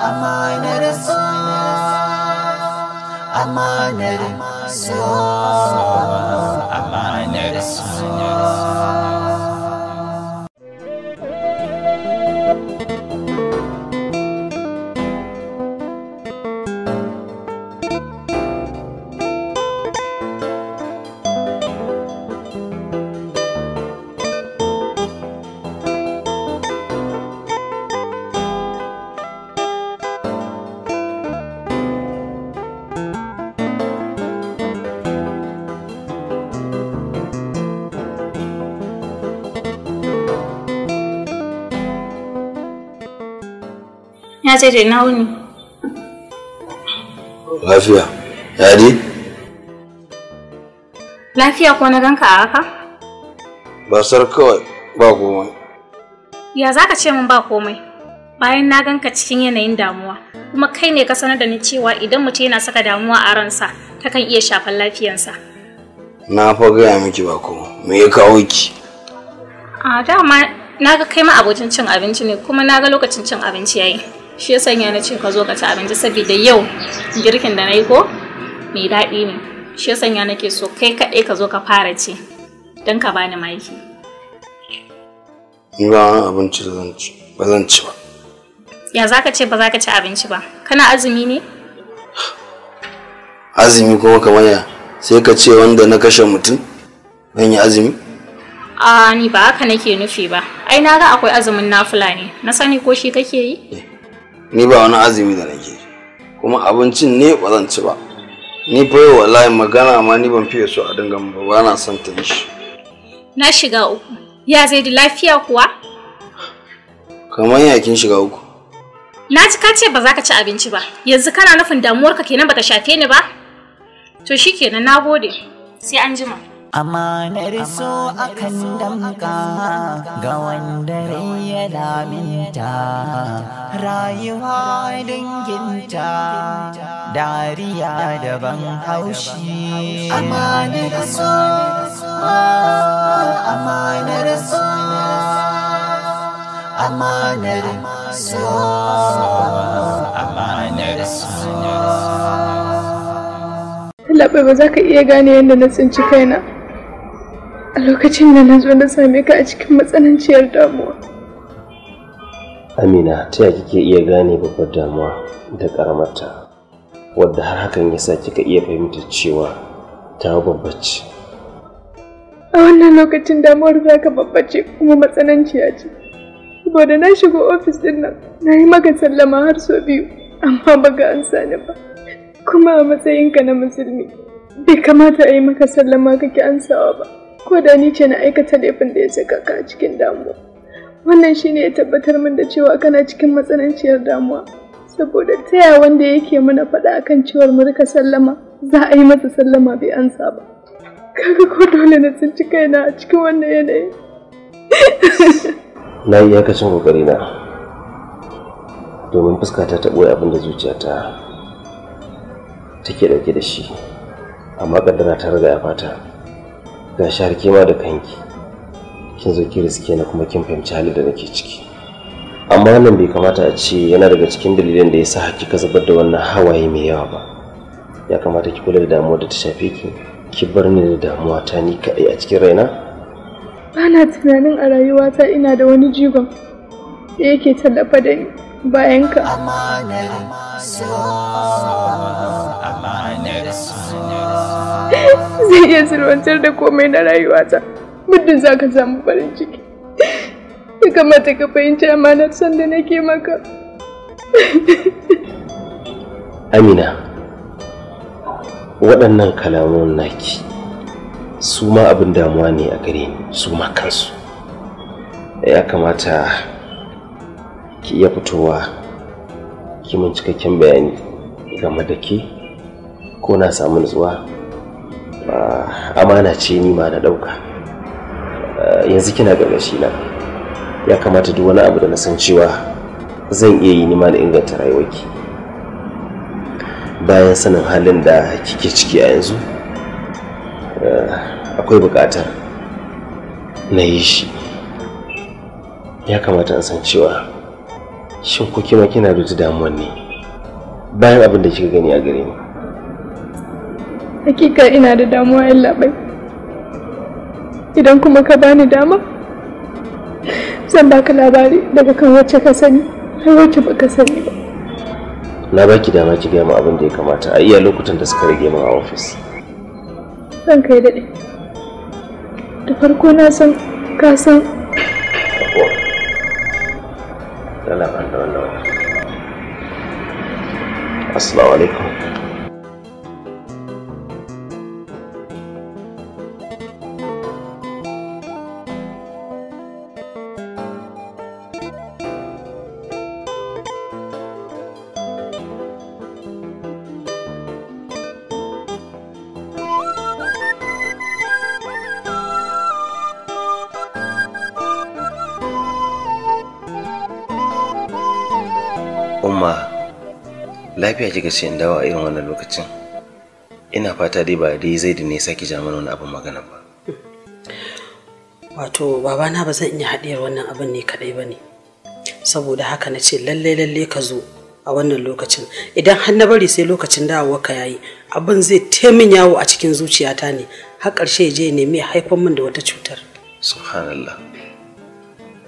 amanar
su amanar su amanar su.
na ce dai na wuni
lafiya ya dai
lafiya ko na ganka a haka
ba sar kawai ba komai
ya za ka ce min ba komai bayan na ganka cikin yanayin damuwa kuma kai ne ka sanar da ni cewa idan mutum yana saka damuwa a ransa ta kan iya shafan lafiyansa
na fa gaya miki ba kuma me ya kawo ki
a dama na ga kai ma abocin cin abinci ne kuma na ga lokacin cin abinci yayi shi ya sanya na ce ka zo ka ci abinci saboda yau girkin da na yi ko mai daɗi ne shi ya sanya nake so kai kaɗai ka zo ka fara ci don ka bani maki
ni ba abinci zan ci ba zan ci ba
ya za ka ce ba za ka ci abinci ba kana azumi ne
azumi kuma kamar ya sai ka ce wanda na kashe mutum zan yi azumi
a ni ba haka nake nufi ba ai na ga akwai azumin nafula ne na sani ko shi kake yi eh.
ni ba wani azumi da nake kuma abincin ne ba zan ci ba ni fa yau wallahi magana ma ni ban fiye so a dinga ba ba na son ta yi
na shiga uku ya zai da lafiya kuwa
kamar ya kin shiga uku
na ji ka ce ba za ka ci abinci ba yanzu kana nufin damuwar damuwarka kenan bata shafe ni ba to shikenan nagode
sai an jima Amanar so kan damka ga wanda ya laminta rayuwa danginta dariya daban haushi. Amanar so, ah, amanar so,
amanar so, amanar
so. ba za ka iya gane yadda na tsinci kaina. a lokacin da na zo na same ka a cikin matsananciyar damuwa
amina ta yaya kike iya gane babbar damuwa da karamarta wadda har hakan ya sa kika iya fahimtar cewa ta babbace
a wannan lokacin damuwar za ka babbace kuma matsananciya ce saboda na shiga ofis din nan na yi maka sallama har sau biyu amma ba ga an sani ba kuma a matsayinka na musulmi bai kamata a yi maka sallama kake ansawa ba ko da ni ce na aikata laifin da ya saka ka cikin damuwa wannan shine ya tabbatar min da cewa kana cikin matsananciyar damuwa saboda taya wanda yake mana faɗa akan cewar mu rika sallama za a yi masa sallama bai ansa ba kaga ko dole na tsinci kaina a cikin wannan yanayi
na yi iyakacin kokari na domin fuskata ta ɓoye abin da zuciyata take ɗauke da shi amma ƙaddara ta riga ya fata ga har kima da kanki kin zo ki riske na kuma kin fahimci halin da nake ciki amma wannan bai kamata a ce yana daga cikin dalilan da ya sa hakika zubar da wannan hawaye mai yawa ba ya kamata ki kula da damuwa da ta shafe ki ki bar ni da damuwa ta ni kaɗai a cikin raina
bana tunanin a rayuwata ina da wani jigon da yake tallafa da ni bayan
zai iya
sirwantar da komai na rayuwata muddin za ka samu farin ciki ya kamata ka fahimci amanar son da nake maka
amina waɗannan kalamun naki su ma abin damuwa ne a gare ni su ma kansu ya kamata ki iya fitowa ki mun cikakken bayani game da ke ko na samu nutsuwa ah, amana ce ni ma na ɗauka ah, yanzu kina gargashi na ya kamata duk wani abu da na san cewa zan iya yi nima da inganta rayuwarki bayan sanin halin da kike ciki a yanzu ah, akwai buƙatar na yi shi ya kamata in san cewa shin ko kima kina da wata damuwar ne bayan abin da kika gani a gare ni
hakika ina da damuwa yan labai idan kuma ka bani dama zan baka labari daga kan wacce ka sani har wacce baka sani ba
na
baki dama ki gaya mu abin da ya kamata a iya lokutan da suka rage min a ofis
zan kai daɗe da farko na san ka san
matsala ban assalamu alaikum lafiya kika ce in dawo a irin wannan lokacin ina fata dai ba dai zai da ne sake ja mana wani abin magana ba
wato babana ba zan iya haɗiyar wannan abin ne kaɗai ba ne saboda haka na ce lalle lalle ka zo a wannan lokacin idan har na bari sai lokacin dawowa ka yayi abin zai taimin yawo a cikin zuciyata ne har ƙarshe je nemi ya min da wata cutar
subhanallah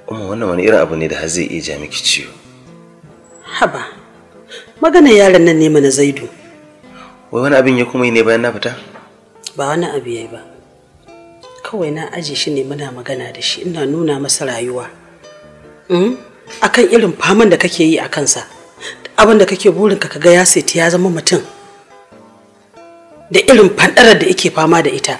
Kuma wannan wani irin abu ne da har zai iya ja miki ciwo
haba magana yaron nan ne mana zaidu
wai wani abin ya kuma yi ne bayan na fita
ba wani abu yayi ba kawai na aje shi ne muna magana da shi ina nuna masa rayuwa hmm? akan irin faman da kake yi a kansa abin da kake burin ka ga ya seti ya zama mutum da irin fanɗarar da yake fama da ita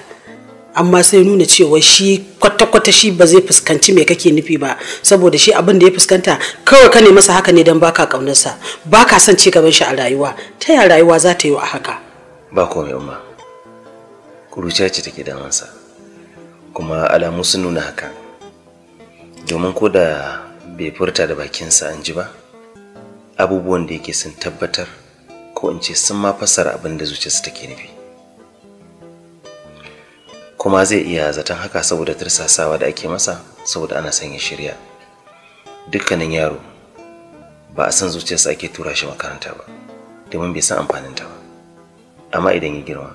amma sai nuna cewa shi kwata-kwata shi ba zai fuskanci me kake nufi ba saboda shi abin da ya fuskanta kawai ka ne masa haka ne don baka kaunarsa baka son ci gaban shi a rayuwa ta yaya rayuwa za ta yi a haka
ba komai umma kuruciya ce take damansa kuma alamu sun nuna haka domin ko da bai furta da bakinsa an ji ba abubuwan da yake sun tabbatar ko in ce sun ma fassara abin da zuciyarsa take nufi kuma zai iya zaton haka saboda tirsasawa da ake masa saboda ana son ya shirya dukkanin yaro ba a san zuciyarsa ake tura shi makaranta ba domin bai san amfaninta ba amma idan ya girma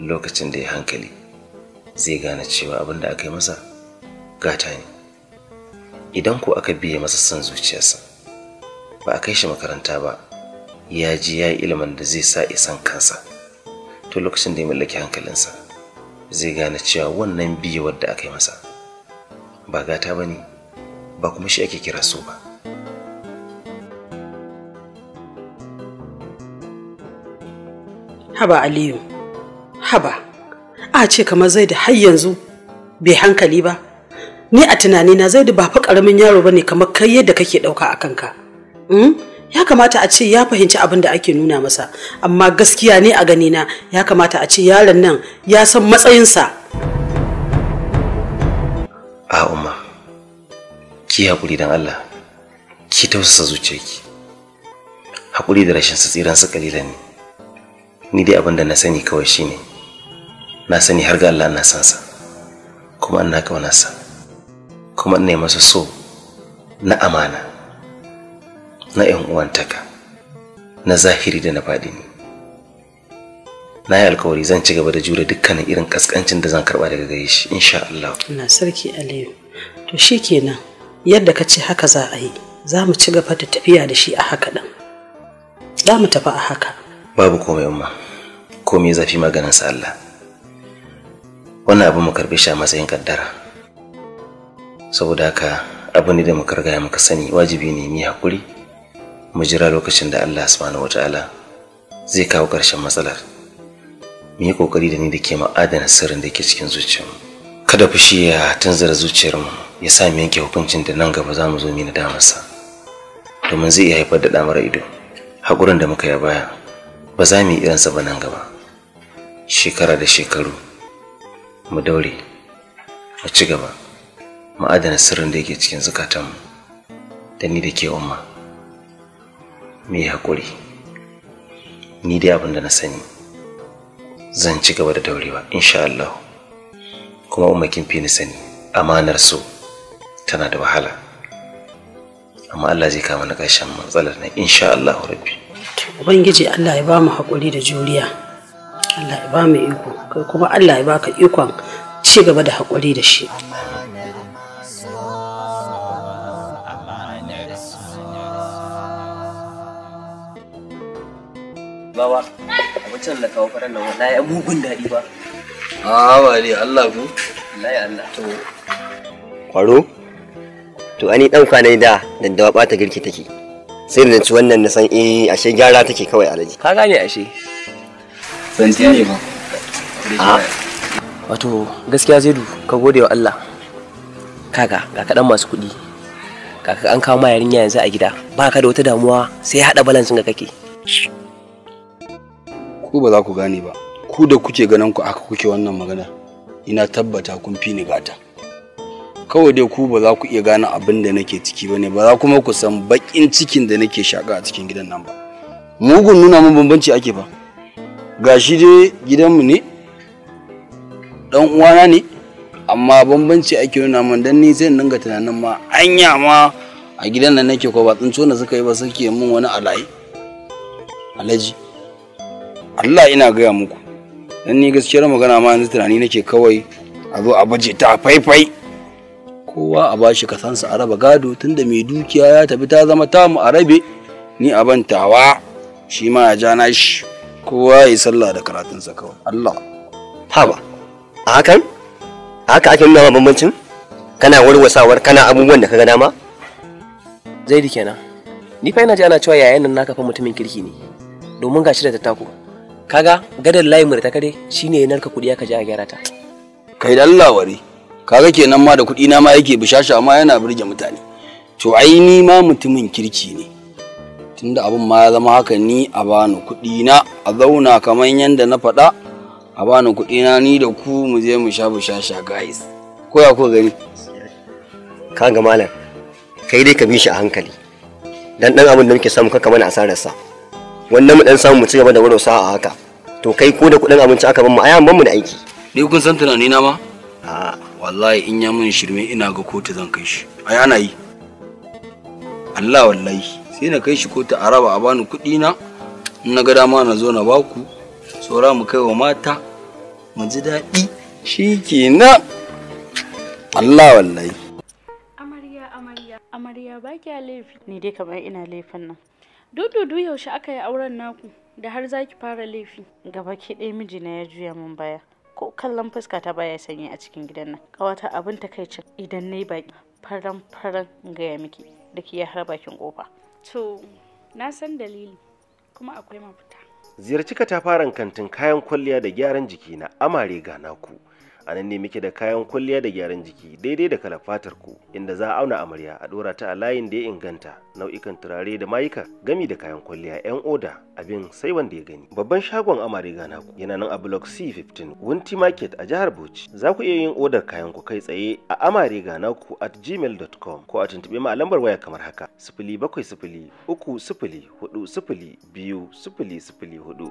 lokacin da ya hankali zai gane cewa abin da aka yi masa gata ne idan ko aka biye masa san zuciyarsa ba a kai shi makaranta ba ya ji ya yi ilimin da zai sa isan kansa to lokacin da ya mallaki hankalinsa zai gane cewa wannan biyewar wadda aka yi masa ba gata ba ne ba
kuma shi ake kira so ba haba aliyu haba a ce kamar zai da har yanzu bai hankali ba ni a tunanina zai da ba fa karamin yaro ba ne kamar kai yadda kake ɗauka a kanka hmm? ya kamata a ce ya fahimci abin da ake nuna masa amma gaskiya ne a ganina ya kamata a ce yaron nan ya san matsayinsa
a ah, umma ki haƙuri don allah ki tausasa zuciyarki haƙuri da rashin tsiran su kalilan ne ni dai abin da na sani kawai shine na sani har ga allah na san sa kuma ina ƙaunarsa kuma ina masa so na amana na 'yan uwantaka na zahiri da na faɗi ne na yi alkawari zan ci gaba da jure dukkanin irin kaskancin da zan karɓa daga gare shi insha Allah
na sarki Aliyu to kenan, yadda ka ce haka za a yi za mu ci gaba da tafiya da shi a haka ɗan, za mu tafi a haka
babu komai umma komai zafi maganin sa Allah wannan abu mu karɓi shi a matsayin kaddara saboda haka abu ne da muka riga muka sani wajibi ne mu hakuri mu jira lokacin da Allah subhanahu wata'ala zai kawo ƙarshen matsalar mu yi ƙoƙari da ni da ke adana sirrin da ke cikin zuciyarmu kada fushi ya tunzara zuciyarmu ya sa mu yanke hukuncin da nan gaba za mu zo mu damarsa, domin zai iya haifar da damar ido haƙurin da muka yi baya ba za mu yi irinsa ba nan gaba shekara da shekaru mu daure mu ci gaba ma'adana sirrin da yake cikin zukatanmu da ni da ke umma Mai yi haƙuri ni dai abin da na sani zan ci gaba da daurewa insha Allah kuma umakin fi ni sani amanar su tana da wahala amma Allah zai kama na ƙarshen matsalar na insha Allah rabbi
ubangiji Allah ya ba mu haƙuri da juriya Allah ya ba mu iko kai kuma Allah ya baka ikon ci gaba da hakuri da shi amin
Baba, abincin da kawo faran nan wallahi ya daɗi ba. A ba ne Allah ku? Wallahi Allah. To.
Kwaro? To ani dan kwanai da daddawa ɓata girki take. Sai da ci wannan na san eh ashe gyara take kawai
alaji. Ka gane ashe. Ban ji ne ba. Ah. Wato gaskiya Zaidu ka gode wa Allah. Kaga ga kaɗan masu kuɗi. Kaka an kawo ma yarinya yanzu a gida ba ka da wata damuwa sai haɗa balansin ga kake.
ku ba za ku gane ba ku da kuke ganin ku aka kuke wannan magana ina tabbata kun fi ni gata kawai dai ku ba za ku iya gane abin da nake ciki ba ne ba za kuma ku san baƙin cikin da nake shaka a cikin gidan nan ba mugun nuna min bambanci ake ba gashi dai gidanmu ne dan uwana ne amma bambanci ake nuna min dan ni sai dinga tunanin ma anya ma a gidan nan nake ko ba tsinto na suka yi ba suke min wani alayi alaji Allah ina gaya muku dan ni gaskiyar magana ma yanzu tunani nake kawai a zo a baje ta faifai kowa a bashi kasansa a raba gado tunda mai dukiya ya tafi ta zama tamu a rabe ni a bantawa shi ma ya ja nashi kowa ya sallah da karatunsa kawai Allah haba a
hakan haka ake nuna bambancin
kana warwasawar kana abubuwan da ka ga dama
zaidi kenan ni fa ina ji ana cewa yayan nan naka fa mutumin kirki ne domin gashi da tattako kaga gadar layin murta kare shine yanar ka kudi aka ja gyara ta
kai da Allah wari kaga kenan ma da kudi na ma yake bishasha ma yana burge mutane to ai ni ma mutumin kirki ne tunda abin ma ya zama haka ni a bani kudi na a zauna kamar yanda na faɗa a bani kudi na ni da ku mu je mu sha bishasha guys ko ya ko gani kaga malam kai dai ka bi shi a hankali dan dan abin da muke samu kaka mana asararsa wannan mu dan samu mu ci gaba da warausa sa'a haka to kai ko da kuɗin abinci aka ban mu ai ban mu da aiki ni kun san tunani na ma a wallahi in ya mun shirme ina ga kotu zan kai shi ai ana yi Allah wallahi sai na kai shi kotu a raba a bani kuɗi na in na ga dama na zo na baku tsora mu kai wa mata mu ji daɗi shi Allah wallahi
amarya amarya amarya ba laifi
ni dai kamar ina laifin nan
Duk dududu yaushe aka yi auren naku
da har zaki fara laifi gaba baki ɗaya mijina ya juya min baya ko kallon fuska ta baya sanye a cikin gidan nan kawata abin ta takaicin idan na yi baki faran faran gaya miki da ki ya har bakin kofa
to na san dalili kuma akwai mafita
ziyarci katafaren kantin kayan kwalliya da gyaran jiki na amare ga naku a nan ne muke da kayan kwalliya da gyaran jiki daidai da kalar fatar ku inda za a auna amarya a dora ta a layin da ya inganta nau'ikan turare da mayuka gami da kayan kwalliya yan oda abin sai wanda ya gani babban shagon amare gana ku yana nan a block c15 wunti market a jihar bauchi za ku iya yin odar kayan ku kai tsaye a amare gana ku at gmail.com ko a tuntuɓe mu a lambar waya kamar haka sifili bakwai sifili uku sifili hudu sifili biyu sifili sifili hudu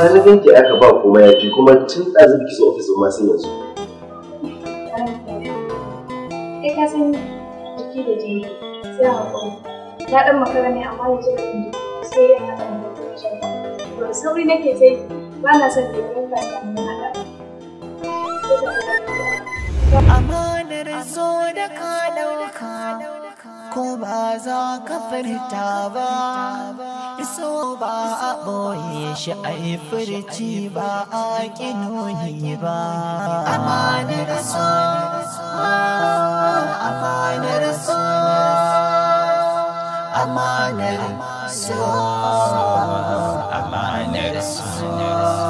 na na ganki aka ba kuma ya ce kuma tun ɗazu biki zo ofis ma sai yanzu.
Kai ka san jiki da jini sai haƙuri. ya ɗan makara ne amma ya ce da sai ya haɗa da mutum. Ba sauri nake sai ba na son da ya ba ta mun haɗa.
Amanar zo da ka ɗauka. ko ba za ka furta ba iso ba a boye shi a yi furci ba a ƙinoni ba amanar so amanar so
amanar
so amanar so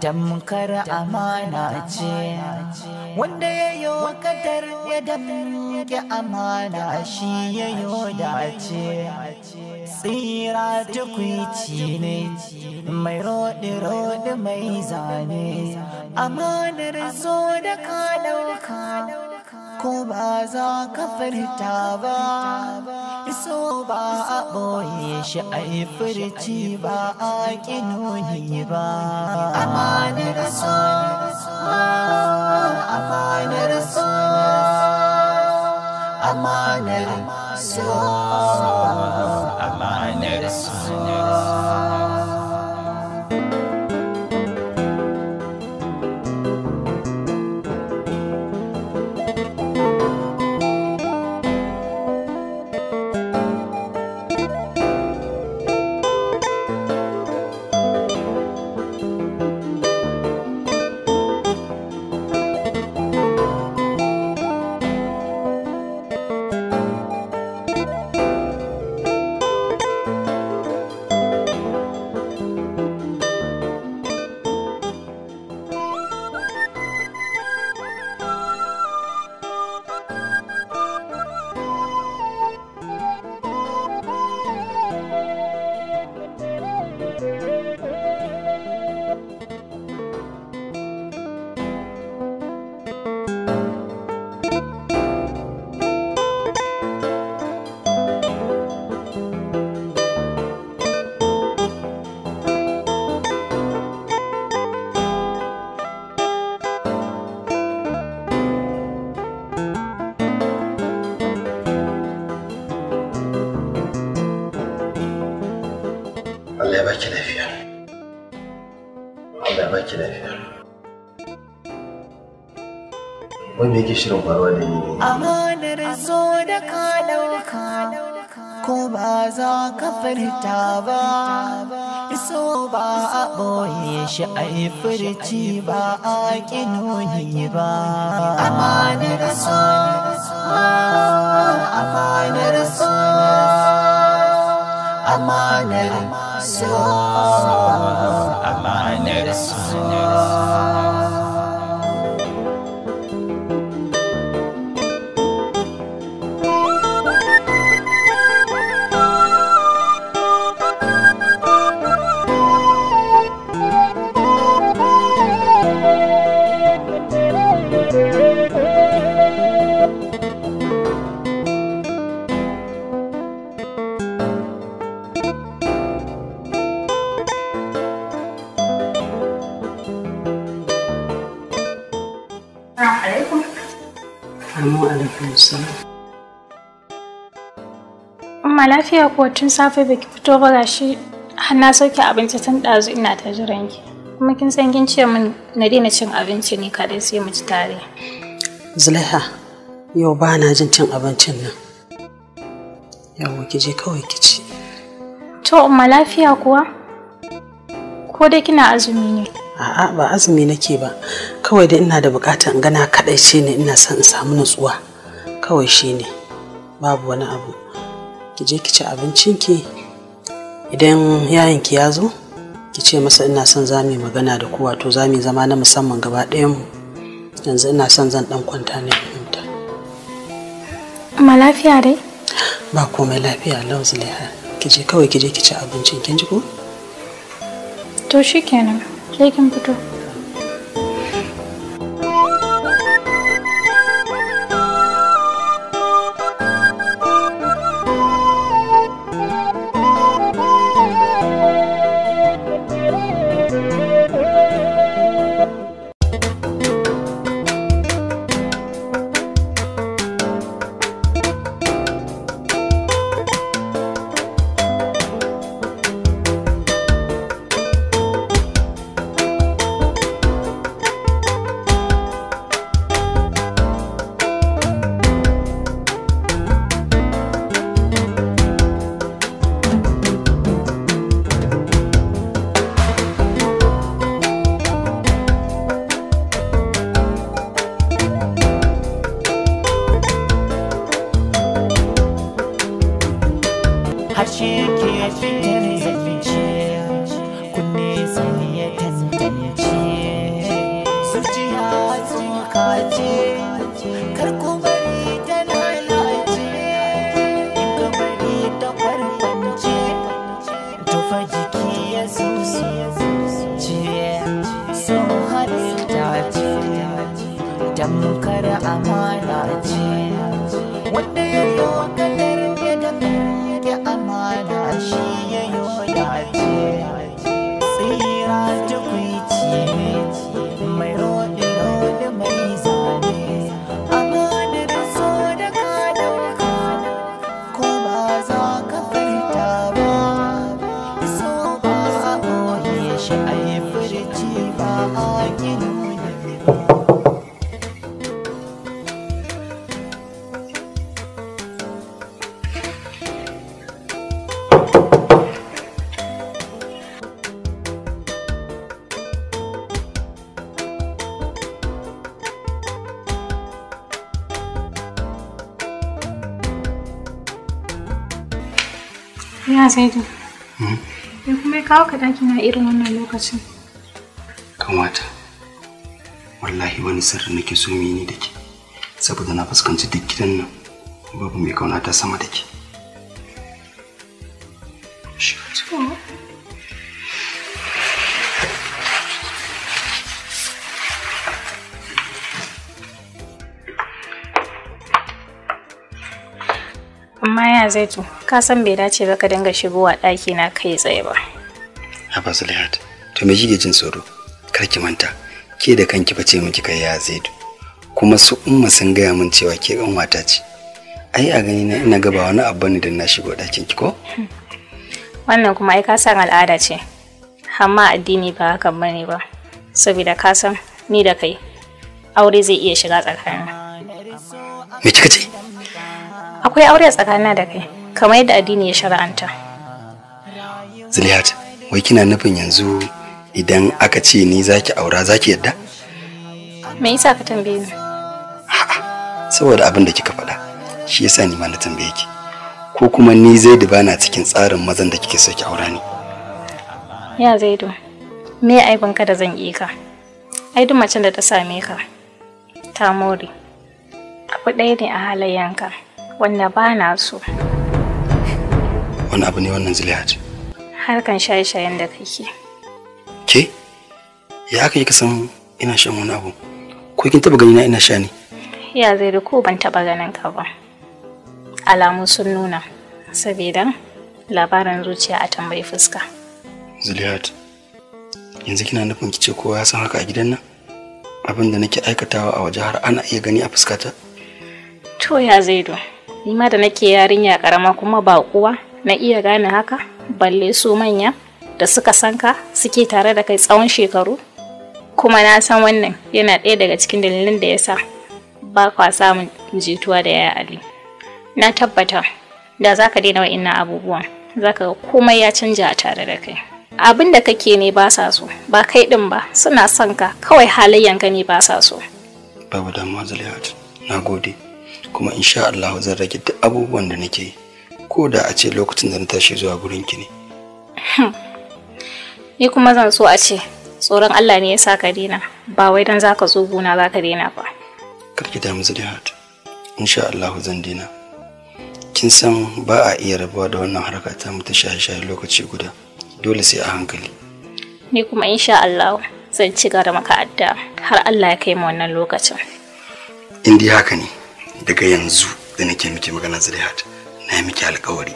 tamkar amana ce wanda ya yi wa kadar ya damke amana shi ya yi dace tsira tukwici ne mai roɗi-roɗi mai zane amanar zo da ka ɗauka ko ba za ka furta ba iso ba a boye shi a yi furci ba a ƙinoni ba amanar so amanar so amanar
so amanar so
me yake shirin faruwa da ni
amanar zo da ka dauka ko ba za ka furta ba iso ba a ɓoye shi a yi furci ba a ƙinoni ba amanar so amanar
so amanar so amanar so
amma lafiya kuwa tun safe baki fito ba gashi har na sauke abinci tun ɗazu ina ta jiran ki. Kuma kin san kin ce min na daina cin abinci ne kadai sai mu ci tare.
Zulaiha, yau ba na jin cin abincin nan. Yau ki je kawai ki ci.
To amma lafiya kuwa? Ko dai kina azumi ne?
A'a ba azumi nake ba. Kawai da ina da bukata in gana kadaice ne ina son in samu nutsuwa. Kawai shine. Babu wani abu. ki je ki ci abincinki idan yayinki ya zo ki ce masa ina son za mu magana da ku wato za mu zama na musamman gaba ɗayan mu yanzu ina son zan dan kwanta ne fahimta
amma lafiya dai
ba komai lafiya lau zuliha ki je kawai ki je ki ci abincin kin ji ko
to shikenan sai kin fito Saidu. Ya hmm? kuma ya kawo ka na irin
wannan lokacin.
Kamata. Wallahi wani sirri nake so da ke. Saboda na fuskanci duk gidan nan babu mai kauna ta sama da ke.
Amma ya zai to. ka san bai dace ba ka dinga shigowa ɗaki na kai tsaye ba
ba zulihat to me kike jin tsoro kar ki manta ke da kanki ba ce miki kai ya zaidu kuma su umma sun gaya min cewa ke ɗan wata ce ai a gani na ina gaba wani abu ne da na shigo ɗakin ki ko
wannan kuma ai ka san al'ada ce amma addini ba hakan bane ba saboda ka san ni da kai aure zai iya shiga tsakanin me kika ce akwai aure tsakanina da kai kamar yadda addini ya shara'anta.
Ziliyat, wai kina nufin yanzu idan aka ce ni zaki aura zaki yadda?
Me yasa ka tambaye ni?
Saboda abin da kika faɗa, shi yasa ni ma na tambaye ki. Ko kuma ni Zaidu bana cikin tsarin mazan da kike so ki aura ni.
Ya Zaidu, me ka da zan yi ka? Ai duk macen da ta same ka, ta more. Abu ɗaya ne a halayyanka, wanda ba na so.
wani abu ne wannan zulihat
harkan shaye-shayen da kake
ke ya haka ka san ina shan wani abu ko kin taba ganina ina sha ne
ya zai da ko ban taba ganin ka ba alamu sun nuna saboda labarin zuciya a tambayi fuska
zulihat yanzu kina nufin ce, kowa ya san haka a gidan nan abin da nake aikatawa a waje har ana iya gani a fuskata
to ya zaido ni ma da nake yarinya karama kuma ba kuwa na iya gane haka balle su manya da suka san ka suke tare da kai tsawon shekaru kuma na san wannan yana ɗaya daga cikin dalilin da ya sa ba kwa samun jituwa da yaya ali na tabbata da za ka daina wa'in abubuwan za ka komai ya canja a tare da kai abin da kake ne ba sa so ba kai ɗin ba suna son ka kawai ka ne ba sa so
babu damuwa zuliyat na gode kuma insha Allah zan rage duk abubuwan da nake yi ko da a ce lokacin da na tashi zuwa gurin ki ne hmm.
ni kuma zan so a ce tsoron Allah ne ya sa ka daina ba wai dan zaka zo gona zaka daina ba
kar ki damu Zulihat insha Allah zan dina. kin san ba a iya rabuwa da wannan harka ta mu ta shaye-shaye lokaci guda dole sai a hankali
ni kuma insha Allah zan ci gaba da maka adda har Allah ya kai mu wannan lokacin
in haka ne daga yanzu da nake miki magana Zulihat na miki alkawari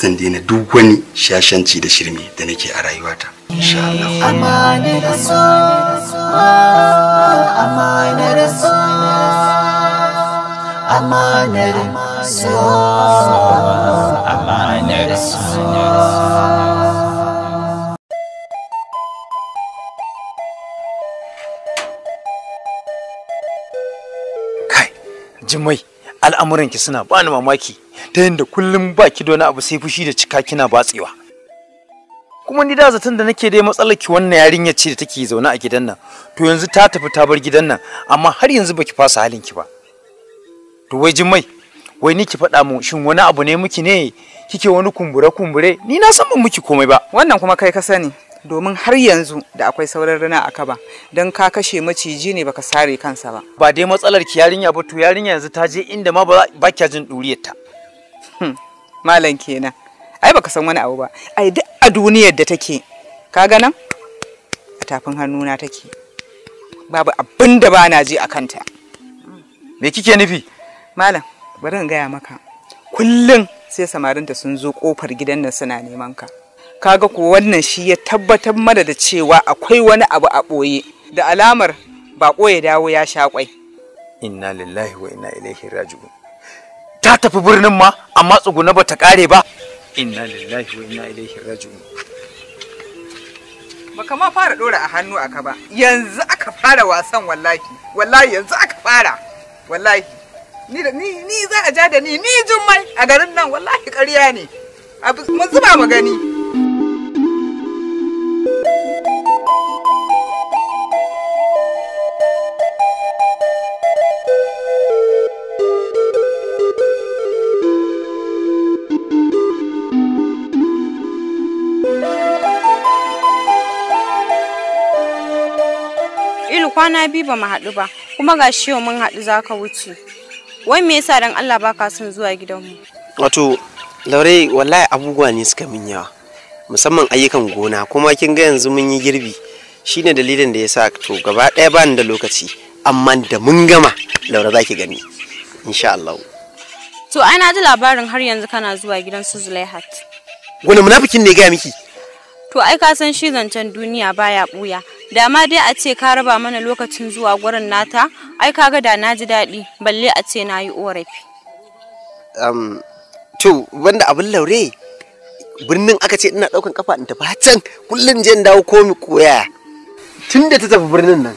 zan daina duk wani shashanci da shirme da nake a rayuwata
insha Allah da so da so da
so da so
Jimai, al'amuranki suna bani mamaki. ta yadda kullum ba ki da wani abu sai fushi da cika kina batsewa kuma ni da zaton da nake dai matsalar ki wannan yarinya ce da take zaune a gidan nan to yanzu ta tafi ta bar gidan nan amma har yanzu baki fasa halin ki ba to wai jin wai ni ki faɗa mu shin wani abu ne miki ne kike wani kumbure kumbure ni na san ban miki komai ba
wannan kuma kai ka sani domin har yanzu da akwai sauran rana a kaba don ka kashe maciji ne baka sare kansa ba ba dai matsalar ki yarinya ba to yarinya yanzu ta je inda ma ba kya jin ɗuriyarta Hmm. malam kenan ai baka san wani abu ba ai duk a duniyar da take ga nan a tafin hannuna take babu abin da ba na ji a kanta me kike nufi malam bari in gaya maka kullum sai samarinta sun zo kofar gidan nan suna neman ka kaga ko wannan shi ya tabbatar mana da cewa akwai wani abu a ɓoye da alamar baƙo ya dawo ya sha kwai
inna lillahi wa inna ilaihi raji'un
ta tafi birnin ma amma tsuguna ba ta
kare ba inna lillahi wa inna ilaihi raji'un
baka ma fara dora a hannu aka ba yanzu aka fara wasan wallahi wallahi yanzu aka fara wallahi ni ni za a ja da ni ni jummai a garin nan wallahi ƙarya ne mun zuba magani.
kwana biyu ba mu haɗu ba kuma ga shi yau mun haɗu zaka wuce wai me yasa dan Allah baka son zuwa gidanmu
wato laure wallahi abubuwa ne suka min yawa musamman ayyukan gona kuma kin ga yanzu mun yi girbi shine dalilin da yasa to gaba ɗaya ba ni da lokaci amma da mun gama laura zaki gani insha Allah
to ana ji labarin har yanzu kana zuwa gidan su Zulaihat
wani munafikin ne ga miki
To ai ka san shi zancen duniya baya buya. Da ma dai a ce ka raba mana lokacin zuwa gurin nata, ai kaga da na ji daɗi, balle a ce na yi orafi.
Um, to, wanda abin laure, birnin aka ce ina ɗaukan kafa in tafi can kullum je dawo komi koya. Tun da ta tafi birnin nan,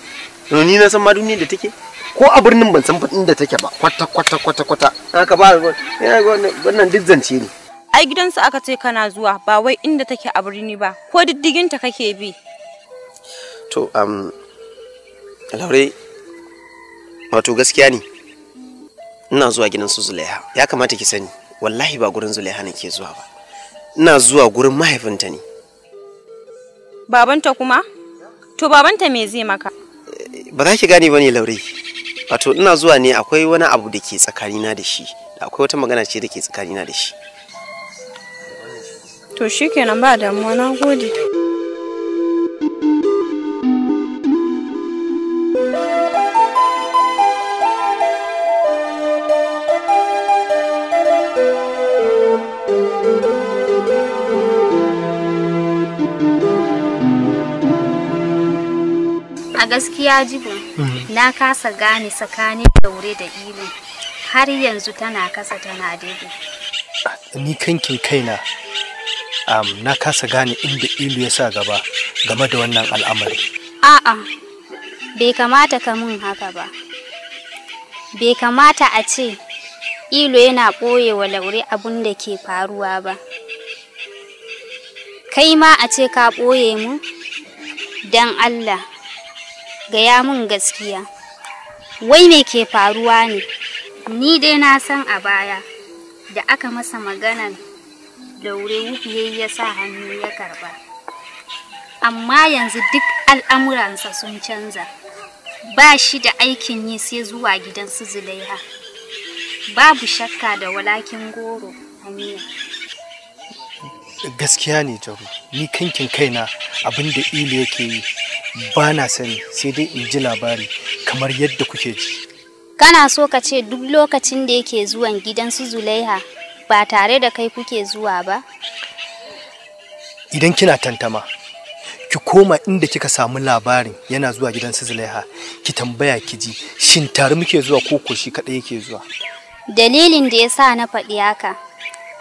ni na san ma duniya da take. ko a birnin ban san inda take ba kwata kwata kwata kwata haka ba wannan duk zance ne
ai gidansu aka ce kana zuwa ba wai inda take a birni ba ko diddiginta kake bi
to um laure wato gaskiya ne ina zuwa gidan su zulaiha ya kamata ki sani wallahi ba gurin zulaiha nake zuwa ba ina zuwa gurin mahaifinta ne
babanta kuma to babanta me zai maka
eh, ba za ki gane ba ne laure wato ina zuwa ne akwai wani abu da ke tsakanina da shi akwai wata magana ce da ke tsakanina da shi
to shikenan ba damuwa na gode
a gaskiya jibo mm. na kasa gane tsakanin daure da ilu har yanzu tana kasa tana daidai
ni kankin kaina um, na kasa gane inda ilu ya sa gaba game da wannan al'amari
a'a bai kamata ka mun haka ba bai kamata a ce ilo yana ɓoye wa laure abun da ke faruwa ba kai ma a ce ka ɓoye mu Dan allah gaya mun gaskiya wai me ke faruwa ne ni dai na san a baya da aka masa maganan daure wufiye ya sa hannu ya karba amma yanzu duk al'amuransa sun canza ba shi da aikin yi sai zuwa gidan su zulaiha babu shakka da walakin goro amina
gaskiya ne jaru ni kankin kaina abin da ilu yake yi ba na sani sai dai in ji labari kamar yadda kuke ji
kana so ka ce duk lokacin da yake zuwan gidan su zulaiha ba tare da kai kuke zuwa ba?
Idan kina tantama, ki koma inda kika samu labarin yana zuwa gidan su Zulaiha, ki tambaya ki ji shin tare muke zuwa ko ko shi kaɗai yake zuwa.
Dalilin da ya sa na faɗi haka,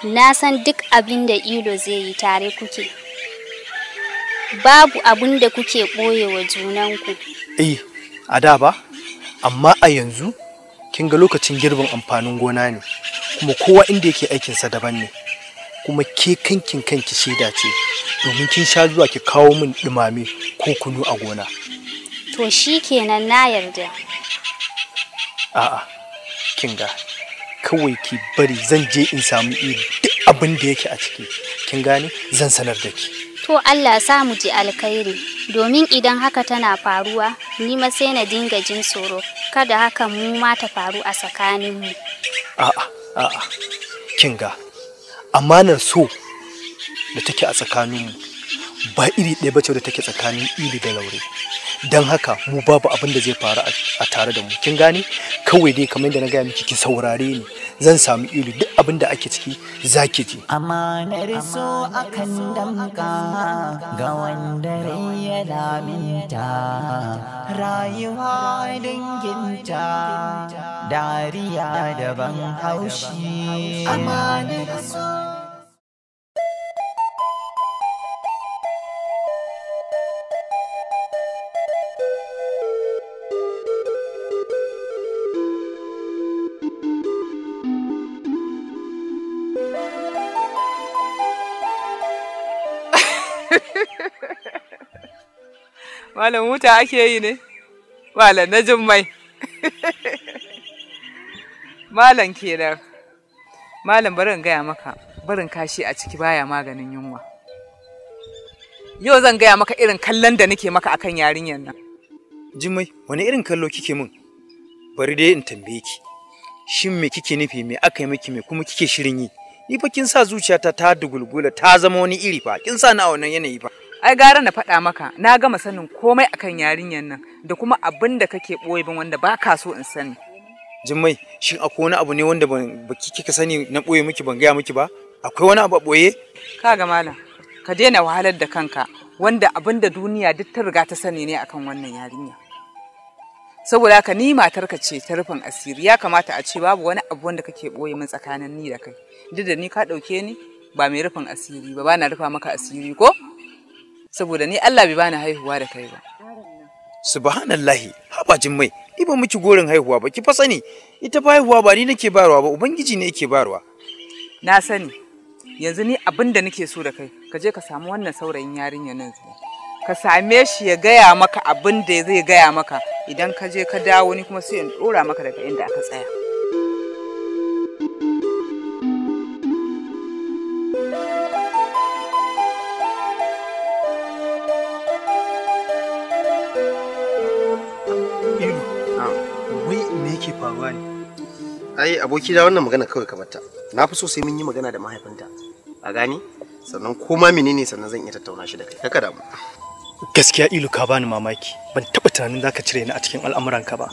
na san duk abin da ilo zai yi tare kuke. Babu abin da kuke ɓoye wa junanku.
Eh, a da ba, amma a yanzu kin ga lokacin girbin amfanin gona ne kuma kowa inda yake aikinsa daban ne kuma ke kankin kanki shaida ce domin kin sha zuwa ki kawo min dumame ko kunu a gona
to shi kenan na yarda
a'a kin ga kawai ki bari zan je in samu iri duk abin da yake a ciki kin gane zan sanar da ki
To Allah sa mu ji alkhairi, domin idan haka tana faruwa, ni ma sai na dinga jin tsoro, kada haka mu ma ta faru a tsakaninmu.
A'a, a'a, kinga, amanar so da take a tsakaninmu. ba iri ɗaya ba bace da take tsakanin ili da laure don haka mu babu abin da zai faru a tare da mu kin gane kawai dai kamar da na gaya miki ki saurare ni zan samu ili duk abin da ake ciki zaki ji
amma na riso akan damka ga wanda ya laminta rayuwa danginta dariya daban haushi amma na riso
malam huta ake yi ne malam na jummai malam kenan malam barin gaya maka barin kashi a ciki baya maganin yunwa yau zan gaya maka irin kallon da nake maka akan yarinyar nan
jimai wani irin kallo kike min bari dai in tambaye ki shin me kike nufi me aka yi miki me kuma kike shirin yi ni fa kin sa zuciyata ta dugulgula ta zama wani iri fa kin sa
ni a wannan yanayi fa ai gara na faɗa maka na gama sanin komai akan yarinyar nan da kuma abin da kake ɓoye bin wanda ba ka so in sani
jimmai shin akwai wani abu ne wanda ban baki kika sani na ɓoye miki ban gaya miki ba akwai
wani abu a ɓoye kaga malam ka daina wahalar da kanka wanda abin da duniya duk ta riga ta sani ne akan wannan yarinya saboda haka ni matarka ce ta rufin asiri ya kamata a ce babu wani abu wanda kake ɓoye min tsakanin ni da kai duk da ni ka ɗauke ni ba mai rufin asiri ba bana rufa maka asiri ko saboda ni Allah bai bani haihuwa da kai ba
subhanallahi haba mai, ni ba miki gorin haihuwa ba ki fa sani ita fa haihuwa ba ni nake barwa ba ubangiji ne yake barwa
na sani yanzu ni abin da nake so da kai ka je ka samu wannan saurayin yarinya nan ka same shi ya gaya maka abin da zai gaya maka idan ka je ka dawo ni kuma sai in ɗora maka daga inda aka tsaya
ai aboki da wannan magana kawai kamata. na fi so sai mun yi magana da mahaifinta a gani sannan koma menene sannan zan iya tattauna shi da kai kaka damu
gaskiya ilu ka bani mamaki ban taba tunanin zaka cire ni a cikin al'amuranka ba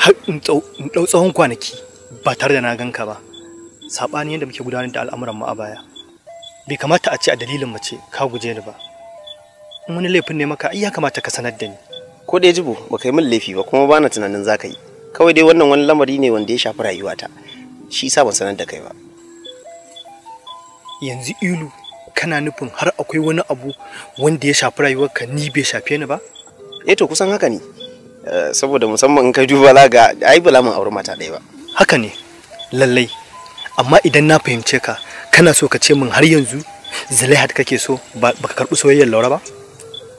har in ɗau tsawon kwanaki ba tare da na ganka ba saɓani yadda muke gudanar da al'amuran mu a baya bai kamata a ce a dalilin mace ka guje ni ba in wani laifin
ne maka ai ya kamata ka sanar da ni ko dai jibo baka yi min laifi ba kuma bana tunanin zaka yi kawai dai wannan wani lamari ne wanda ya shafi rayuwata shi sa ban sanar da kai ba
yanzu ilu kana nufin har akwai wani abu wanda ya shafi rayuwarka
ni bai shafe ni ba e to kusan haka ne eh, saboda musamman in ka duba la ga ai bala mun aure mata ɗaya ba
haka ne lallai amma idan na fahimce ka kana so ka ce min har yanzu zulaihat kake so ba ka karɓi soyayyar laura ba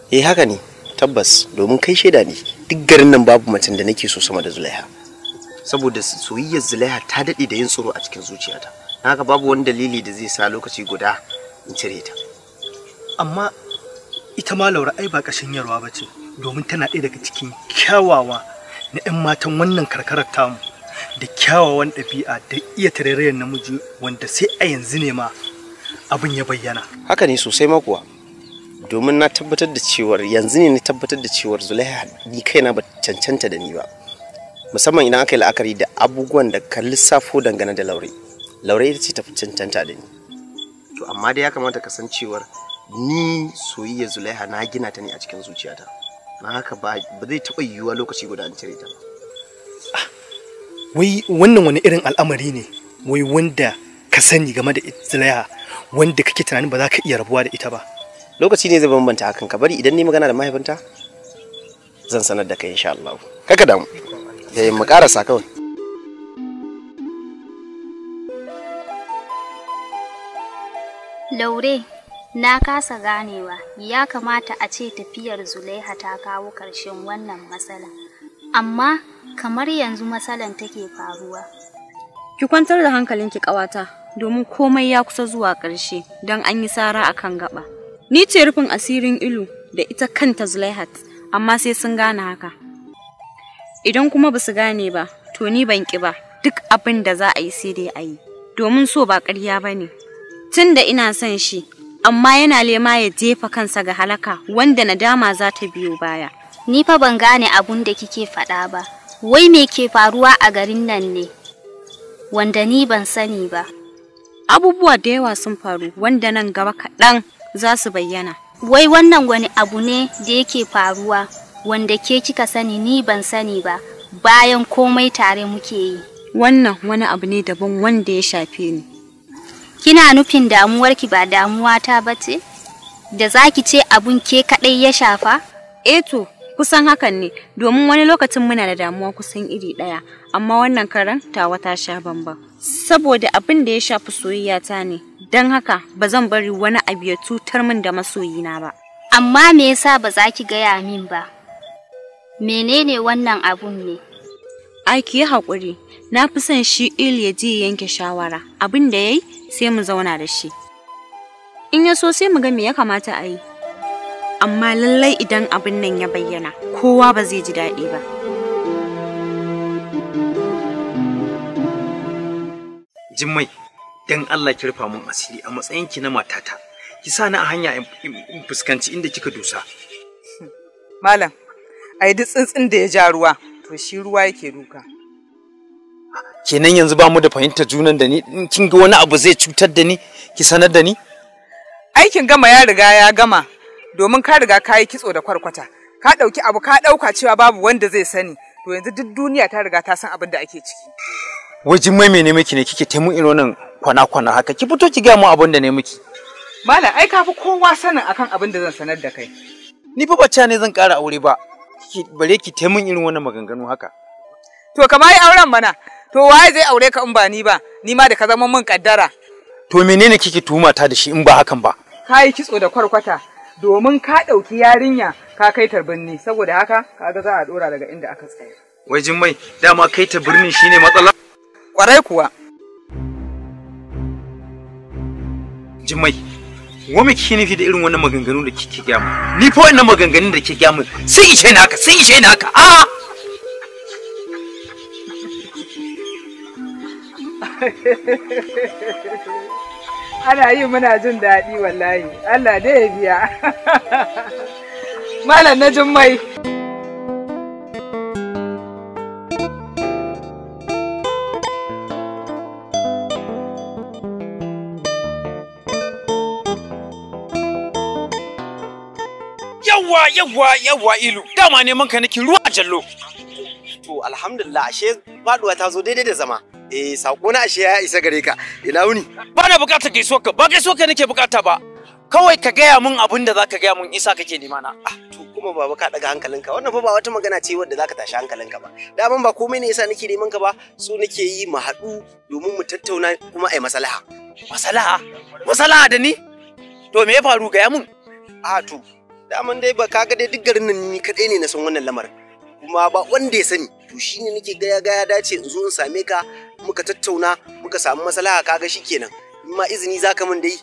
eh haka ne tabbas domin kai shaida ne duk garin nan babu macen da nake so sama da zulaiha saboda soyayyar zulaiha ta daɗe da yin tsoro a cikin zuciyata haka babu wani dalili da zai sa lokaci guda in cire ta
amma ita ma laura ai ba kashin yarwa ba ce domin tana ɗaya daga cikin kyawawa na 'yan matan wannan karkarar tamu da kyawawan ɗabi'a da iya tarayyar namiji wanda sai a yanzu ne ma abin ya bayyana
haka ne sosai ma domin na tabbatar da cewar yanzu ne na tabbatar da cewar zulaiha ni kaina ba cancanta da ni ba musamman idan aka yi la'akari da abubuwan da ka lissafo dangane da laure laure ita ce tafi cancanta da ni to amma dai ya kamata ka san cewar ni soyayya zulaiha na gina ta ne a cikin zuciyata na haka ba zai taɓa yiwuwa lokaci guda an cire ta ah,
wai wannan wani irin al'amari ne wai wanda ka sani game da zulaiha wanda kake tunanin ba za ka iya rabuwa da ita ba
lokaci ne zai bambanta hakan ka bari idan ni magana da mahaifinta zan sanar da kai insha Allah kaka damu yayin eh, mu karasa
kawai Laure na kasa ganewa ya kamata a ce tafiyar Zulaiha ta kawo ƙarshen wannan matsala amma kamar yanzu matsalan take faruwa
ki kwantar da hankalinki ƙawata domin komai ya kusa zuwa ƙarshe don an yi sara kan gaba Ni ce rufin asirin ilu da ita kanta Zulaihat, amma sai sun gane haka. Idan kuma ba su gane ba, to ni ban ki ba, duk abin da za a yi sai dai a yi, domin so ba ƙarya ba ne. Tun da ina son shi, amma yana lema ya jefa kansa ga halaka wanda nadama za ta biyo baya. Ni fa ban gane abun da kike faɗa ba, wai
me ke faruwa a garin nan ne, wanda ni ban sani ba. Abubuwa da yawa sun faru wanda nan gaba kaɗan za su bayyana. Wai wannan wani abu ne da yake faruwa wanda ke kika sani ni ban sani ba bayan komai tare muke yi.
Wannan wani abu ne daban wanda ya shafe ni. Kina
nufin damuwarki ba damuwata ba ce? Da za ki ce abun ke kaɗai ya
shafa? Eto, eh kusan hakan ne, domin wani lokacin muna da damuwa kusan iri ɗaya, amma wannan karan tawa ta sha bambam. Saboda abin da ya shafi soyayya ta ne, don haka ba zan bari wani abu ya cutar min da masoyina ba. Amma me yasa ba za ki gaya min ba? Menene wannan abun ne? Ai ki haƙuri, na fi son shi il ya je yanke shawara, abin da ya yi sai mu zauna da shi. In ya so sai mu ga me ya kamata a yi. Amma lallai idan abin nan ya bayyana, kowa ba zai ji daɗi ba.
Jimmai, dan Allah ki rufa mun asiri a matsayinki na matata ki sa ni a hanya in fuskanci inda kika dosa
malam ai duk tsintsin da ya ja ruwa to shi ruwa yake duka
kenan yanzu ba mu da fahimtar junan da ni in kin ga wani abu zai cutar da ni ki sanar da ni
aikin gama ya riga ya gama domin ka riga ka yi kitso da kwarkwata ka ɗauki abu ka ɗauka cewa babu wanda zai sani to yanzu duk duniya ta riga ta san abin da ake ciki
wajin mai mene miki ne kike taimu irin wannan kwana-kwana haka ki fito ki gaya mu abin da ne miki
malam ai ka fi kowa sanin akan abin da zan sanar da kai ni
fa ne zan ƙara aure ba bare ki ta mun irin wannan maganganu haka
to kamar yi auren mana to waye zai aure ka in ba ni ba ni ma da ka zama min kaddara
to menene kike tuhuma ta da shi in ba hakan ba
kai kitso da kwarkwata domin ka ɗauki yarinya ka kai tarbinni saboda haka kaga za a dora daga inda aka tsaya
wai mai dama kai ta birnin shine matsala kwarai kuwa jimai wa me kike nufi da irin wannan maganganu da kike gaya mu ni fa wannan maganganun da kike gaya mu sun ishe ni haka sun ishe ni haka a ah!
ana yi muna jin daɗi wallahi Allah dai ya biya malam na jummai
yawwa yawwa yawwa ilu dama neman ka nake ruwa jallo to alhamdulillah ashe faduwa ta zo daidai da zama eh sako na ashe ya isa gare ka ina wuni ba na bukatar gaisuwar ka ba gaisuwar ka nake bukata ba kawai ka gaya min abin da zaka gaya min isa kake nema na ah
to kuma baba ka daga hankalinka wannan fa ba wata magana ce wadda zaka tashi hankalinka ba daman ba komai ne isa nake
neman ka ba so nake yi mu haɗu domin mu tattauna kuma ai masalaha masalaha masalaha da ni to me ya faru gaya mun a ah, to daman dai ba ka
ga dai duk garin nan ni kadai ne na san wannan lamarin kuma ba wanda ya sani to shine nake gaya gaya dace in zo in same ka muka tattauna muka samu maslaha ga shikenan in ma izini
zaka min dai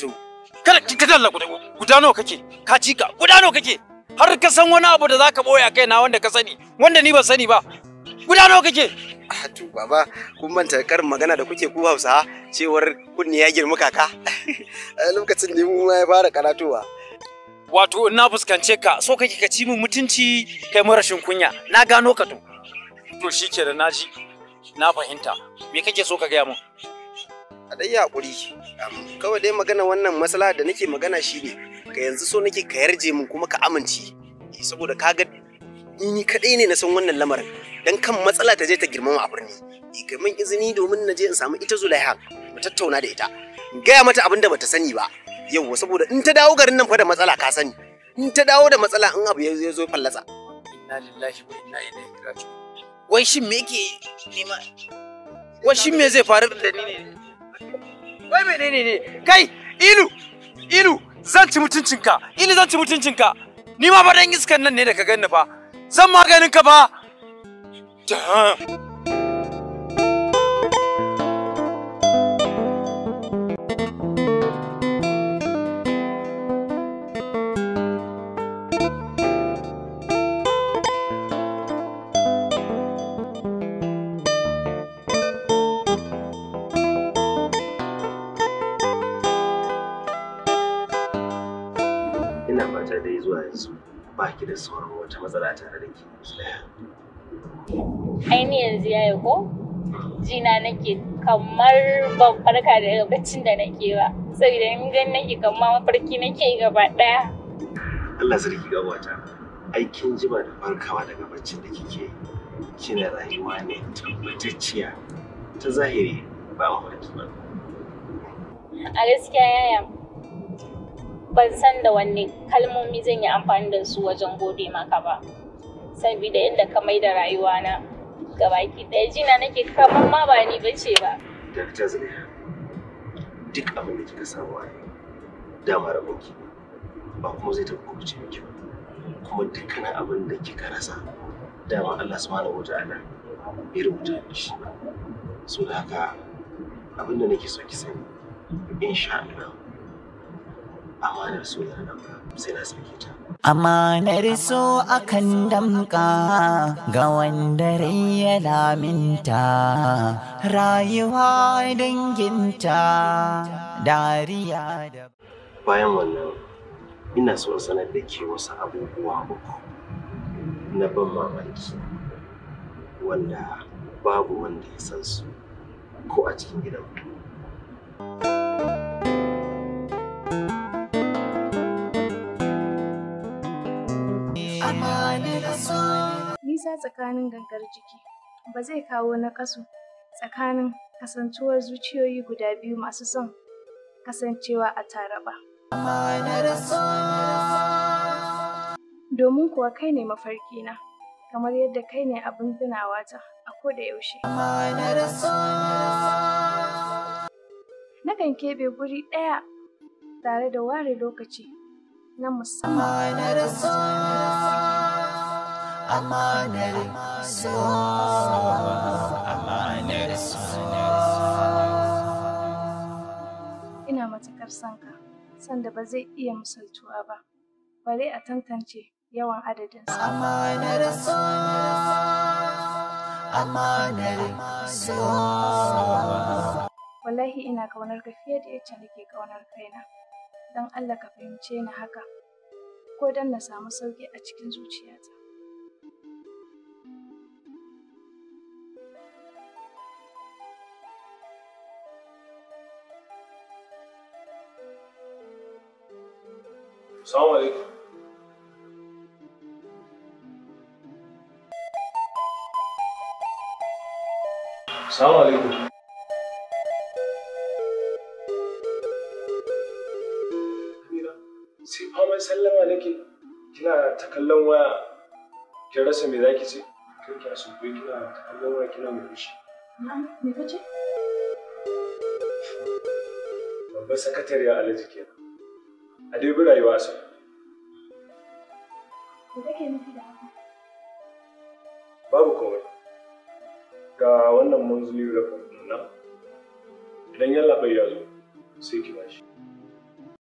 to kada ki ta dalla guda nawa kake ka ci ka guda nawa kake har ka san wani abu da zaka boya kai na wanda ka sani wanda ni ba sani ba guda nawa kake
ah, to baba kun manta kar magana da kuke ku Hausa cewar kunni ya girma kaka lokacin ne mu ma ya fara karatuwa.
wato na fuskance ka so kake ka ci min mutunci kai marashin kunya na gano ka to to shike da naji na fahimta me kake so ka gaya min a dai hakuri
kawai dai magana wannan masala da nake magana shi ne ka yanzu so nake ka yarje min kuma ka amince eh, saboda ka ga ni kadai ne na san wannan lamarin dan kan matsala ta je ta girmama a birni eh, kai min izini domin na je in samu ita Zulaiha mu tattauna da ita gaya mata abin da bata sani ba yauwa saboda in ta dawo garin nan fa da matsala ka sani in ta dawo da matsala in abu ya zo fallasa
inna lillahi wa inna ilaihi raji'un wai shin me yake nema wai shin me zai faru da ni ne wai menene ne kai ilu ilu zan ci mutuncinka ilu zan ci mutuncinka ni ma ba dan iskan nan ne da ka ganni fa zan maganin ka ba Damn.
ki da sauran wata matsala tare da ke.
Aini yanzu ya yi ko? Jina nake kamar ban farka daga baccin da nake ba. Saboda in gan nake kamar mafarki nake gaba ɗaya.
Allah sarki ga
wata. Aikin jima da farkawa daga baccin da kike kina rayuwa ne tabbatacciya ta zahiri ba mafarki ba.
A
gaskiya yaya ban san da wanne kalmomi zan yi amfani da su wajen gode maka ba saboda yadda ka mai da rayuwana gabaki ɗaya jina nake kamar ma ba ni bace ba
dakta zulaiha duk abin
da kika samu a dama rabonki ba kuma zai taɓa kubuce miki ba kuma dukkanin abin da kika rasa dama Allah subhanahu wataala ya rubuta shi so da haka abin da nake so ki sani insha
Allah amanar so ya damka sai na sake ta amanar so akan damka ga wanda rai ya laminta rayuwa danginta dariya da
bayan wannan ina so sanar da ke wasu abubuwa uku na ban mamaki wanda babu wanda ya san ko a cikin gidan thank you
Nisa tsakanin gangar jiki ba zai kawo nakasu tsakanin kasantuwar zuciyoyi guda biyu masu son kasancewa a tare ba. Domin kuwa kai ne mafarki na, kamar yadda kai ne abin ta a koda yaushe. Nakan keɓe guri ɗaya tare da ware lokaci na musamman. Ina matakar sanka, sanda ba zai iya misaltuwa ba, bare a tantance yawan adadin
Amanar
Wallahi ina kaunar ka fiye da yacce nake kaunar kaina. don Allah ka fahimce ni haka, ko don na samu sauƙi a cikin zuciyata.
Assalamu alaikum. Assalamu alaikum. kallon waya kin rasa me zaki ce
kin ki ko kina kallon waya kina murmushi me kace
babban sakatariya alaji kenan a dai bi rayuwa sa babu komai ga wannan munzuli da nan idan ya labai ya zo sai ki bashi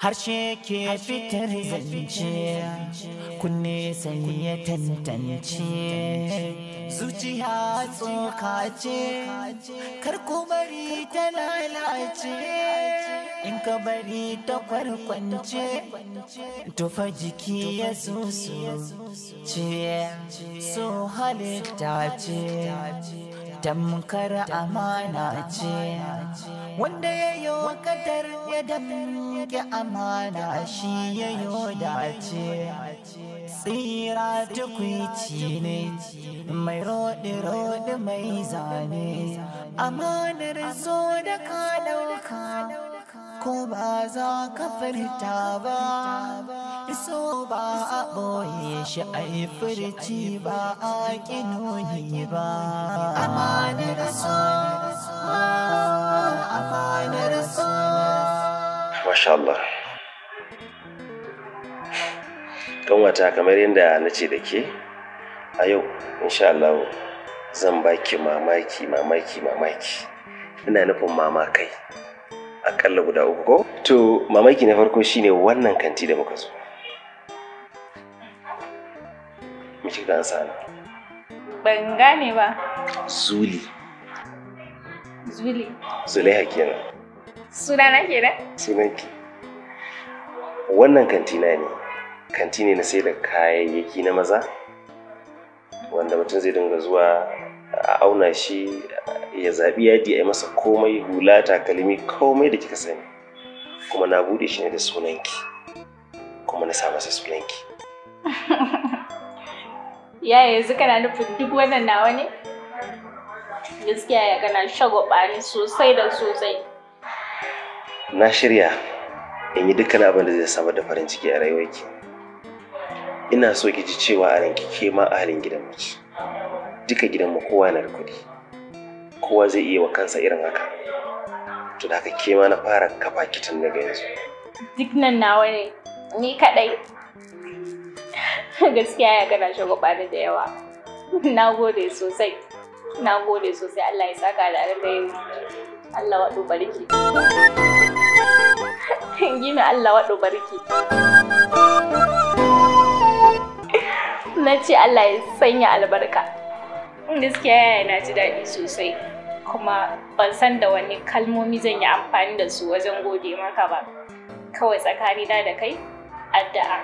harshe ke fitar zance kunne sai ya tantance zuciya tsoka ce kar ku bari ta lalace in ka bari ta kwarkwance tufa jiki ya zusu ce so halitta ce tamkar amana ce wanda ya yi kadar ya damke amana shi ya yi dace tsira tukwici ne mai rodi rodi mai zane amanar zo da ka ɗauka ko ba za ka furta ba so ba a boye shi a yi furci ba a ƙi ba amanar so amanar so
masha Allah wata kamar yadda na ce da ke a yau insha Allah zan baki mamaki mamaki mamaki ina nufin mamakai akalla guda uku ko to mamaki na farko shine wannan kanti da muka zo Mace ci sana
ban
gane ba zuli zuli
zulaiha kenan nan? kenan ki. wannan kantina ne kanti ne na sai da kayayyaki na maza wanda mutum zai dinga zuwa a auna shi ya zaɓi yadi a yi masa komai hula takalmi komai da kika sani kuma na bude shi ne da sunanki kuma na sa masa
sunanki ya yanzu kana nufin duk wannan nawa ne gaskiya ya kana shagwabani sosai da sosai
na shirya in yi dukkan abin da zai samar da farin ciki a rayuwarki ina so ki ji cewa a ranki ke ma halin gidan mace duka gidanmu kowa yana da kuɗi kowa zai iya wa kansa irin haka to da haka ke ma na fara kafa kitin daga yanzu
duk nan nawa ne ni kadai gaskiya ya gana shagwabani da yawa na gode sosai na gode sosai Allah ya saka da yanzu Allah waɗo barki gina Allah waɗo barki na ce Allah ya sanya albarka Mm, gaskiya na ji daɗi sosai kuma ban san da wani kalmomi zan yi amfani da su wajen gode maka ba kawai na da kai addu'a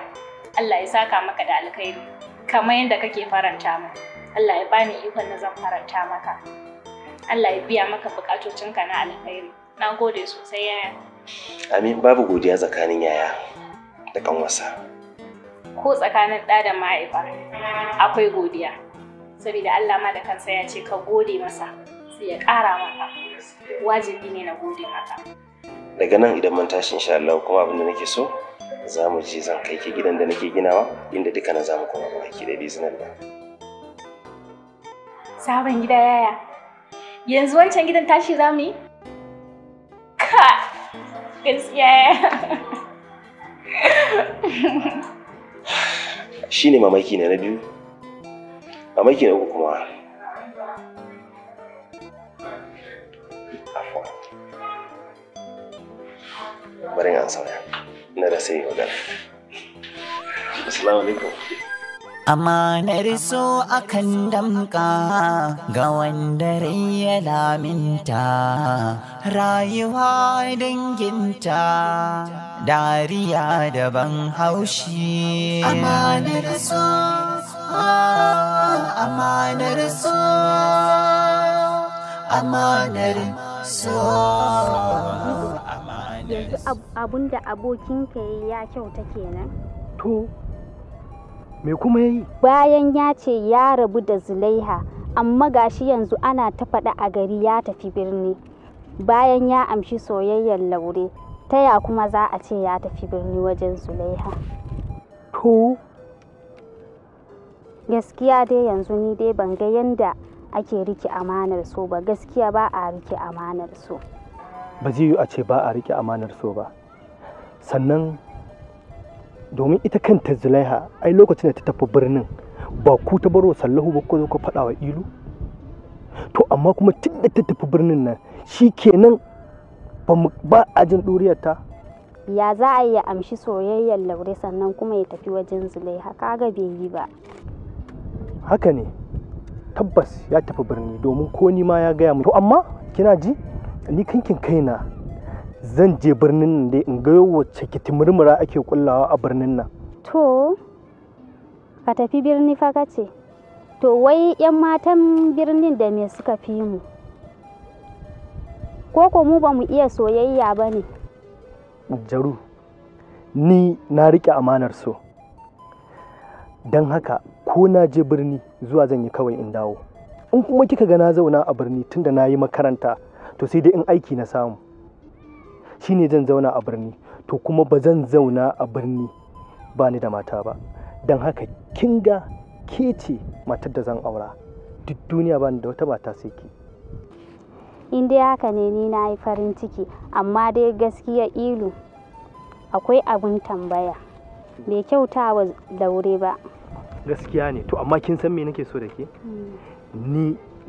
Allah ya saka maka da alkhairi kamar yadda kake faranta min Allah ya bani ikon da zan faranta maka Allah ya biya maka bukatocinka na alkhairi na gode sosai yaya
amin babu godiya tsakanin yaya da kanwasa
ko tsakanin ɗa da ma'aifa akwai godiya saboda Allah ma da kansa ya ce ka gode masa sai ya ƙara maka wajibi ne na gode maka
daga nan idan mun tashi insha Allah kuma abin da nake so za mu je zan kai ki gidan da nake ginawa inda dukkanin za mu koma baki da bizinin nan
sabon gida yaya yanzu wancan gidan tashi za mu yi ka gaskiya
shine mamaki ne na biyu a maki na kuma bari an sauya na da sai magana assalamu alaikum
Amanar so akan damka ga wanda rai ya laminta, rayuwa danginta, dariya daban haushi. Amanar so Ah, amanar
abun da abokinka ya ya kyauta kenan bayan ya ce ya rabu da zulaiha amma gashi yanzu ana ta faɗa a gari ya tafi birni bayan ya amshi soyayyar laure ta ya kuma za a ce ya tafi birni wajen zulaiha to gaskiya dai yanzu ni dai ban ga yanda ake rike amanar so ba gaskiya ba a rike amanar so
ba zai yi a ce ba a rike amanar so ba sannan domin ita kanta zulaiha ai lokacin da ta tafi birnin ba ku ta baro sallahu ba ko zo ka faɗa wa ilu to amma kuma tun da ta tafi birnin nan shi kenan ba a jin ɗuriyarta
ya za a yi amshi soyayyar laure sannan kuma ya tafi wajen zulaiha kaga bai yi ba
haka ne tabbas ya tafi birni domin ko ni ma ya gaya mu to amma kina ji ni kankin kaina zan je birnin nan dai in ga wacce kiti murmura ake kullawa a birnin nan
to ka tafi birni fa kace to wai yan matan birnin da me suka fi mu ko ko mu ba mu iya soyayya ba ne
jaru ni na riƙe amanar so Dan haka ko na je birni zuwa zan yi kawai in dawo in kuma kika ga na zauna a birni tunda na yi makaranta to sai dai in aiki na samu shi ne zan zauna a birni to kuma ba zan zauna a birni ba ni da mata ba don haka kin ga ke ce matar da zan aura duk duniya ba ni da wata mata sai ki
in dai haka ne ni na yi farin ciki amma dai gaskiya ilu akwai abin tambaya bai kyauta wa daure ba
gaskiya ne to amma kin san me nake so da ke hmm. ni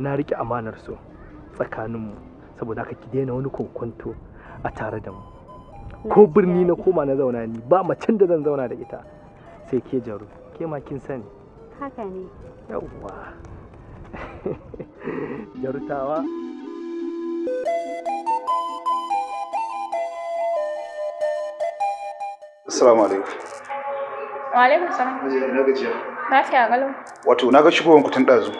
na rike amanar so tsakaninmu saboda haka ki daina wani kokonto a tare da mu
ko birni na koma
na zauna ni ba macen da zan zauna da ita sai ke jaru ke ma kin sani haka ne yawwa
jarutawa
assalamu alaikum
Alaikum salam. Na gajiya. Lafiya galo.
Wato na ga shigo ku tun ɗazu.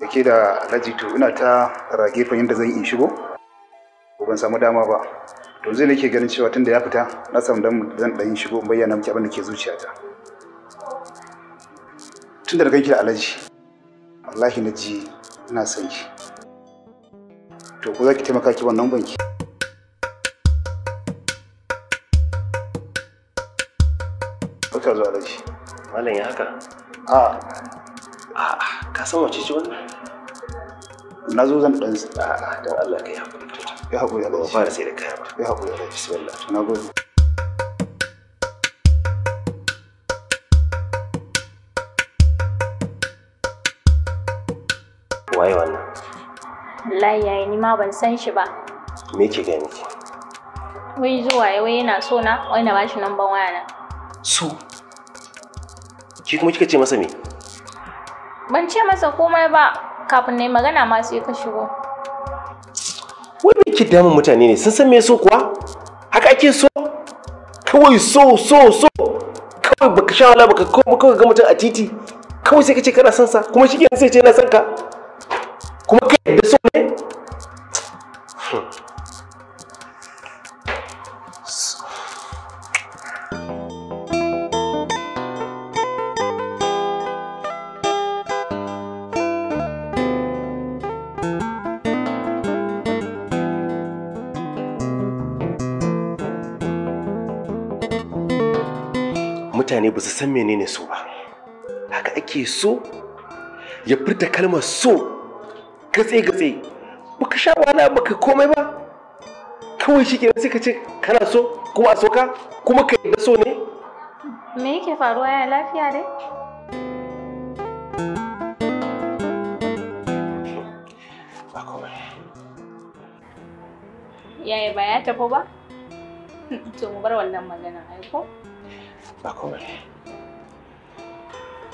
Da
ke da Alhaji to ina ta rage fa yadda zan yi shigo. Ko ban samu dama ba. To zai nake ganin cewa tunda ya fita na samu dan zan ɗan shigo in bayyana miki abin da ke zuciyata. Tunda da ganki da Alhaji. Wallahi na ji ina son To ko za ki taimaka ki wannan banki?
zuwa da shi malam ya haka a a ka san wace ce wannan na zo zan a Allah ka yi ya Allah ba fara sai da kaya
ba ya Allah bismillah na gode
waye wannan
wallahi yayi ni ma ban san shi ba me ke gani wai zuwa wai yana so na wai na bashi namban waya na
so Ki kuma kika ce masa me
ban ce masa komai ba kafin na yi magana ma sai ka shigo
wani ki damun mutane ne sun san me so kuwa haka ake so kawai so so so kawai baka sha wala baka kawai ga mutum a titi kawai sai ka ce kana son sa kuma shi sai ce na son ka
kuma kai da so ne
san menene so ba haka ake so ya furta kalmar so gatsai gatsai baka sha wahala baka komai ba kawai
shi ke sai ka ce kana so kuma a ka kuma ka yi so ne
me yake faruwa ya lafiya dai yaya ba ya tafi ba to mu bar wannan magana aiko
ba komai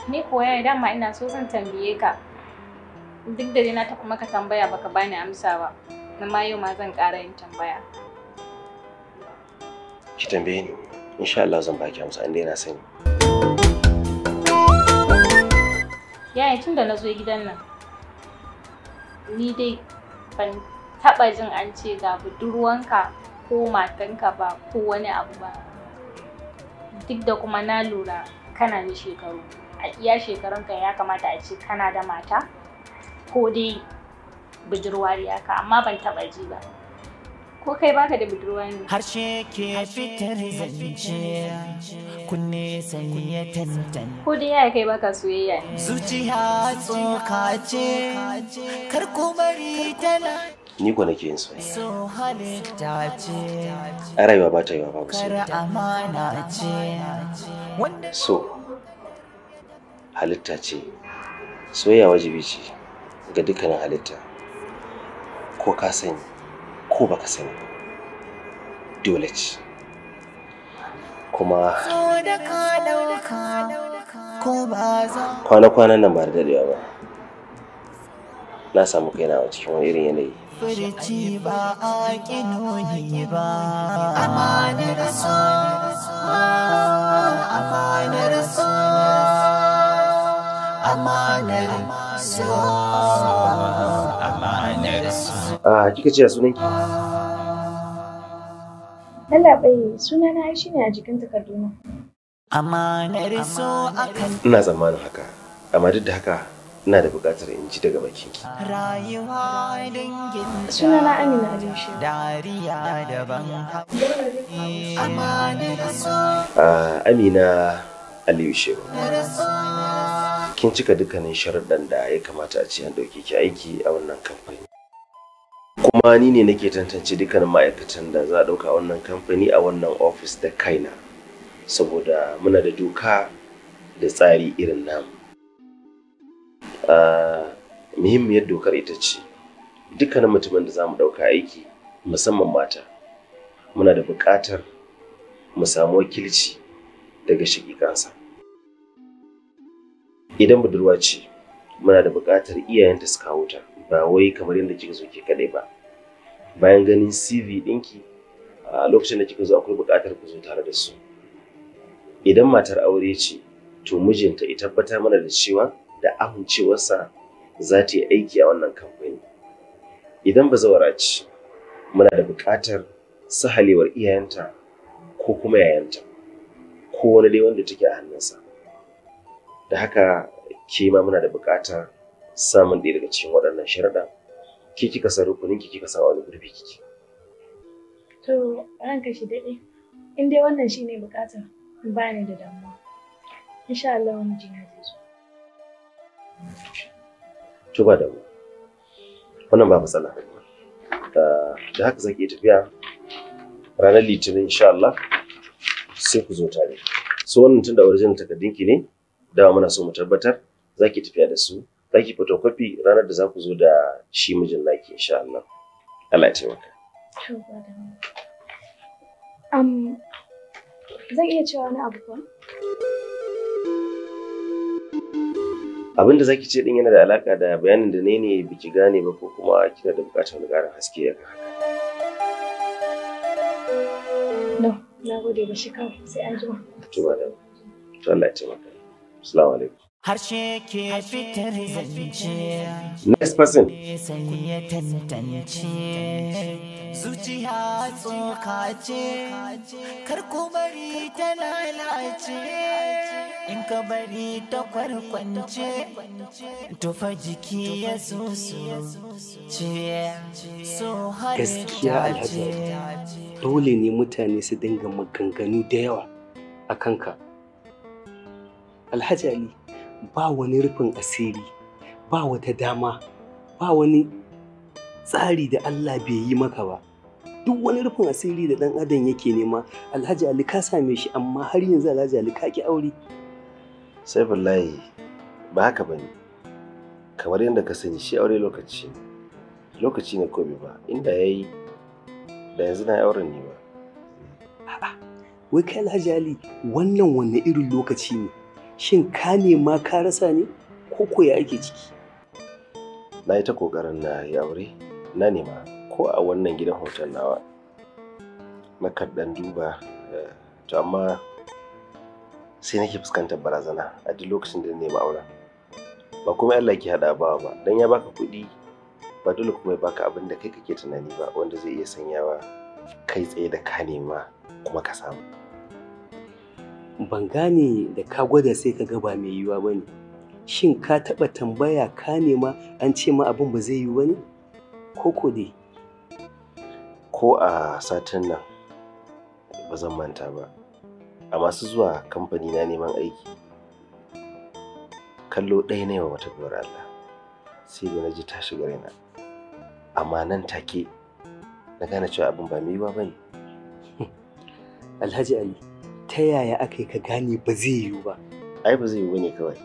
Ni koya ne dama ina so zan tambaye ka. Duk da dai na kuma maka tambaya baka bani amsa ba. ma yau ma zan ƙara yin tambaya.
Ki tambaye ni. Insha Allah zan baki amsa inda yana sani.
Yaya tun da na zo gidan nan. Ni dai ban taɓa jin an ce ga budurwanka ko matanka ba ko wani abu ba. Duk da kuma na lura kana da shekaru. a iya shekarunka ya kamata a ce kana da mata ko dai budurwariya ka amma ban taɓa ji ba ko kai baka da budurwa
ne harshe ke fitar zance kunne sai ya tantan ko dai ya kai baka soyayya ne zuciya tsoka ce kar ku bari tana ni ko nake yin soyayya
a rayuwa ba ta yi wa babu so halitta ce soyayya wajibi ce ga dukkanin halitta ko ka sani ko baka sani dole ce kuma kwana-kwanan nan ba da dadewa ba na samu kaina a cikin wani irin yanayi
Furci ba a ƙinoni ba, amanar
amanar amanar so
amanar da a ah, kika ce sunanki
Allah bai suna na shi ne a jikin takarduna
ina zamanin haka amma duk da haka ina da buƙatar in ji daga bakin ki.
Suna na Amina Adinshi. Dariya
Amina
ah, Aliyu Shehu. Kin cika dukkanin sharuɗan da ya kamata a ce an ɗauke ki aiki a wannan kamfani. Kuma ni ne nake tantance dukkanin ma'aikatan da za a ɗauka a wannan kamfani a wannan ofis da kaina. Saboda muna da doka da tsari irin nam? Muhimmiyar dokar ita ce dukkanin mutumin da za mu ɗauka aiki musamman mata muna da buƙatar mu samu wakilci daga shaƙiƙansa idan budurwa ce muna da buƙatar iyayenta su kawo ta ba wai kamar yadda kika zo ke kaɗai ba bayan ganin cv ɗinki a lokacin da kika zo akwai buƙatar ku zo tare da su idan matar aure ce to mijinta ya tabbatar mana da cewa da amincewarsa za ta yi aiki a wannan kamfani idan ba zawara ce muna da buƙatar sahalewar iyayenta ko kuma yayanta ko wani dai wanda take a hannunsa da haka ke ma muna da bukata samun ɗaya daga cikin waɗannan sharaɗa ke kika sa rukunin ki kika sa wani gurbi kike
to
ranka shi daɗe in dai wannan shine buƙatar ba ni da damuwa insha Allah wani jina zai zo
to ba damuwa wannan ba matsala ah, da haka zaki tafiya ranar litinin insha Allah sai ku zo tare so wannan da original takardun ki ne dama muna so mu tabbatar zaki ki tafiya da su za photocopy ranar da za zo da shi mijin naki insha Allah Allah ya taimaka
um zan iya cewa wani abu ba
abin da zaki ce din yana da alaka da bayanin da ne ne biki gane ba ko kuma kina da bukatar gara haske ya haka
Na gode shi
Harshe ke fitar zance. Next person. Sai ya tantance. Zuciya tsoka ce, kar ku bari ta lalace. in ka bari ta kwarkwance tufa jiki ya susu ciye so har gaskiya alhaji
dole ne mutane su dinga maganganu da yawa a kanka
alhaji ali ba wani rufin asiri ba wata dama ba wani tsari da allah bai yi maka ba duk wani rufin asiri da dan adam yake nema alhaji ali ka same shi amma har yanzu alhaji ali ka ki aure sai wallahi ba haka ba ne kamar yadda ka sani shi aure lokaci lokaci ne ko ba inda ya yi da yanzu na auren ne ba
a'a wai kai alhaji wannan wanne irin lokaci ne shin ka
nema ka rasa ne ko ko ya ake ciki na yi ta kokarin na yi aure na nema ko a wannan gidan hoton nawa na kan duba eh, to amma sai nake fuskantar barazana a duk lokacin da nema auren ba kuma Allah ke hada ba ba dan ya baka kuɗi ba dole kuma ya baka abin da kai kake tunani ba wanda zai iya sanyawa kai tsaye da ka nema kuma ka samu
ban gane da ka
gwada sai ka ga ba mai yiwa ba ne shin ka taɓa tambaya ka nema an ce ma abin ba zai yi ba ne ko ko dai ko a satin nan ba zan manta ba a masu zuwa kamfani na neman aiki kallo ɗaya na yawa wata gwiwar Allah sai da na ji tashi gare na. amma nan take na gane cewa abin ba mai ba ne Alhaji Ali ta yaya aka yi ka gane ba zai yiwu ba ai ba zai yiwu ne kawai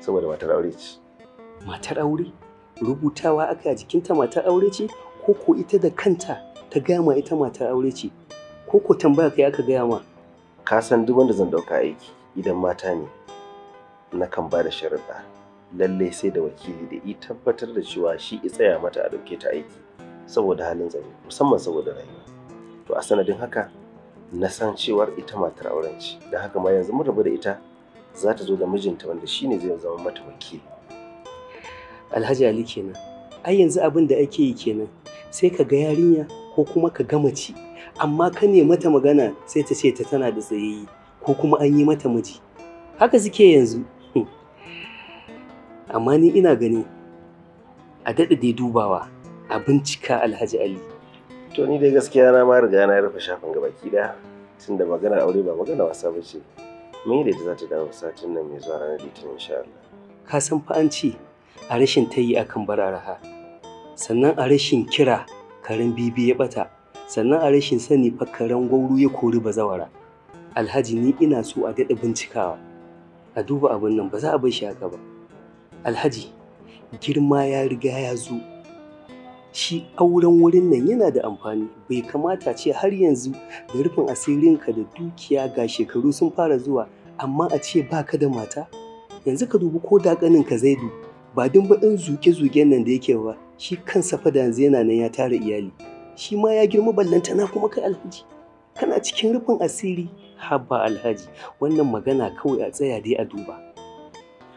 saboda matar aure ce matar aure rubutawa aka a jikinta matar aure ce ko ko ita da kanta ta gama ita matar aure ce ko ko tambaya kai aka gaya ma ka san duk wanda zan ɗauka aiki idan mata ne na kan ba da sharuɗa lallai sai da wakili da i tabbatar da cewa shi i tsaya mata a dauke ta aiki saboda halin tsaro musamman saboda rayuwa to a sanadin haka na san cewar ita matar auren ce da haka ma yanzu mun rabu da ita za ta zo da mijinta wanda shi shine zai zama mata wakili alhaji ali kenan ai yanzu abin da ake yi kenan sai ka ga yarinya ko kuma ka ga mace amma
ka ne mata magana sai ta ce ta tana da tsayayyi ko kuma an yi mata miji haka suke yanzu amma ni ina gani a
daɗa dai dubawa a bincika alhaji ali to ni dai gaskiya na ma riga na rufe shafin gabaki Tun tunda magana aure ba magana wasa ba ce me da za ta dawo satin nan mai zuwa ranar litinin insha Allah ka san fa an ce a rashin tayi akan bararaha sannan a rashin kira karin bibi ya bata sannan a rashin sani fakaren gwauru ya kori bazawara alhaji ni ina so a daɗa bincikawa
a duba abin nan ba za a bar shi haka ba alhaji girma ya riga ya zo shi auren wurin nan yana da amfani bai kamata ce har yanzu
da rufin asirin ka da dukiya ga shekaru sun fara zuwa amma a ce baka da
mata yanzu ka dubi ko dakanin ka zaidu ba din baɗin zuke-zuken nan da yake ba shi kansa fa da yanzu yana nan ya tara iyali shi ma ya girma ballantana kuma kai alhaji
kana cikin rufin asiri haba alhaji wannan magana kawai a tsaya dai a duba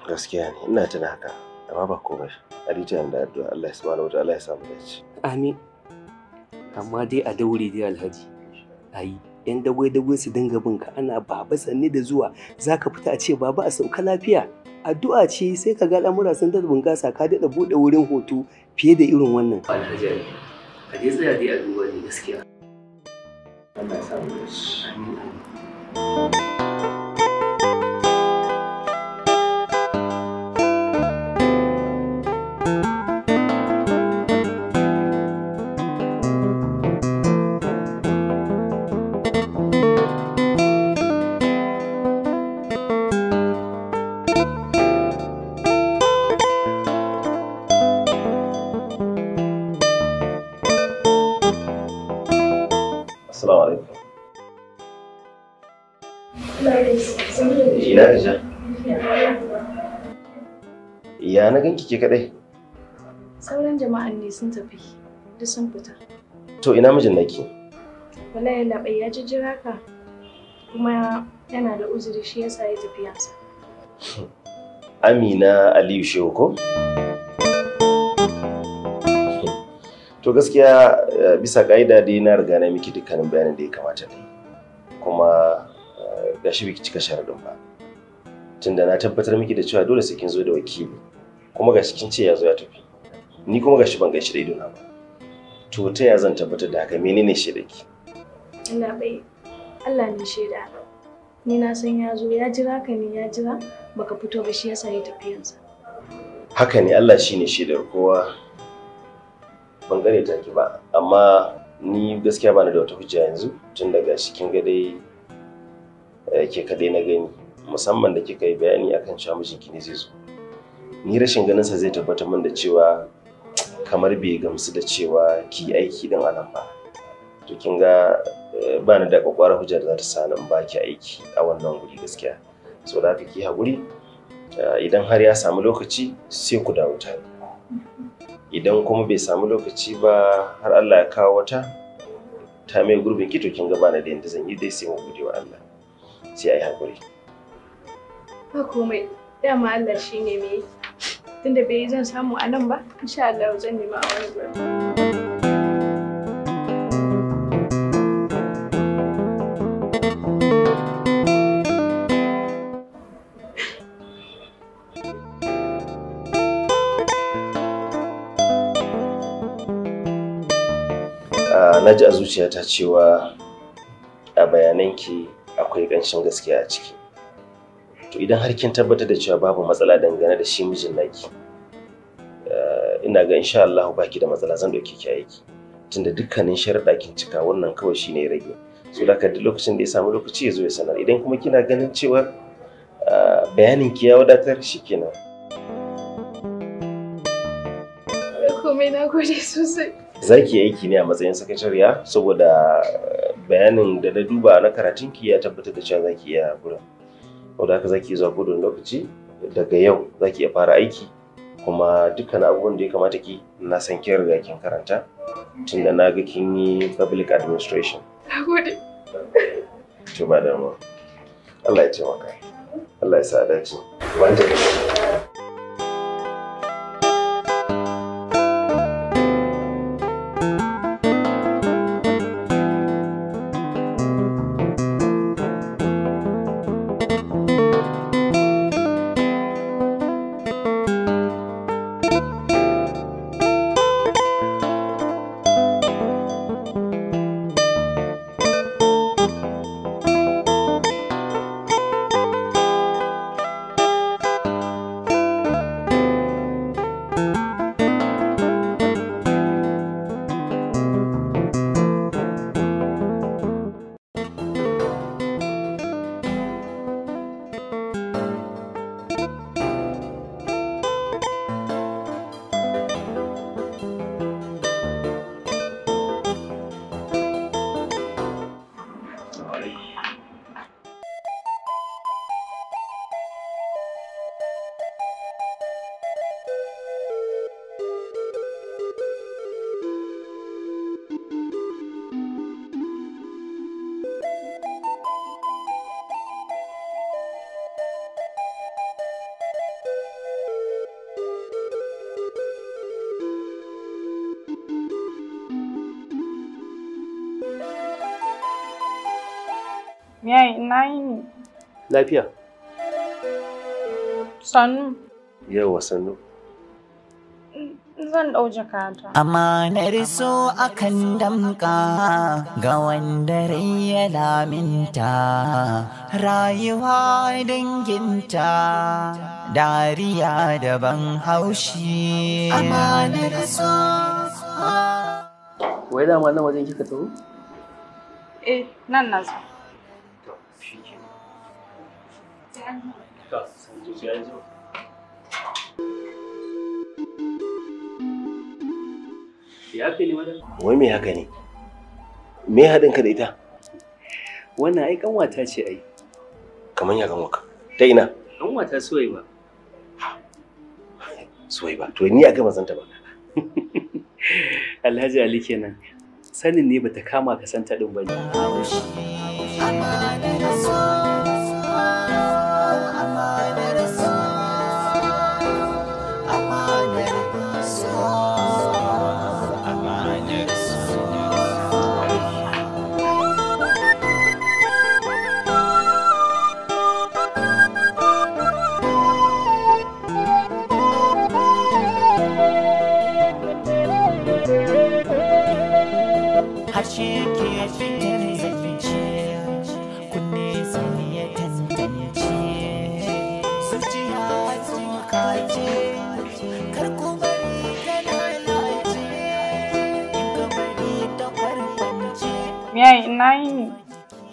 gaskiya ne ina tana haka amma ba komai a yana da addu'a Allah ya subhanahu wa ta'ala ya samu dace
amin amma dai a daure dai alhaji
ayi yan dagwai-dagwai su dinga bin ka ana baba sanni da zuwa zaka fita a ce baba a sauka lafiya addu'a ce sai ka ga al'amura sun da bunƙasa ka daɗa buɗe wurin hoto fiye da irin wannan
alhaji a dai tsaya a duba ne gaskiya
Allah ya samu da shi ke kadai?
Sauran jama'an ne sun tafi, duk sun fita.
To ina mijin naki?
Wallahi labai ya jira ka kuma yana da uzuri shi yasa ya tafi yansa.
Amina Aliyu Shehu ko? To gaskiya eh, bisa ka'ida dai na riga na miki dukkanin bayanin da ya kamata ne. Kuma eh, gashi biki cika sharadin ba. Tunda na tabbatar miki da cewa dole sai kin zo da wakili. kuma gashi kin ce ya zo ya tafi ni kuma gashi ban gaishe da idona ba to ta ya zan tabbatar da haka menene da ki
Allah bai Allah ne shaida ni na san ya zo ya jira ka ne ya jira baka fito ba shi sa ya tafiyansa
haka ne Allah shine shaidar kowa ban gare ta ki ba amma ni gaskiya bani da wata hujja yanzu tun daga shi kin ga dai eh, ke kadai na gani musamman da kika yi bayani akan cewa mijinki ne zai zo ni rashin ganin sa zai tabbatar min da cewa kamar bai gamsu da cewa ki aiki din nan ba to kin ga eh, ba ni da kwakwara hujjar za ta sa nan ba ki aiki a wannan guri gaskiya so da haka ki haƙuri eh, idan har ya samu lokaci sai ku dawo tare idan kuma bai samu lokaci ba har Allah ya kawo wata ta mai gurbin ki to kin ga ba ni da yanda zan yi dai sai mu gode wa Allah sai ai haƙuri
ba
komai dama Allah shine me yake tunda bai zan samu a nan ba insha Allah zan
nema a wani gurin
na ji a zuciyata cewa a bayananki akwai ƙanshin gaskiya a ciki to idan har kin tabbatar da cewa babu matsala dangane da shi mijin naki eh, ina ga insha Allah baki da matsala zan dauke ki aiki tunda dukkanin sharuɗa kin cika wannan kawai shine ya rage so da duk lokacin da ya samu lokaci ya zo ya sanar idan kuma kina ganin cewa eh, bayanin ki ya wadatar shikenan
komai na gode sosai
za ki aiki ne a matsayin sakatariya saboda eh, bayanin da na duba na karatun ki ya tabbatar da cewa za ki a gurin wadda haka zaki zuwa gudun lokaci daga yau zaki iya fara aiki kuma dukkan abubuwan da ya kamata ki na san kin riga kin karanta tunda na ga kin yi public administration nagode to ba da Allah ya taimaka Allah ya sa dace
wanda
Lafiya?
Sannu.
Yawa sannu.
Zan ɗau
jakata.
Amanar so akan damka ga wanda rai ya laminta, rayuwa danginta, dariya daban haushi. Amanar
so.
Wai dama na wajen kika taho?
Eh,
nan na zo.
Wai me haka ne? Me haɗin ka da ita?
Wannan ai kanwata ce ai.
Kaman ya ka. Ta ina?
Kanwata Suwaiba.
Suwaiba, to ni a gama zanta ba.
Alhaji Ali kenan. Sanin ne bata kama ka santa din ba ne. Amana
so.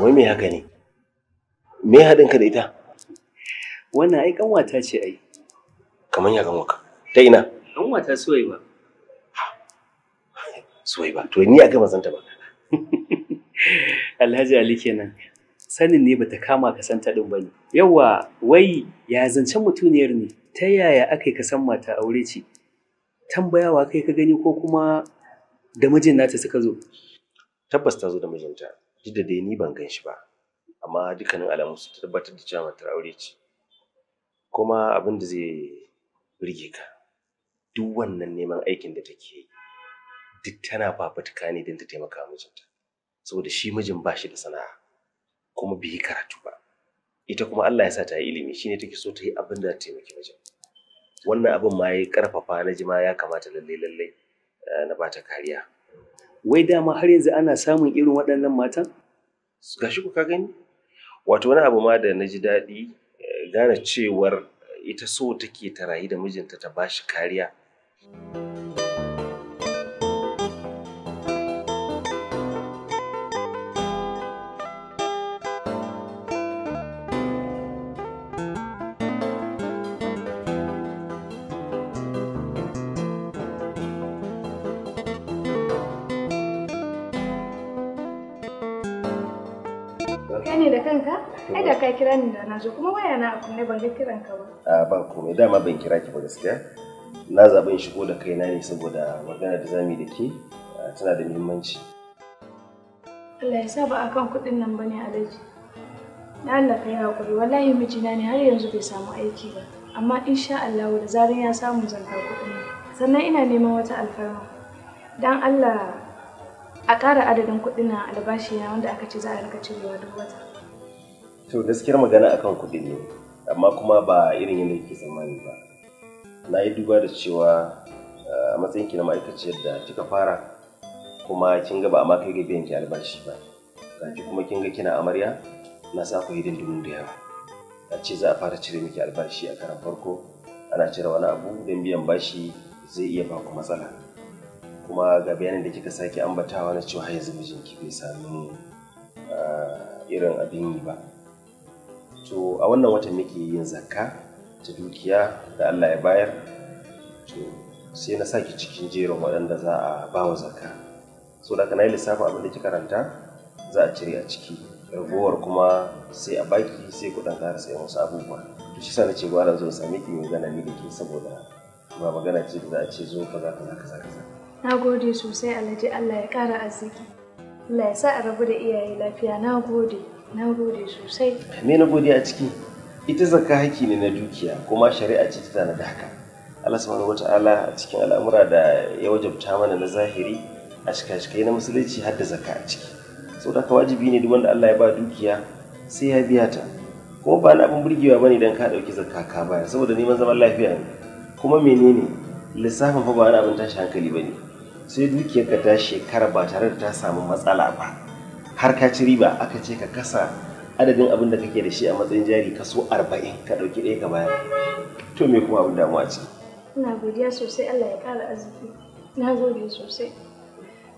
wai me haka ne me haɗin ka da ita
wannan ai ƙanwata ce ai
kamar ya kanwaka ta ina
Ƙanwata suwai ba suwai ba to ni a gama zanta ba Alhaji Ali kenan sanin ne bata kama ka santa din bane yawa wai ya zancen mutuniyar ne ta yaya aka yi ka san mata aure ce tambayawa kai ka gani ko kuma
da mijin nata suka zo tabbas ta zo da mijinta duk da dai ni ban gan shi ba amma dukkanin alamu su tabbatar da cewa matar aure ce kuma abin da zai rige ka duk wannan neman aikin da take yi duk tana fafutuka ne don ta taimaka mijinta saboda shi mijin ba shi da sana'a kuma bai yi karatu ba ita kuma Allah ya sa ta yi ilimi shine take so ta yi abin da taimaki wajen wannan abin ma ya karfafa na jima ya kamata lalle lalle eh, na bata kariya wai dama har yanzu ana samun irin waɗannan matan gashi ku ka gani wato wani abu ma da na ji daɗi eh, gane cewar ita so take ta rayu da mijinta ta bashi kariya.
ai da ka kira ni da na zo kuma waya na kunne ban ga kiran ka ba
a ah, ban komai dama ban kira ki ba gaskiya na zaɓi in shigo da kaina ne saboda magana da zamu da ke ah, tana da muhimmanci
Allah ya sa ba kan kuɗin nan ba a alaji na Allah ka yi hakuri wallahi mijina ne har yanzu bai samu aiki ba amma insha Allah da zarin ya samu zanta kuɗin sannan ina neman wata alfarma dan Allah a ƙara adadin kuɗin nan albashi na wanda aka ce za a rika cirewa duk wata
to gaskiyar magana akan kuɗin ne amma kuma ba irin yadda yake tsammani ba na yi duba da cewa eh, a matsayin ki na ma'aikaciyar da kika fara kuma kin ga ba a kai ga biyan ki albashi ba kuma kin ga kina amarya na sa ku dubu da yawa a ce za a fara cire miki albashi a karan farko ana cire wani abu don biyan bashi zai iya baku matsala kuma ga bayanin da kika sake ambatawa na cewa yanzu mijinki bai sami eh, irin abin yi ba to a wannan watan muke yin zakka ta dukiya da Allah ya bayar to sai na saki cikin jerin waɗanda za a ba wa zakka so da kana yi lissafin abin da ke karanta za a cire a ciki ragowar kuma sai a baki sai kuɗin ƙara sayan wasu abubuwa to shi sa na ce gwara zo sami ki mai gana ni da ke saboda ba magana ce da za a ce zo kaza kaza kaza kaza
na gode sosai alhaji Allah ya ƙara arziki Allah ya sa a rabu da iyaye lafiya na gode Na gode sosai. Me na
gode a ciki? Ita zakka haƙƙi ne na dukiya kuma shari'a ce ta da haka. Allah subhanahu wata'ala a cikin al'amura da ya wajabta mana na zahiri a shika na musulunci har da zakka a ciki. Saboda haka wajibi ne duk wanda Allah ya ba dukiya sai ya biya ta. Kuma ba na abin burgewa bane idan ka ɗauki zakka ka baya saboda neman zaman lafiya ne. Kuma menene lissafin fa ba wani abin tashi hankali bane. Sai dukiyar ka ta shekara ba tare da ta samu matsala ba. har ka ci riba aka ce ka kasa adadin abin da kake da shi a matsayin jari kaso arba'in ka ɗauki ɗaya ka bayar to me kuma abin damuwa ce
ina godiya sosai Allah ya ƙara arziki na gode sosai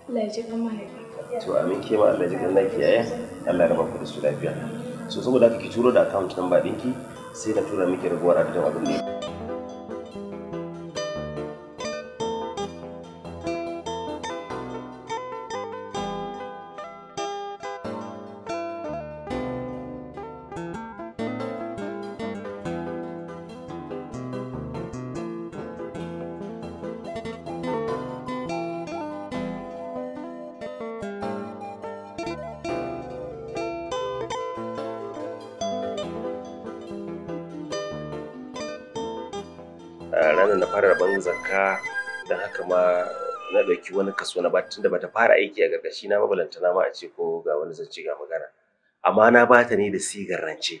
Allah ya ji kan mahaifa to amin ke ma Allah ya ji kan naki yaya
Allah ya raba ku da su lafiya so saboda haka ki turo da account number ɗinki sai na tura miki ragowar adadin abin da ya ta don haka ma na ɗauki wani kaso na batun tunda bata fara aiki a gargashi na mabalanta na ma a ce ko ga wani zance ga magana amma na bata ne da sigar rance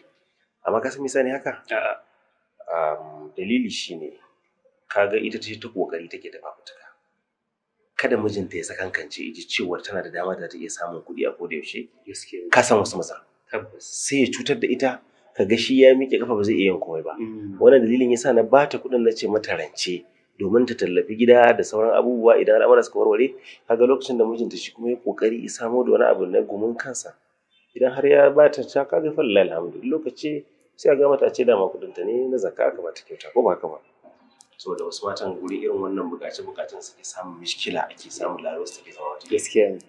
amma ka san me sani haka dalili shine kaga ita ce ta kokari take da fafutuka kada mijinta ya sakankance ji cewar tana da dama da ta iya samun kuɗi a koda yaushe ka san wasu maza sai ya cutar da ita ka ga shi ya miƙe kafa ba zai iya yin komai ba mm. wannan dalilin yasa na bata kuɗin na ce mata rance domin ta tallafi gida da sauran abubuwa idan al'amura suka warware kaga lokacin da mijinta shi kuma ya kokari ya samo da wani abu na gumin kansa idan har ya ba ta ta kaga fa lillahi alhamdu lokaci sai a ga mata ce dama kudin ta ne na zakka aka bata kyauta ko ba haka ba saboda wasu matan guri irin wannan bukace bukacen suke samun mishkila ake samun laro su
take zama wata gaskiya ne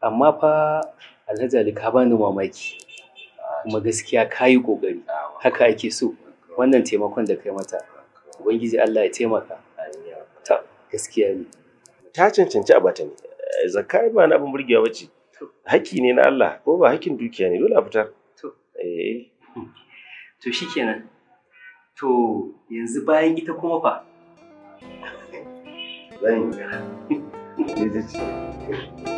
amma fa Alhaji Ali ka bani mamaki kuma gaskiya ka yi ƙoƙari haka ake so wannan taimakon da kai mata
ubangiji Allah ya taimaka gaskiya ne ta cancanci a bata ne eh, zakka ba na abin burgewa bace Haƙƙi ne na Allah ko ba haƙƙin dukiya ne dole a fitar
to eh to shikenan to yanzu bayan ita kuma fa zan yi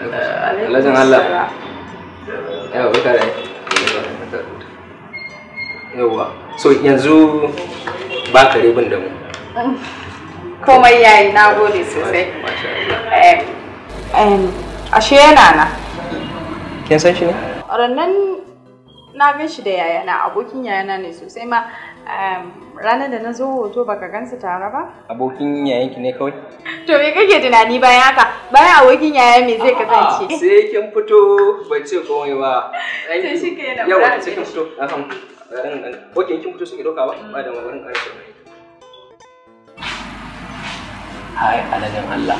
alhajin Allah
yawa so yanzu ba ka rebin da mu
komai yayi na gode sosai
ashe yana na kin san shi ne
rannan na gan
shi da yayana abokin yayana ne sosai ma ranar da na zo hoto baka gansu
tare ba?
Abokin yayanki ne kawai.
To me kake tunani bayan haka? Bayan abokin yaya me zai kasance? Ah,
sai kin fito bai ce komai ba. To shi ke da Yawa ta cikin
fito. Oke kin fito doka ah, ba? Ba da maganin ƙarshe. Hai aladen Allah.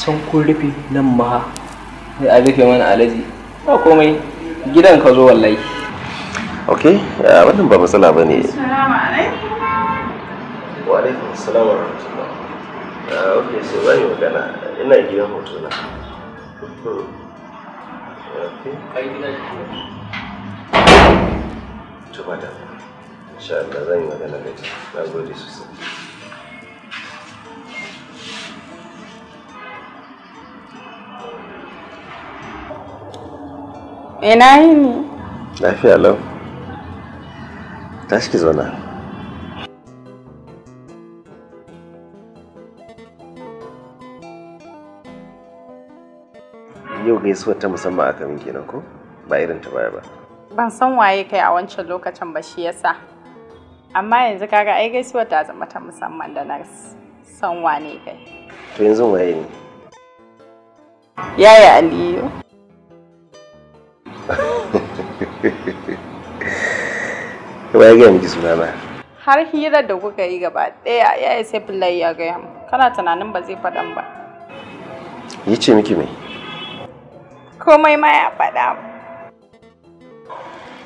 Can
kun rufe nan
ma. Sai a rufe mana alaji. Ba komai gidan ka zo wallahi. ok eh, wannan ba matsala ba ne
wa alaikum
salam wa rahmatullah eh, ok so zan yi magana ina gidan hoto na to madam insha Allah zan yi magana da ta na gode sosai
ina yi yini
lafiya lau tashi ki zauna yau gaisuwar ta musamman a min kenan ko ba irin ta baya ba
ban san waye kai a wancan lokacin ba shi yasa amma yanzu kaga ai gaisuwar ta zama ta musamman da na san wane kai
to yanzu waye ne yaya aliyu kuma ya gaya miki suna na.
har hira da kuka yi gaba ɗaya ya yi sai fillayi ya gaya mu kana tunanin ba zai faɗan ba
yi ce miki me
komai ma ya faɗa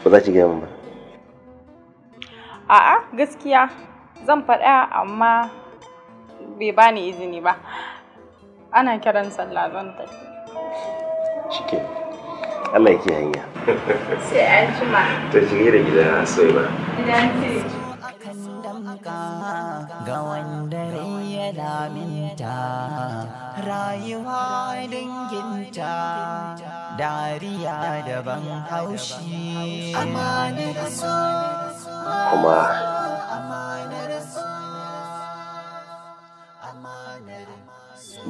ba za ki gaya
min ba
a'a gaskiya zan faɗa amma bai bani izini ba ana kiran sallah zan tafi
shike Allah ya ke hanya sai
an
ma.
to shige da gida sai ba
gidan ce ga wanda ya rayuwa danginta dariya daban haushi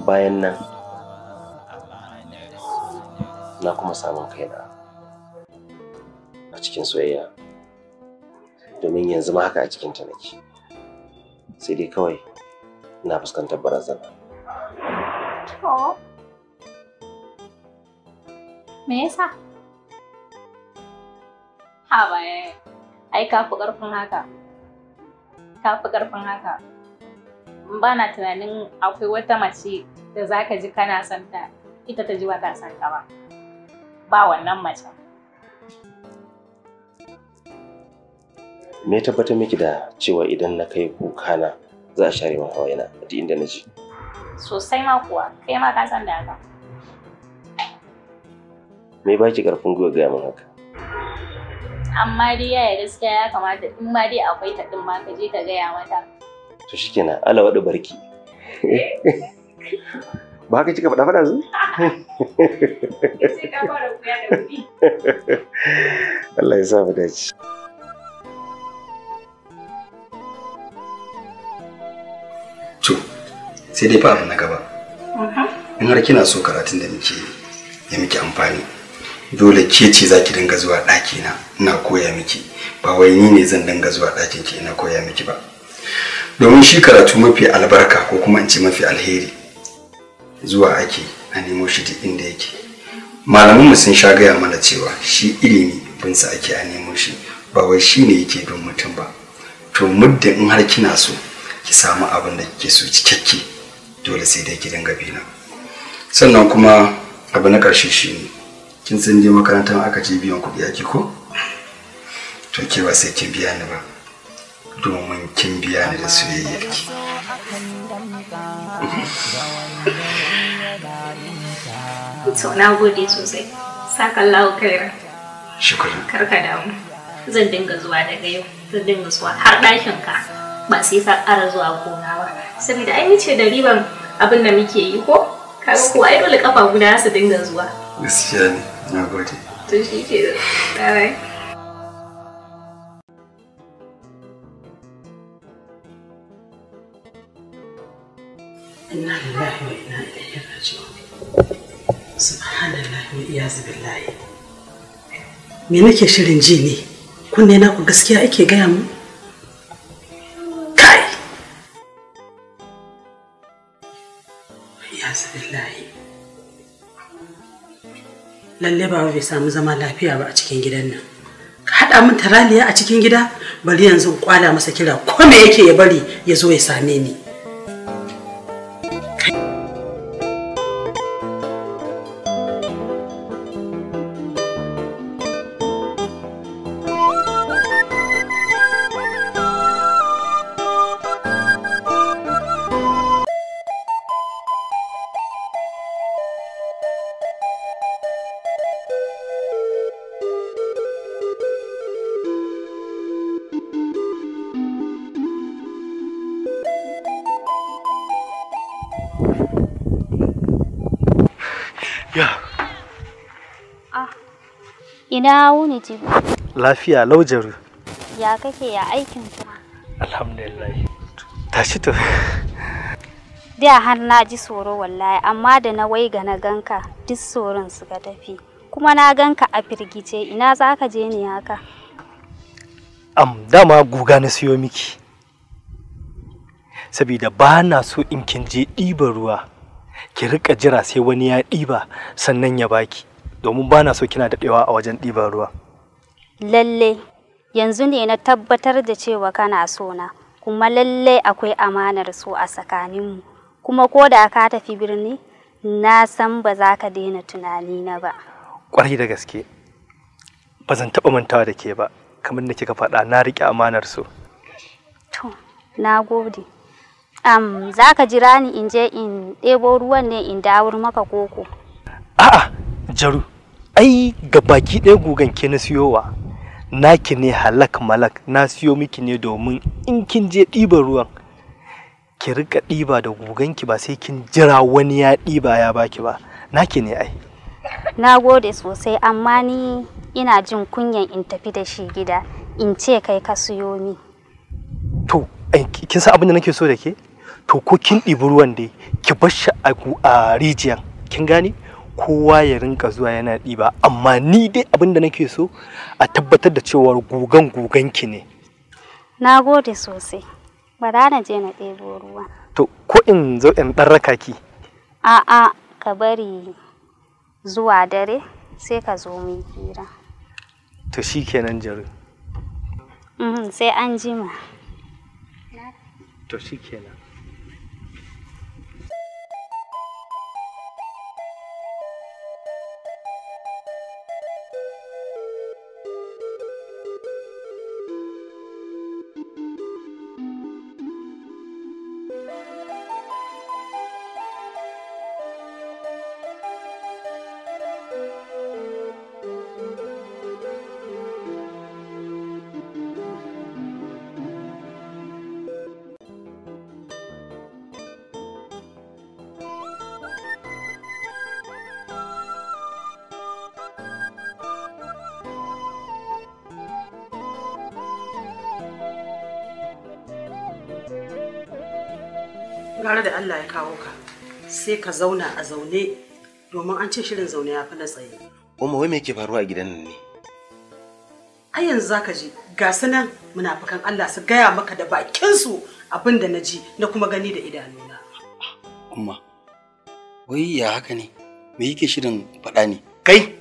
bayan nan na kuma samun kaina a cikin soyayya domin yanzu ma haka a cikin ta nake sai dai kawai ina fuskantar barazana
me yasa ha bai eh, ai ka fi ƙarfin haka ka fi ƙarfin haka ba na tunanin akwai wata mace da za ka ji kana santa ita ta ji ba ta santa ba ba wannan macen.
Me tabbatar miki da cewa idan na kai kuka na za a share maka waina a duk inda na je.
Sosai ma kuwa, kai ma ka san da haka.
Me ba ki karfin gwiwa gaya min haka?
Amma dai yaya gaskiya ya kamata in ma dai akwai ta din ma ka je ka gaya mata.
To shikenan, ala wadu barki. ba haka kika faɗa faɗa zu?
Allah ya sa mu dace.
To, sai dai fa abu na gaba. In har kina so karatun da muke ya muke amfani. Dole ke ce za ki dinga zuwa ɗakina ina koya miki ba wai ni ne zan dinga zuwa ɗakin ki ina koya miki ba. Domin shi karatu mafi albarka ko kuma in ce mafi alheri zuwa ake a nemo shi duk inda yake malamanmu sun sha gaya mana cewa shi ilimi binsa ake a nemo shi ba wai shi ne yake don mutum ba to muddin in har kina so ki samu abin da kike so cikakke dole sai dai ki dinga bina sannan kuma abu na ƙarshe shi ne kin san je makarantar aka ce biyan kuɗi ake ko to ke ba sai kin biya ni ba domin kin biya ni da soyayyarki
to na gode sosai sakan lawo kaira shukran karka damu zan dinga zuwa daga yau zan dinga zuwa har ɗakin ka ba sai ka ƙara zuwa gona ba saboda ai ce da riban abin da muke yi ko kaga ko ai dole kafa guda su
dinga zuwa gaskiya ne na gode to shi ke da
inna lillahi wa inna ilaihi raji'un subhanallahi ya me nake shirin ji ne kunne na ku gaskiya ake gaya mu kai iyazu billahi lalle ba bai samu zama lafiya ba a cikin gidan nan ka haɗa min taraliya a cikin gida bari yanzu kwala masa kira ko me yake ya bari ya zo ya same ni
Ina wuni jibi?
Lafiya laujaru.
Ya kake ya aikin kuma?
Alhamdulillah. Tashi to.
Da har na ji tsoro wallahi amma da na wai ga na ganka duk tsoron suka tafi. Kuma na ganka a firgice ina za ka je ni haka?
Am dama guga na siyo miki. saboda ba na so in kin je ɗiban ruwa ki rika jira sai wani ya ɗiba sannan ya baki. domin ba na so kina daɗewa a wajen ɗiban ruwa.
Lalle, yanzu ne na tabbatar da cewa kana sona, kuma lalle akwai amanar so a tsakaninmu, kuma ko da ka tafi birni, na san ba za ka daina tunani na ba.
Ƙwarai da gaske, ba zan taɓa mantawa da ke ba, kamar da kika faɗa na riƙe amanar so.
To, na gode. Um, za ka jira ni in je in ɗebo ruwan ne in dawur maka koko.
A'a, jaru ai ga baki ɗaya gugan ke na siyowa naki ne halak malak na siyo miki ne domin in kin je ɗiban ruwan ki rika ɗiba da guganki ba sai kin jira wani ya ɗiba ya baki ba naki ne ai
na gode sosai amma ni ina jin kunyan in tafi da shi gida in ce kai ka siyo ni
to kin san abin da nake so da ke to ko kin ɗibi ruwan dai ki bar shi a rijiyan kin gani kowa ya rinka zuwa yana ɗiba amma ni dai abin da nake so a tabbatar da cewa gugan gugan ki ne
na gode sosai ba da na je na ɗebo ruwa
to ko in zo in ɗan raka ki
a'a ka bari zuwa dare sai ka zo mu hira
to shikenan jaru
mm-hmm, sai an jima
to shikenan
Allah ya kawo ka sai ka zauna a zaune domin an ce shirin zaune ya fi na tsaye.
Umma wai me ke faruwa a gidan nan ne?
a yanzu zaka ji ga nan munafukan Allah su gaya maka da bakinsu abin da na ji na kuma gani da idanuna.
Umma wai ya haka ne? Me yake shirin faɗa ne? Kai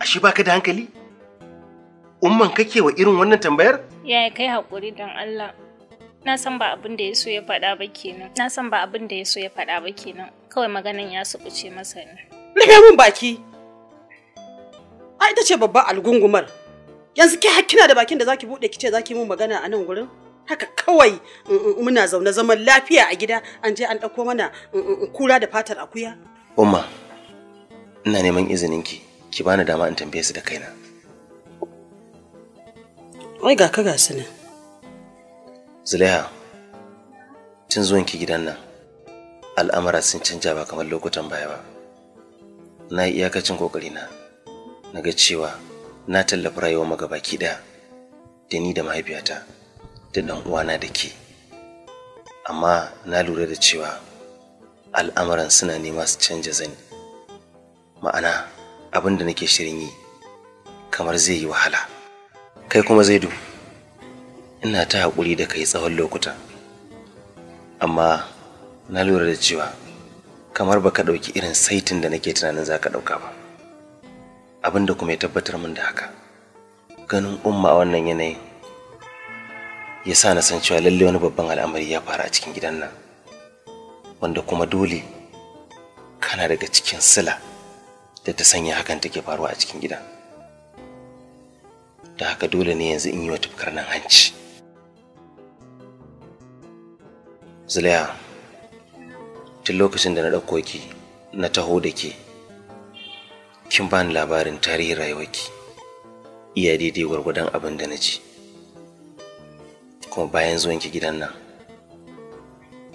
ashe baka da hankali? Umman kake wa irin wannan tambayar?
Yaya kai haƙuri don Allah na san ba abin da ya so ya faɗa ba kenan na san ba abin da ya so ya faɗa ba kenan kawai maganan ya subuce masa ne
rufe min baki a ita ce babban algungumar yanzu ke hakkina da bakin da zaki bude kice zaki mun magana a nan gurin haka kawai mm, mm, muna zaune zaman lafiya a gida an je an ɗauko mana mm, kura da fatar akuya
umma ina neman izinin ki ki bani dama in tambaye su da kaina wai ga ka ga Zulaiha, tun zuwanki gidan nan, Al'amura sun canja ba kamar lokutan baya ba. Na yi iyakacin ƙoƙarina, na ga cewa na tallafi rayuwar baki ɗaya, da ni da mahaifiyata, da ɗan uwana da ke. Amma na lura da cewa al'amuran suna nema su canja zani. Ma'ana, abin da nake shirin yi, kamar zai yi wahala. Kai kuma zai du. ina ta haƙuri da kai tsawon lokuta amma na lura da cewa kamar baka ɗauki irin saitin da nake tunanin za ka ɗauka ba abinda kuma ya tabbatar min da haka ganin umma a wannan yanayin ya sa na san cewa lallai wani babban al'amari ya fara a cikin gidan nan wanda kuma dole kana daga cikin sila da ta sanya hakan take faruwa a cikin gidan da haka dole ne yanzu in yi wa tufkar nan hanci Zuliya, tun lokacin da na ɗauko ki na taho da ke, kin bani labarin tarihin rayuwarki iya daidai gwargwadon abin da na ji. Kuma bayan zuwan ki gidan nan,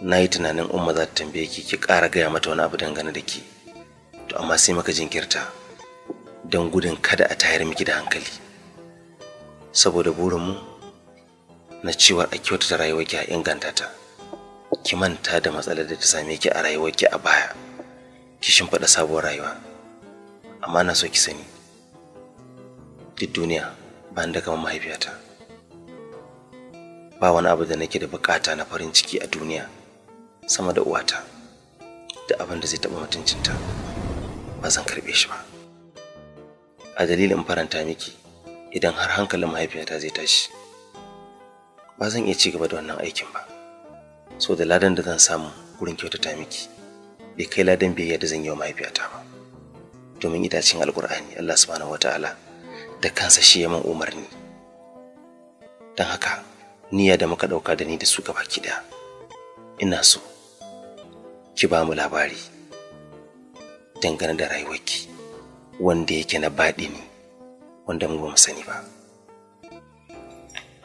na yi tunanin umma za ta tambaye ki ki ƙara gaya mata wani abu dangane da ke, to amma sai maka jinkirta don gudun kada a tayar miki da hankali. Saboda burinmu na cewar a kyautata rayuwarki a inganta ta. ki manta da matsalar da ta same ki a ki a baya ki shimfiɗa sabuwar rayuwa amma na so ki sani duk duniya ba da kamar mahaifiyata ba wani abu da nake da bukata na farin ciki a duniya sama da uwata da abin da zai taɓa mutuncinta ba zan karɓe shi ba a dalilin faranta miki idan har hankalin mahaifiyata zai tashi ba zan iya ci gaba da wannan aikin ba so da ladan da zan samu gurin kyautata miki bai kai ladan biyayya da zan yi wa mahaifiyata ba domin itacin alkur'ani Allah subhanahu wataala da kansa shi ya man umarni dan haka niyya da muka ɗauka da ni da su gaba ɗaya ina so ki ba mu labari dangane da rayuwarki wanda yake na baɗi ne wanda mu ba mu sani ba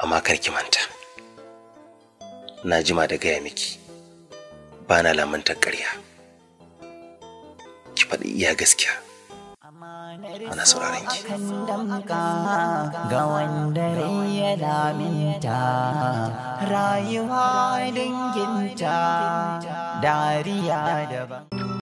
amma kar ki manta na jima da gaya miki ba na lamantar ƙarya ki faɗi iya gaskiya
ana sauraron ki ga wanda ya laminta rayuwa dinginta dariya daban